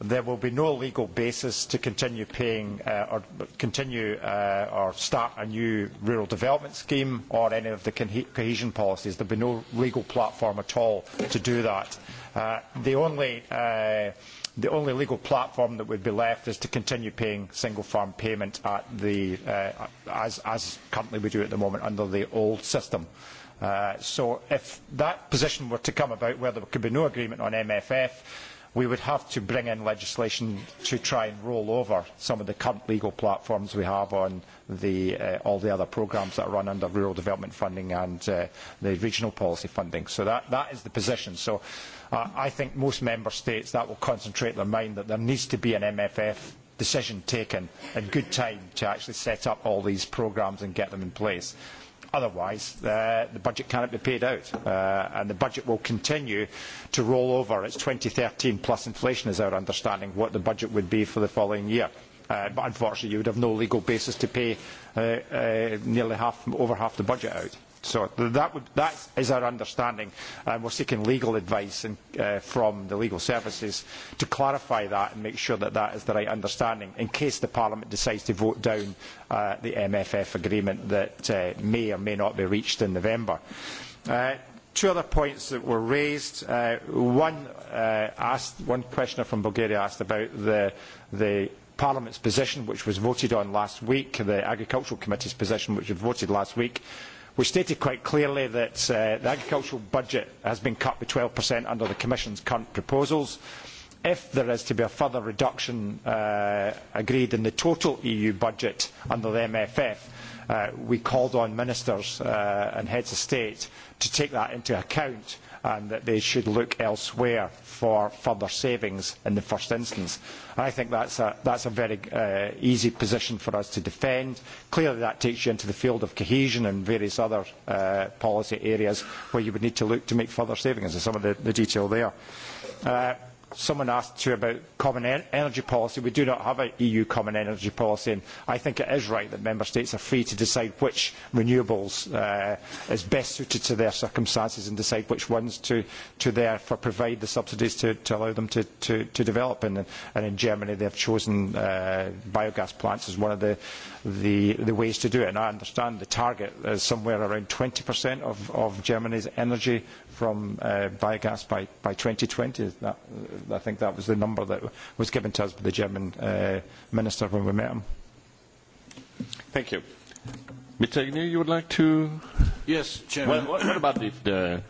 there will be no legal basis to continue paying uh, or continue uh, or start a new rural development scheme or any of the cohesion policies. There will be no legal platform at all to do that. Uh, the only uh, the only legal platform that would be left is to continue paying single farm payment at the, uh, as, as currently we do at the moment under the old system. Uh, so if that position were to come about where there could be no agreement on MFF, we would have to bring in legislation to try and roll over some of the current legal platforms we have on the, uh, all the other programmes that are run under rural development funding and uh, the regional policy funding. So that, that is the position. So uh, I think most member states that will concentrate their mind that there needs to be an MFF decision taken in good time to actually set up all these programmes and get them in place. Otherwise, uh, the budget cannot be paid out, uh, and the budget will continue to roll over. It's 2013 plus inflation is our understanding what the budget would be for the following year. Uh, but unfortunately, you would have no legal basis to pay uh, uh, nearly half, over half the budget out. So that, would, that is our understanding, and we're seeking legal advice in, uh, from the legal services to clarify that and make sure that that is the right understanding in case the Parliament decides to vote down uh, the MFF agreement that uh, may or may not be reached in November. Uh, two other points that were raised. Uh, one, uh, asked, one questioner from Bulgaria asked about the, the Parliament's position, which was voted on last week, the Agricultural Committee's position, which was voted last week which stated quite clearly that uh, the agricultural budget has been cut by 12% under the Commission's current proposals. If there is to be a further reduction uh, agreed in the total EU budget under the MFF, uh, we called on ministers uh, and heads of state to take that into account and that they should look elsewhere for further savings in the first instance. I think that's a, that's a very uh, easy position for us to defend. Clearly that takes you into the field of cohesion and various other uh, policy areas where you would need to look to make further savings and some of the, the detail there. Uh, someone asked you about common en energy policy. We do not have an EU common energy policy, and I think it is right that member states are free to decide which renewables uh, is best suited to their circumstances and decide which ones to, to therefore provide the subsidies to, to allow them to, to, to develop. And, and in Germany, they've chosen uh, biogas plants as one of the, the, the ways to do it. And I understand the target is somewhere around 20% of, of Germany's energy from uh, biogas by, by 2020. That, I think that was the number that was given to us by the German uh, minister when we met him. Thank you. Mr. Agnew, you would like to? Yes, Chairman. Well, what, what about the, the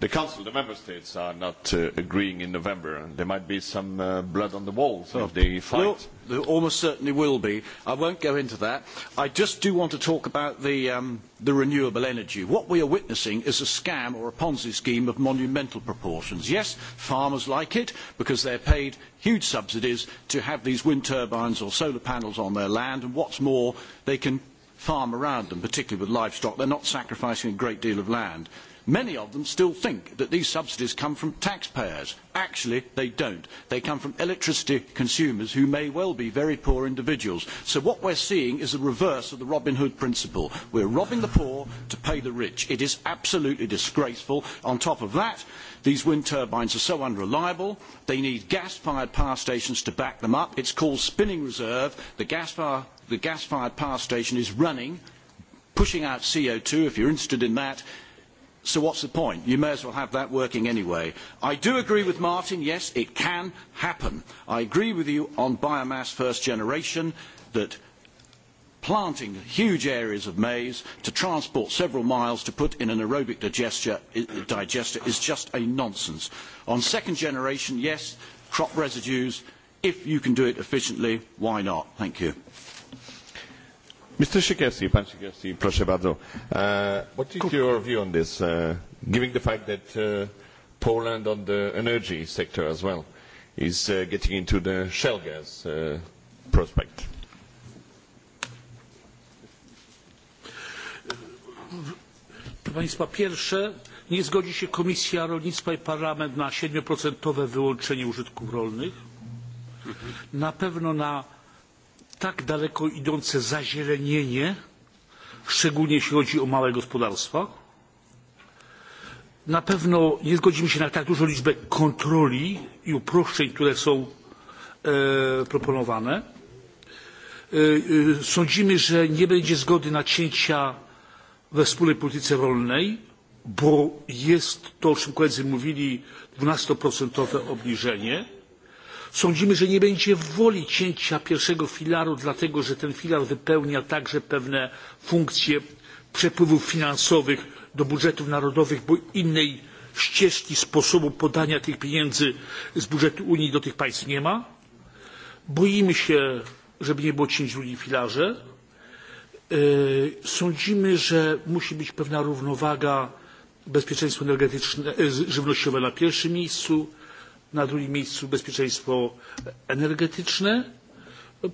the council, the member states are not uh, agreeing in November. There might be some uh, blood on the walls so if oh. they fight. There, there almost certainly will be. I won't go into that. I just do want to talk about the, um, the renewable energy. What we are witnessing is a scam or a Ponzi scheme of monumental proportions. Yes, farmers like it because they're paid huge subsidies to have these wind turbines or solar panels on their land. And what's more, they can farm around them, particularly with livestock. They're not sacrificing a great deal of land. Many of them still think that these subsidies come from taxpayers. Actually, they don't. They come from electricity consumers who may well be very poor individuals. So what we're seeing is the reverse of the Robin Hood principle. We're robbing the poor to pay the rich. It is absolutely disgraceful. On top of that, these wind turbines are so unreliable. They need gas-fired power stations to back them up. It's called spinning reserve. The gas-fired gas, the gas power station is running, pushing out CO2, if you're interested in that, So what's the point? You may as well have that working anyway. I do agree with Martin, yes, it can happen. I agree with you on biomass first generation that planting huge areas of maize to transport several miles to put in an aerobic digester, digester is just a nonsense. On second generation, yes, crop residues, if you can do it efficiently, why not? Thank you. Mr. Siekierski, Pan Siekierski, proszę bardzo. Uh, what is your view on this, uh, given the fact that uh, Poland on the energy sector as well is uh, getting into the shale gas uh, prospect? Proszę Państwa, pierwsze, nie zgodzi się Komisja Rolnictwa i Parlament na 7% wyłączenie użytków rolnych. Na pewno na tak daleko idące zazielenienie szczególnie jeśli chodzi o małe gospodarstwa. na pewno nie zgodzimy się na tak dużą liczbę kontroli i uproszczeń które są e, proponowane. E, e, sądzimy że nie będzie zgody na cięcia we wspólnej polityce rolnej bo jest to o czym koledzy mówili dwunastoprocentowe obniżenie sądzimy że nie będzie woli cięcia pierwszego filaru dlatego że ten filar wypełnia także pewne funkcje przepływów finansowych do budżetów narodowych bo innej ścieżki sposobu podania tych pieniędzy z budżetu unii do tych państw nie ma. boimy się żeby nie było cięć w drugim filarze. E, sądzimy że musi być pewna równowaga bezpieczeństwo energetyczne e, żywnościowe na pierwszym miejscu na drugim miejscu bezpieczeństwo energetyczne.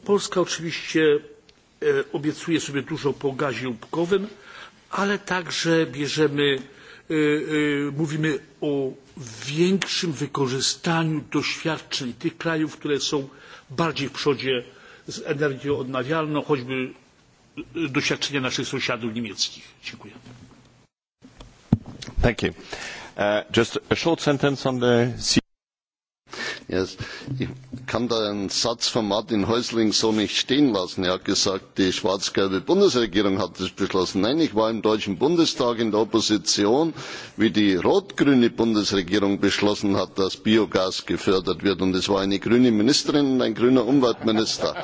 Polska oczywiście e, obiecuje sobie dużo po gazie łupkowym, ale także bierzemy, e, e, mówimy o większym wykorzystaniu doświadczeń tych krajów, które są bardziej w przodzie z energią odnawialną, choćby doświadczenia naszych sąsiadów niemieckich. Dziękuję. Thank you. Uh, just a short sentence on the Yes. Ich kann da einen Satz von Martin Häusling so nicht stehen lassen. Er hat gesagt, die schwarz-gelbe Bundesregierung hat das beschlossen. Nein, ich war im Deutschen Bundestag in der Opposition, wie die rot-grüne Bundesregierung beschlossen hat, dass Biogas gefördert wird. Und es war eine grüne Ministerin und ein grüner Umweltminister.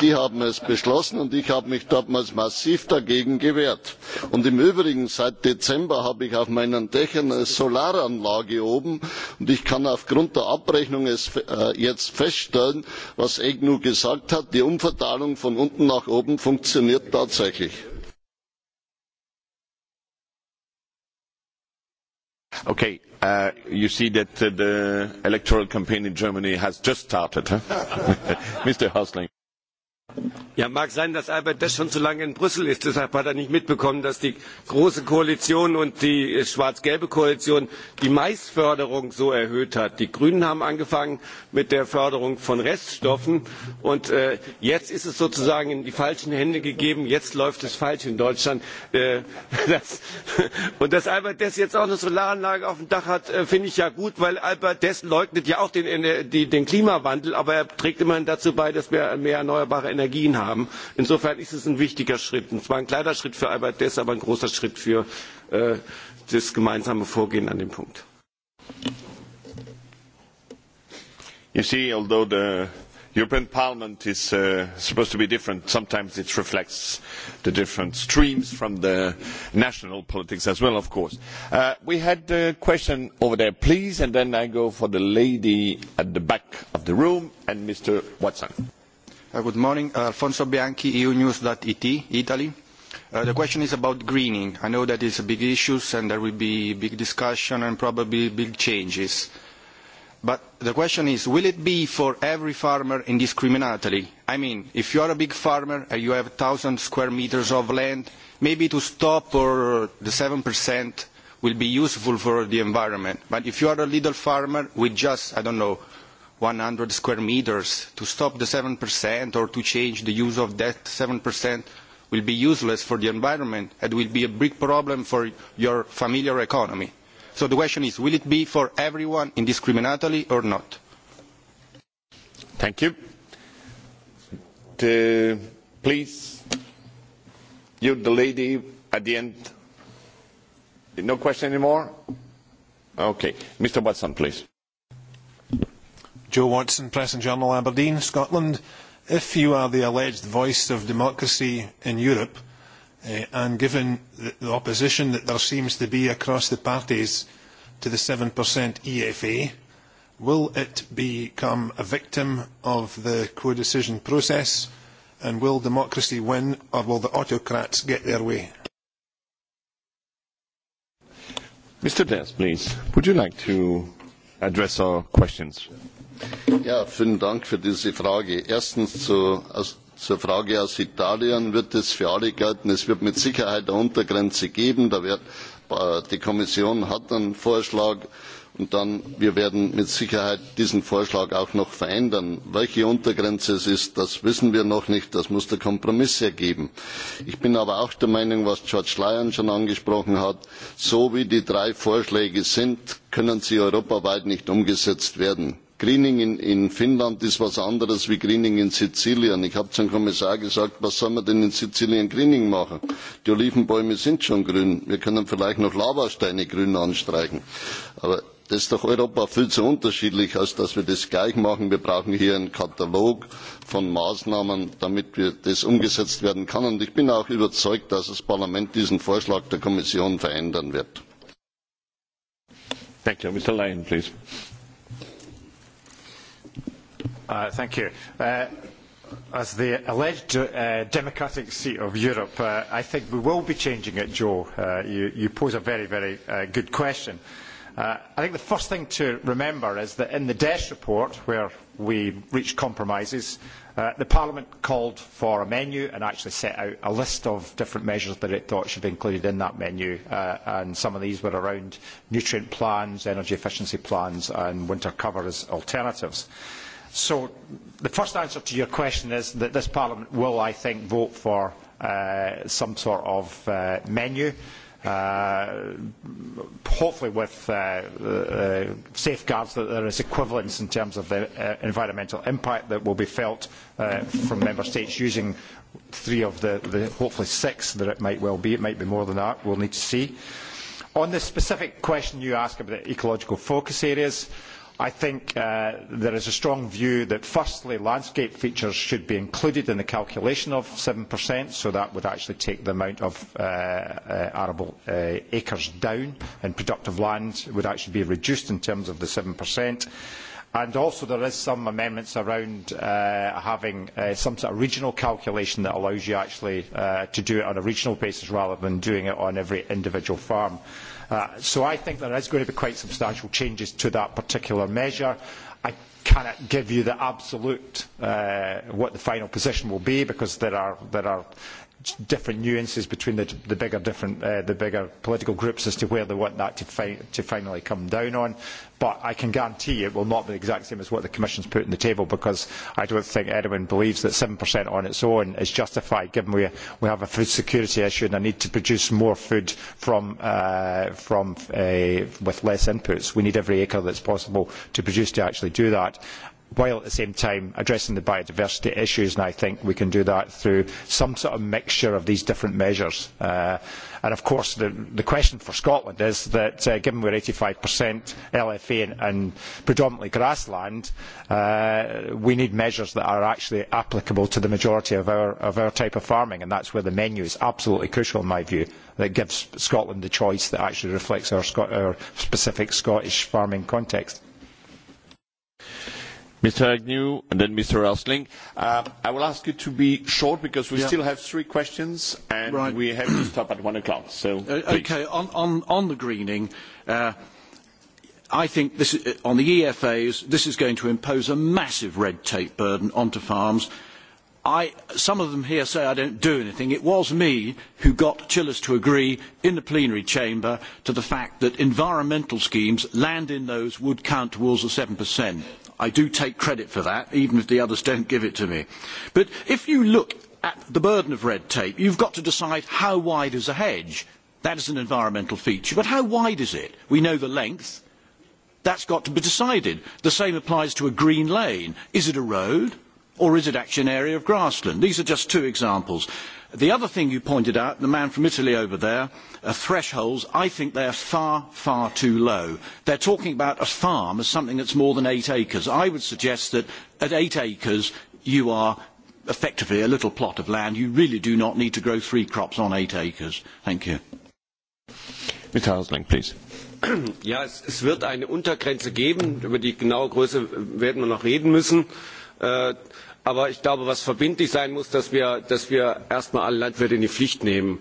Die haben es beschlossen und ich habe mich damals massiv dagegen gewehrt. Und im Übrigen, seit Dezember habe ich auf meinen Dächern eine Solaranlage oben und ich kann aufgrund der Abrechnung das äh, jetzt feststellen was egnu gesagt hat die umverteilung von unten nach oben funktioniert tatsächlich. Okay, uh, you see that uh, the electoral campaign in Germany has just started. Huh? [laughs] Mr. Hosling. Ja, mag sein, dass Albert Desch schon zu lange in Brüssel ist. Deshalb hat er nicht mitbekommen, dass die Große Koalition und die schwarz-gelbe Koalition die Maisförderung so erhöht hat. Die Grünen haben angefangen mit der Förderung von Reststoffen. Und äh, jetzt ist es sozusagen in die falschen Hände gegeben. Jetzt läuft es falsch in Deutschland. Äh, [laughs] das, und dass Albert Desch jetzt auch eine Solaranlage auf dem Dach hat, äh, finde ich ja gut, weil Albert Desch leugnet ja auch den, den, den Klimawandel. Aber er trägt immerhin dazu bei, dass wir mehr erneuerbare Energie Energien haben. Insofern ist es ein wichtiger Schritt. Und zwar ein kleiner Schritt für Albert Dess, aber ein großer Schritt für äh, das gemeinsame Vorgehen an dem Punkt. You see, although the european parliament is uh, supposed to be different sometimes it reflects the different streams from the national politics as well of course. Uh, we had a question over there please and then i go for the lady at the back of the room and mr watson. Uh, good morning. Uh, Alfonso Bianchi, eunews.it, e Italy. Uh, the question is about greening. I know that it's a big issue and there will be big discussion and probably big changes. But the question is, will it be for every farmer indiscriminately? I mean, if you are a big farmer and you have 1,000 square meters of land, maybe to stop or the 7% will be useful for the environment. But if you are a little farmer with just, I don't know, 100 square meters. To stop the 7% or to change the use of that 7% will be useless for the environment and will be a big problem for your familiar economy. So the question is, will it be for everyone indiscriminately or not? Thank you. Uh, please, you, the lady at the end. No question anymore? Okay. Mr. Watson, please. Joe Watson, Press and Journal, Aberdeen, Scotland. If you are the alleged voice of democracy in Europe, uh, and given the, the opposition that there seems to be across the parties to the 7% EFA, will it become a victim of the co-decision process, and will democracy win, or will the autocrats get their way? Mr. Dance, please, would you like to address our questions? Ja, vielen Dank für diese Frage. Erstens zu, aus, zur Frage aus Italien wird es für alle gelten. Es wird mit Sicherheit eine Untergrenze geben. Da wird, äh, die Kommission hat einen Vorschlag und dann wir werden mit Sicherheit diesen Vorschlag auch noch verändern. Welche Untergrenze es ist, das wissen wir noch nicht. Das muss der Kompromiss ergeben. Ich bin aber auch der Meinung, was George Lyon schon angesprochen hat, so wie die drei Vorschläge sind, können sie europaweit nicht umgesetzt werden Greening in, in Finnland ist was anderes wie Greening in Sizilien. Ich habe zum Kommissar gesagt, was soll man denn in Sizilien Greening machen? Die Olivenbäume sind schon grün. Wir können vielleicht noch Lavasteine grün anstreichen. Aber das ist doch Europa viel zu unterschiedlich, als dass wir das gleich machen. Wir brauchen hier einen Katalog von Maßnahmen, damit wir das umgesetzt werden kann. Und ich bin auch überzeugt, dass das Parlament diesen Vorschlag der Kommission verändern wird. Thank you. Mr. Lyon, please. Uh, thank you. Uh, as the alleged uh, democratic seat of Europe, uh, I think we will be changing it, Joe. Uh, you, you pose a very, very uh, good question. Uh, I think the first thing to remember is that in the DESH report, where we reached compromises, uh, the Parliament called for a menu and actually set out a list of different measures that it thought should be included in that menu. Uh, and some of these were around nutrient plans, energy efficiency plans, and winter cover as alternatives. Uh, So the first answer to your question is that this Parliament will, I think, vote for uh, some sort of uh, menu. Uh, hopefully with uh, uh, safeguards that there is equivalence in terms of the uh, environmental impact that will be felt uh, from member states using three of the, the hopefully six that it might well be. It might be more than that. We'll need to see. On the specific question you ask about the ecological focus areas, uh, I think uh, there is a strong view that firstly landscape features should be included in the calculation of 7%, so that would actually take the amount of uh, uh, arable uh, acres down and productive land would actually be reduced in terms of the 7%. And also there is some amendments around uh, having uh, some sort of regional calculation that allows you actually uh, to do it on a regional basis rather than doing it on every individual farm. Uh, Uh, so I think there is going to be quite substantial changes to that particular measure. I cannot give you the absolute uh, what the final position will be because there are there are different nuances between the, the bigger different uh, the bigger political groups as to where they want that to, fi- to finally come down on. But I can guarantee it will not be the exact same as what the Commission's put on the table because I don't think anyone believes that 7% on its own is justified given we, we have a food security issue and a need to produce more food from, uh, from, uh, with less inputs. We need every acre that's possible to produce to actually do that while at the same time addressing the biodiversity issues, and I think we can do that through some sort of mixture of these different measures. Uh, and of course, the, the question for Scotland is that uh, given we're 85% LFA and, and predominantly grassland, uh, we need measures that are actually applicable to the majority of our, of our type of farming, and that's where the menu is absolutely crucial in my view, that gives Scotland the choice that actually reflects our, Sc- our specific Scottish farming context. Mr. Agnew and then Mr. Elsling. Uh, um, I will ask you to be short because we yeah. still have three questions and right. we have to stop at one o'clock. So, uh, okay, on, on, on the greening, uh, I think this, uh, on the EFAs, this is going to impose a massive red tape burden onto farms. I, some of them here say I don't do anything. It was me who got Chillers to agree in the plenary chamber to the fact that environmental schemes, land in those, would count towards the 7%. I do take credit for that, even if the others don't give it to me. But if you look at the burden of red tape, you've got to decide how wide is a hedge. That is an environmental feature, but how wide is it? We know the length. That's got to be decided. The same applies to a green lane. Is it a road? Or is it actually an area of grassland? These are just two examples. The other thing you pointed out, the man from Italy over there, uh, thresholds, I think they're far, far too low. They're talking about a farm as something that's more than eight acres. I would suggest that at eight acres, you are effectively a little plot of land. You really do not need to grow three crops on eight acres. Thank you. Mr. Hausling, please. [clears throat] Ja, es, es wird eine Untergrenze geben. Über die genaue Größe werden wir noch reden müssen. Äh, Aber ich glaube, was verbindlich sein muss, dass wir, dass wir erstmal alle Landwirte in die Pflicht nehmen.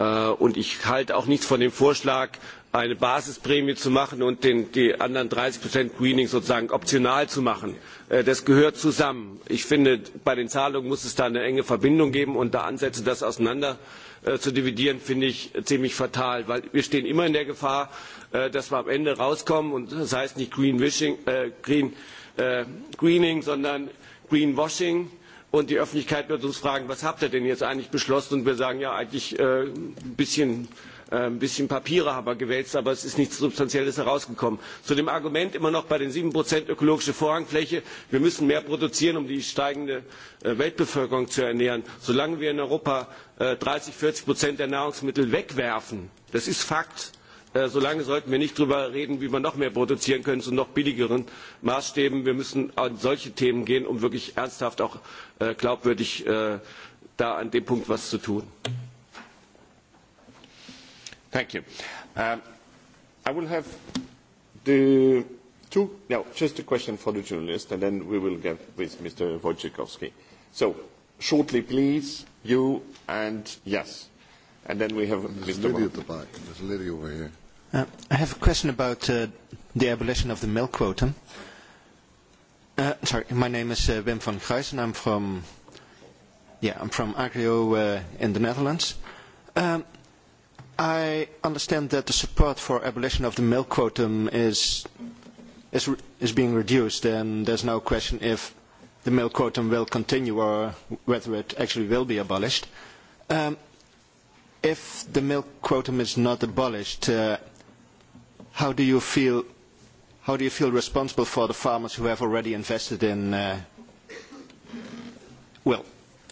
Äh, und ich halte auch nichts von dem Vorschlag, eine Basisprämie zu machen und den, die anderen 30 Prozent Greening sozusagen optional zu machen. Äh, das gehört zusammen. Ich finde, bei den Zahlungen muss es da eine enge Verbindung geben und da Ansätze, das auseinander äh, zu dividieren, finde ich ziemlich fatal, weil wir stehen immer in der Gefahr, dass wir am Ende rauskommen und das heißt nicht Green Wishing, äh, Green, äh, Greening, sondern Greenwashing. Und die Öffentlichkeit wird uns fragen, was habt ihr denn jetzt eigentlich beschlossen? Und wir sagen, ja, eigentlich äh, ein bisschen äh, ein bisschen Papiere haben wir gewälzt, aber es ist nichts Substanzielles herausgekommen. Zu dem Argument immer noch bei den 7% ökologische Vorrangfläche, wir müssen mehr produzieren, um die steigende äh, Weltbevölkerung zu ernähren. Solange wir in Europa 30, äh, 40% der Nahrungsmittel wegwerfen, das ist Fakt, Äh, so lange sollten wir nicht darüber reden wie wir noch mehr produzieren können zu noch billigeren maßstäben. wir müssen an solche themen gehen um wirklich ernsthaft auch äh, glaubwürdig äh, da an dem punkt etwas zu tun. thank you. Um, i will have the two no just a question for the journalist and then we will get with mr wojciechowski. so shortly please you and yes and then we have There's mr. Lydia at the back. There's Lydia over here. Uh, I have a question about uh, the abolition of the milk quota. Uh, sorry, my name is uh, Wim van Gijs and I'm from, yeah, I'm from Agrio uh, in the Netherlands. Um, I understand that the support for abolition of the milk quotum is, is, re is being reduced and there's no question if the milk quotum will continue or whether it actually will be abolished. Um, if the milk quotum is not abolished, uh, how do you feel how do you feel responsible for the farmers who have already invested in uh, well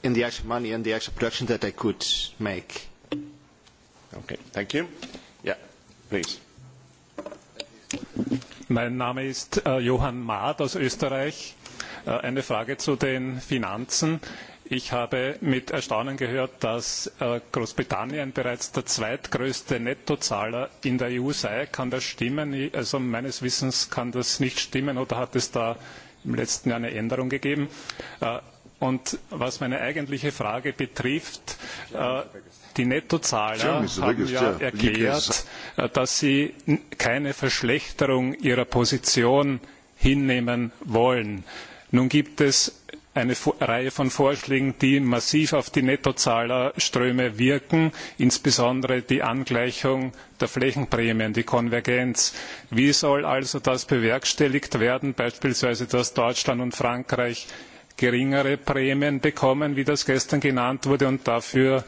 in the extra money and the extra production that they could make? Okay, thank you. Yeah, please. Mein Name ist äh, Johann Maat aus Österreich. Äh, eine Frage zu den Finanzen. Ich habe mit Erstaunen gehört, dass äh, Großbritannien bereits der zweitgrößte Nettozahler in der EU sei. Kann das stimmen? Also meines Wissens kann das nicht stimmen oder hat es da im letzten Jahr eine Änderung gegeben? Äh, und was meine eigentliche Frage betrifft, äh, die Nettozahler haben ja erklärt, dass sie keine Verschlechterung ihrer Position hinnehmen wollen. Nun gibt es eine Reihe von Vorschlägen, die massiv auf die Nettozahlerströme wirken, insbesondere die Angleichung der Flächenprämien, die Konvergenz. Wie soll also das bewerkstelligt werden, beispielsweise dass Deutschland und Frankreich geringere Prämien bekommen, wie das gestern genannt wurde, und dafür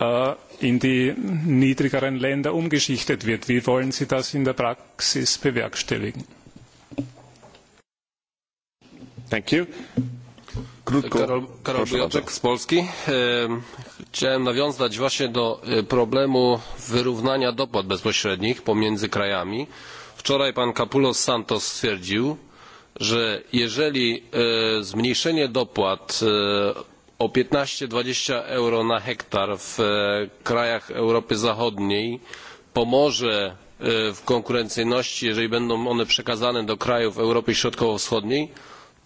äh, in die niedrigeren Länder umgeschichtet wird. Wie wollen Sie das in der Praxis bewerkstelligen? Thank you. Krótko. Karol, Karol Bujoczek z Polski. Chciałem nawiązać właśnie do e, problemu wyrównania dopłat bezpośrednich pomiędzy krajami. Wczoraj pan Kapulos Santos stwierdził, że jeżeli e, zmniejszenie dopłat e, o 15-20 euro na hektar w krajach Europy Zachodniej pomoże w konkurencyjności, jeżeli będą one przekazane do krajów Europy Środkowo-Wschodniej,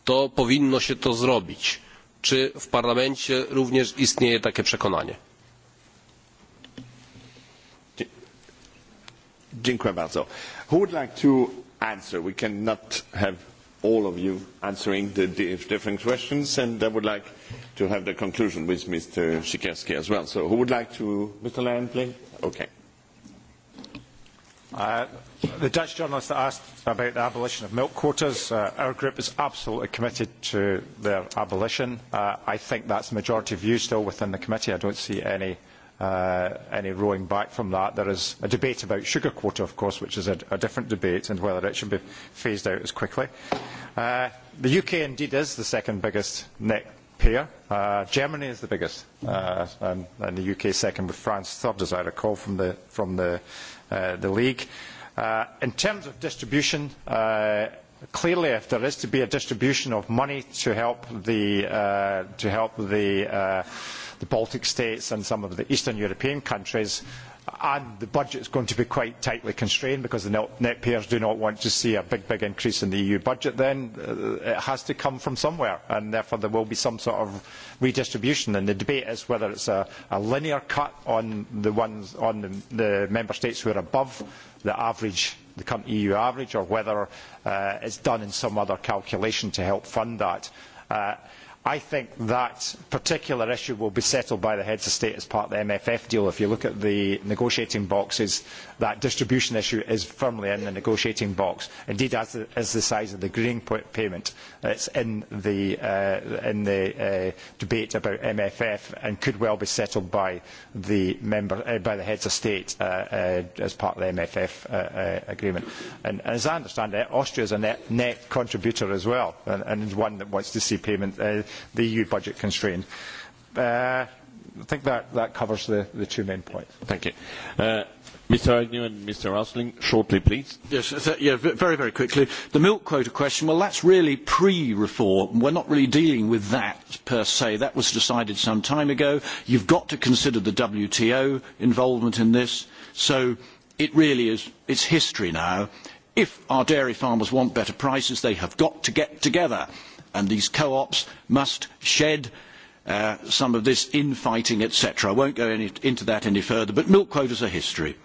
to powinno się to zrobić. Czy w parlamencie również istnieje takie przekonanie? Dziękuję bardzo. Who would like to answer? We cannot have all of you answering the different questions, and I would like to have the conclusion with Mr. Sikorski as well. So who would like to... Mr. Land, please. Okay. Uh, The Dutch journalist asked about the abolition of milk quotas. Uh, our group is absolutely committed to their abolition. Uh, I think that's majority view still within the committee. I don't see any, uh, any rowing back from that. There is a debate about sugar quota, of course, which is a, a different debate, and whether it should be phased out as quickly. Uh, the UK indeed is the second biggest net payer. Uh, Germany is the biggest, uh, and, and the UK second, with France third, as I recall from the, from the, uh, the league. Uh, Uh, in terms of distribution, uh, clearly, if there is to be a distribution of money to help the uh, to help the uh, the Baltic states and some of the Eastern European countries, and the budget is going to be quite tightly constrained because the net payers do not want to see a big, big increase in the EU budget, then uh, it has to come from somewhere, and therefore there will be some sort of redistribution. And the debate is whether it's a, a linear cut on the ones on the, the member states who are above the average the current EU average, or whether uh, it's done in some other calculation to help fund that. Uh, I think that particular issue will be settled by the heads of state as part of the MFF deal. If you look at the negotiating boxes, that distribution issue is firmly in the negotiating box. Indeed, as the, as the size of the green payment, it's in the, uh, in the uh, debate about MFF and could well be settled by the, member, uh, by the heads of state uh, uh, as part of the MFF uh, uh, agreement. And, and as I understand it, Austria is a net, net contributor as well, and, and one that wants to see payment, uh, the EU budget constrained. Uh, I think that, that covers the, the two main points. Thank you. Uh, Mr. Agnew and Mr. Rosling, shortly, please. Yes, uh, yeah, very, very quickly. The milk quota question, well, that's really pre-reform. We're not really dealing with that per se. That was decided some time ago. You've got to consider the WTO involvement in this. So it really is, it's history now. If our dairy farmers want better prices, they have got to get together. And these co-ops must shed uh, some of this infighting, etc. I won't go any, into that any further, but milk quotas are history.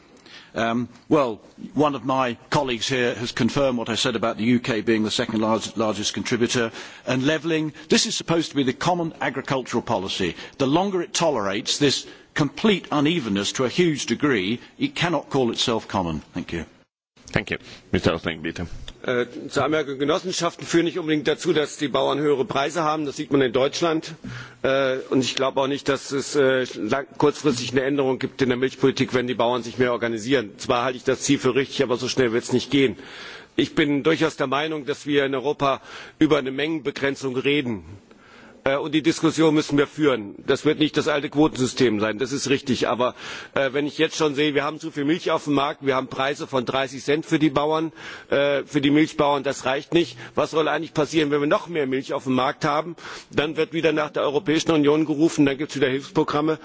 Um, well, one of my colleagues here has confirmed what I said about the UK being the second large, largest contributor. And levelling, this is supposed to be the common agricultural policy. The longer it tolerates this complete unevenness to a huge degree, it cannot call itself common. Thank you. Thank you. Mr. Osling, bitte. Äh, zur Anmerkung, Genossenschaften führen nicht unbedingt dazu, dass die Bauern höhere Preise haben. Das sieht man in Deutschland. Äh, und ich glaube auch nicht, dass es äh, lang, kurzfristig eine Änderung gibt in der Milchpolitik, wenn die Bauern sich mehr organisieren. Zwar halte ich das Ziel für richtig, aber so schnell wird es nicht gehen. Ich bin durchaus der Meinung, dass wir in Europa über eine Mengenbegrenzung reden. Äh, Äh, und die diskussion müssen wir führen. das wird nicht das alte quotensystem sein das ist richtig aber äh, wenn ich jetzt schon sehe wir haben zu viel milch auf dem markt wir haben preise von dreißig cent für die bauern äh, für die milchbauern das reicht nicht was soll eigentlich passieren wenn wir noch mehr milch auf dem markt haben? dann wird wieder nach der europäischen union gerufen dann gibt es wieder hilfsprogramme.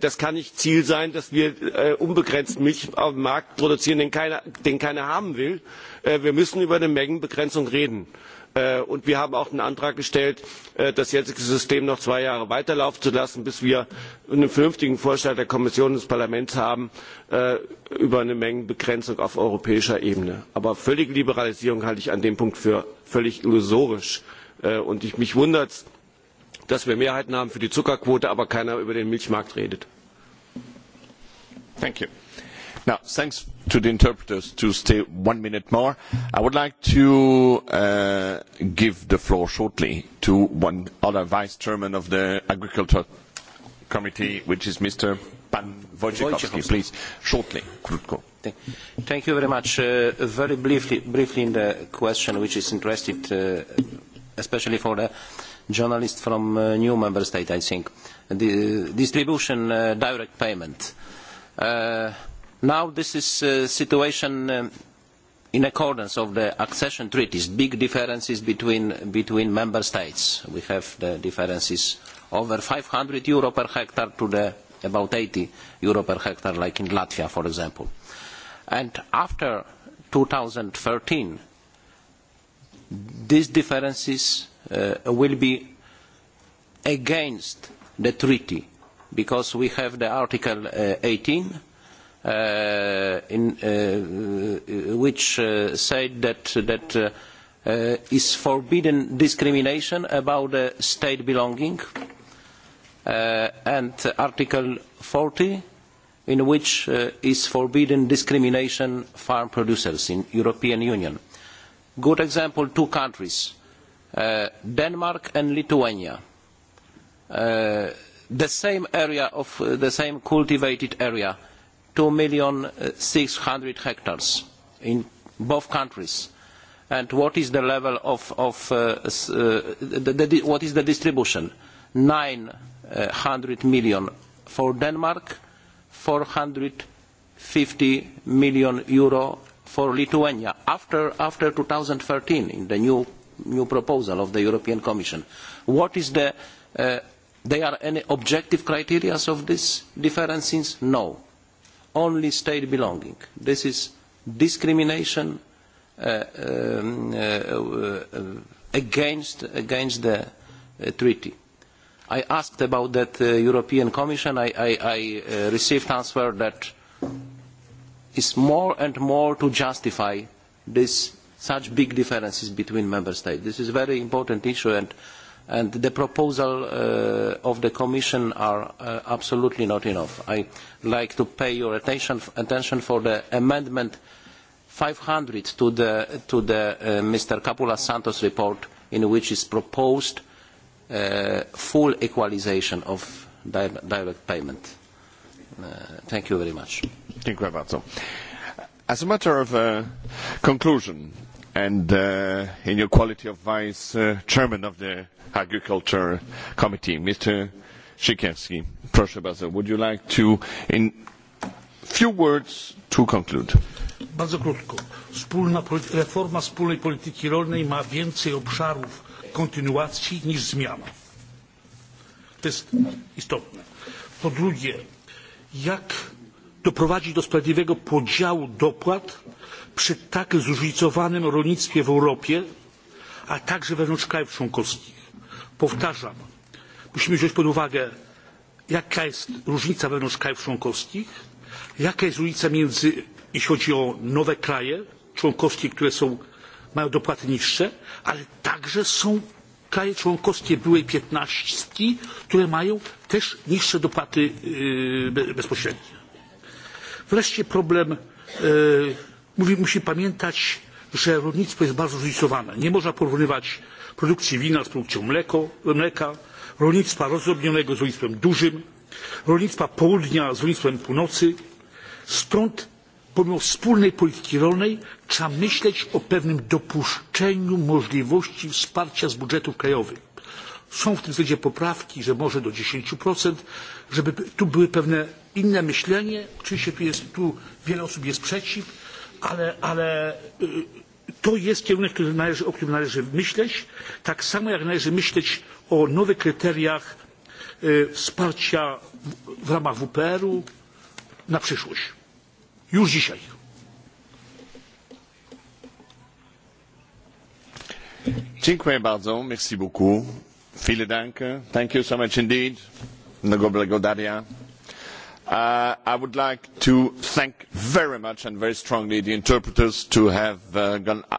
das kann nicht ziel sein dass wir unbegrenzt milch auf dem markt produzieren den keiner, den keiner haben will. wir müssen über eine mengenbegrenzung reden Äh, und wir haben auch den antrag gestellt äh, das jetzige system noch zwei jahre weiterlaufen zu lassen bis wir einen vernünftigen vorschlag der kommission und des parlaments haben äh, über eine mengenbegrenzung auf europäischer ebene. aber völlige liberalisierung halte ich an dem punkt für völlig illusorisch und mich wundert es dass wir mehrheiten haben für die zuckerquote aber keiner über den milchmarkt redet. thank you. now thanks to the interpreters to stay one minute more. I would like to uh, give the floor shortly to one other vice chairman of the Agriculture Committee, which is Mr. Pan Wojciechowski. Please, shortly, krótko. Thank you very much. Uh, very briefly, briefly in the question which is interested, uh, especially for the journalist from uh, new member state, I think. The distribution uh, direct payment. Uh, Now this is a uh, situation um, in accordance of the accession treaties, big differences between, between member states. We have the differences over 500 euro per hectare to the about 80 euro per hectare, like in Latvia, for example. And after 2013, these differences uh, will be against the treaty, because we have the Article uh, 18, uh, in, uh, uh, which uh, said that, that uh, uh, is forbidden discrimination about uh, state belonging, uh, and Article 40, in which uh, is forbidden discrimination farm producers in European Union. Good example, two countries, uh, Denmark and Lithuania. Uh, the same area of uh, the same cultivated area, uh, 2,600,000 hectares in both countries. And what is the level of, of uh, uh, the, the, what is the distribution? 900 million for Denmark, 450 million euro for Lithuania after, after 2013 in the new, new proposal of the European Commission. What is the, uh, there are any objective criteria of these differences? No only state belonging. This is discrimination uh, um, uh, uh, against, against the uh, treaty. I asked about that uh, European Commission. I, I, I uh, received answer that is more and more to justify this, such big differences between member states. This is a very important issue and uh, and the proposal uh, of the Commission are uh, absolutely not enough. I like to pay your attention, attention for the amendment 500 to the, to the uh, Mr. Capula Santos report in which is proposed uh, full equalization of di direct payment. Uh, thank you very much. Dziękuję bardzo. As a matter of uh, conclusion, and uh, in your quality of Vice uh, Chairman of the Agriculture Committee. Mr. Siekierski, proszę bardzo, would you like to, in few words, to conclude? Bardzo krótko. Wspólna, reforma wspólnej polityki rolnej ma więcej obszarów kontynuacji niż zmian. To jest istotne. Po drugie, jak doprowadzić do sprawiedliwego podziału dopłat przy tak zróżnicowanym rolnictwie w europie a także wewnątrz krajów członkowskich. powtarzam musimy wziąć pod uwagę jaka jest różnica wewnątrz krajów członkowskich jaka jest różnica między jeśli chodzi o nowe kraje członkowskie które są, mają dopłaty niższe ale także są kraje członkowskie byłej piętnastki które mają też niższe dopłaty bezpośrednie. wreszcie problem Mówię, musimy pamiętać, że rolnictwo jest bardzo zróżnicowane. Nie można porównywać produkcji wina z produkcją mleko, mleka, rolnictwa rozdrobnionego z rolnictwem dużym, rolnictwa południa z rolnictwem północy. Stąd pomimo wspólnej polityki rolnej trzeba myśleć o pewnym dopuszczeniu możliwości wsparcia z budżetów krajowych. Są w tym względzie poprawki, że może do 10%, żeby tu były pewne inne myślenie. Oczywiście tu, jest, tu wiele osób jest przeciw, ale, ale to jest kierunek, który należy, o którym należy myśleć, tak samo jak należy myśleć o nowych kryteriach wsparcia w ramach WPR-u na przyszłość. Już dzisiaj. Dziękuję bardzo. Merci beaucoup. Vielen Dank. Thank you so much indeed. Mnogo blagodaria. Uh, I would like to thank very much and very strongly the interpreters to have uh, gone uh,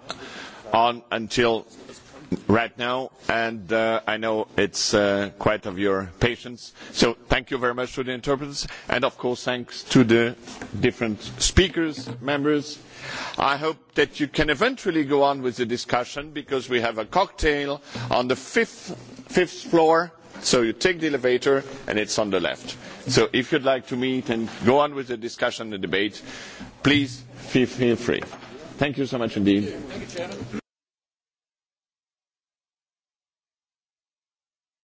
on until right now, and uh, I know it's uh, quite of your patience. So thank you very much to the interpreters, and of course thanks to the different speakers, members. I hope that you can eventually go on with the discussion because we have a cocktail on the fifth, fifth floor So you take the elevator and it's on the left. So if you'd like to meet and go on with the discussion and debate, please feel free. Thank you so much indeed. Thank you, Chairman.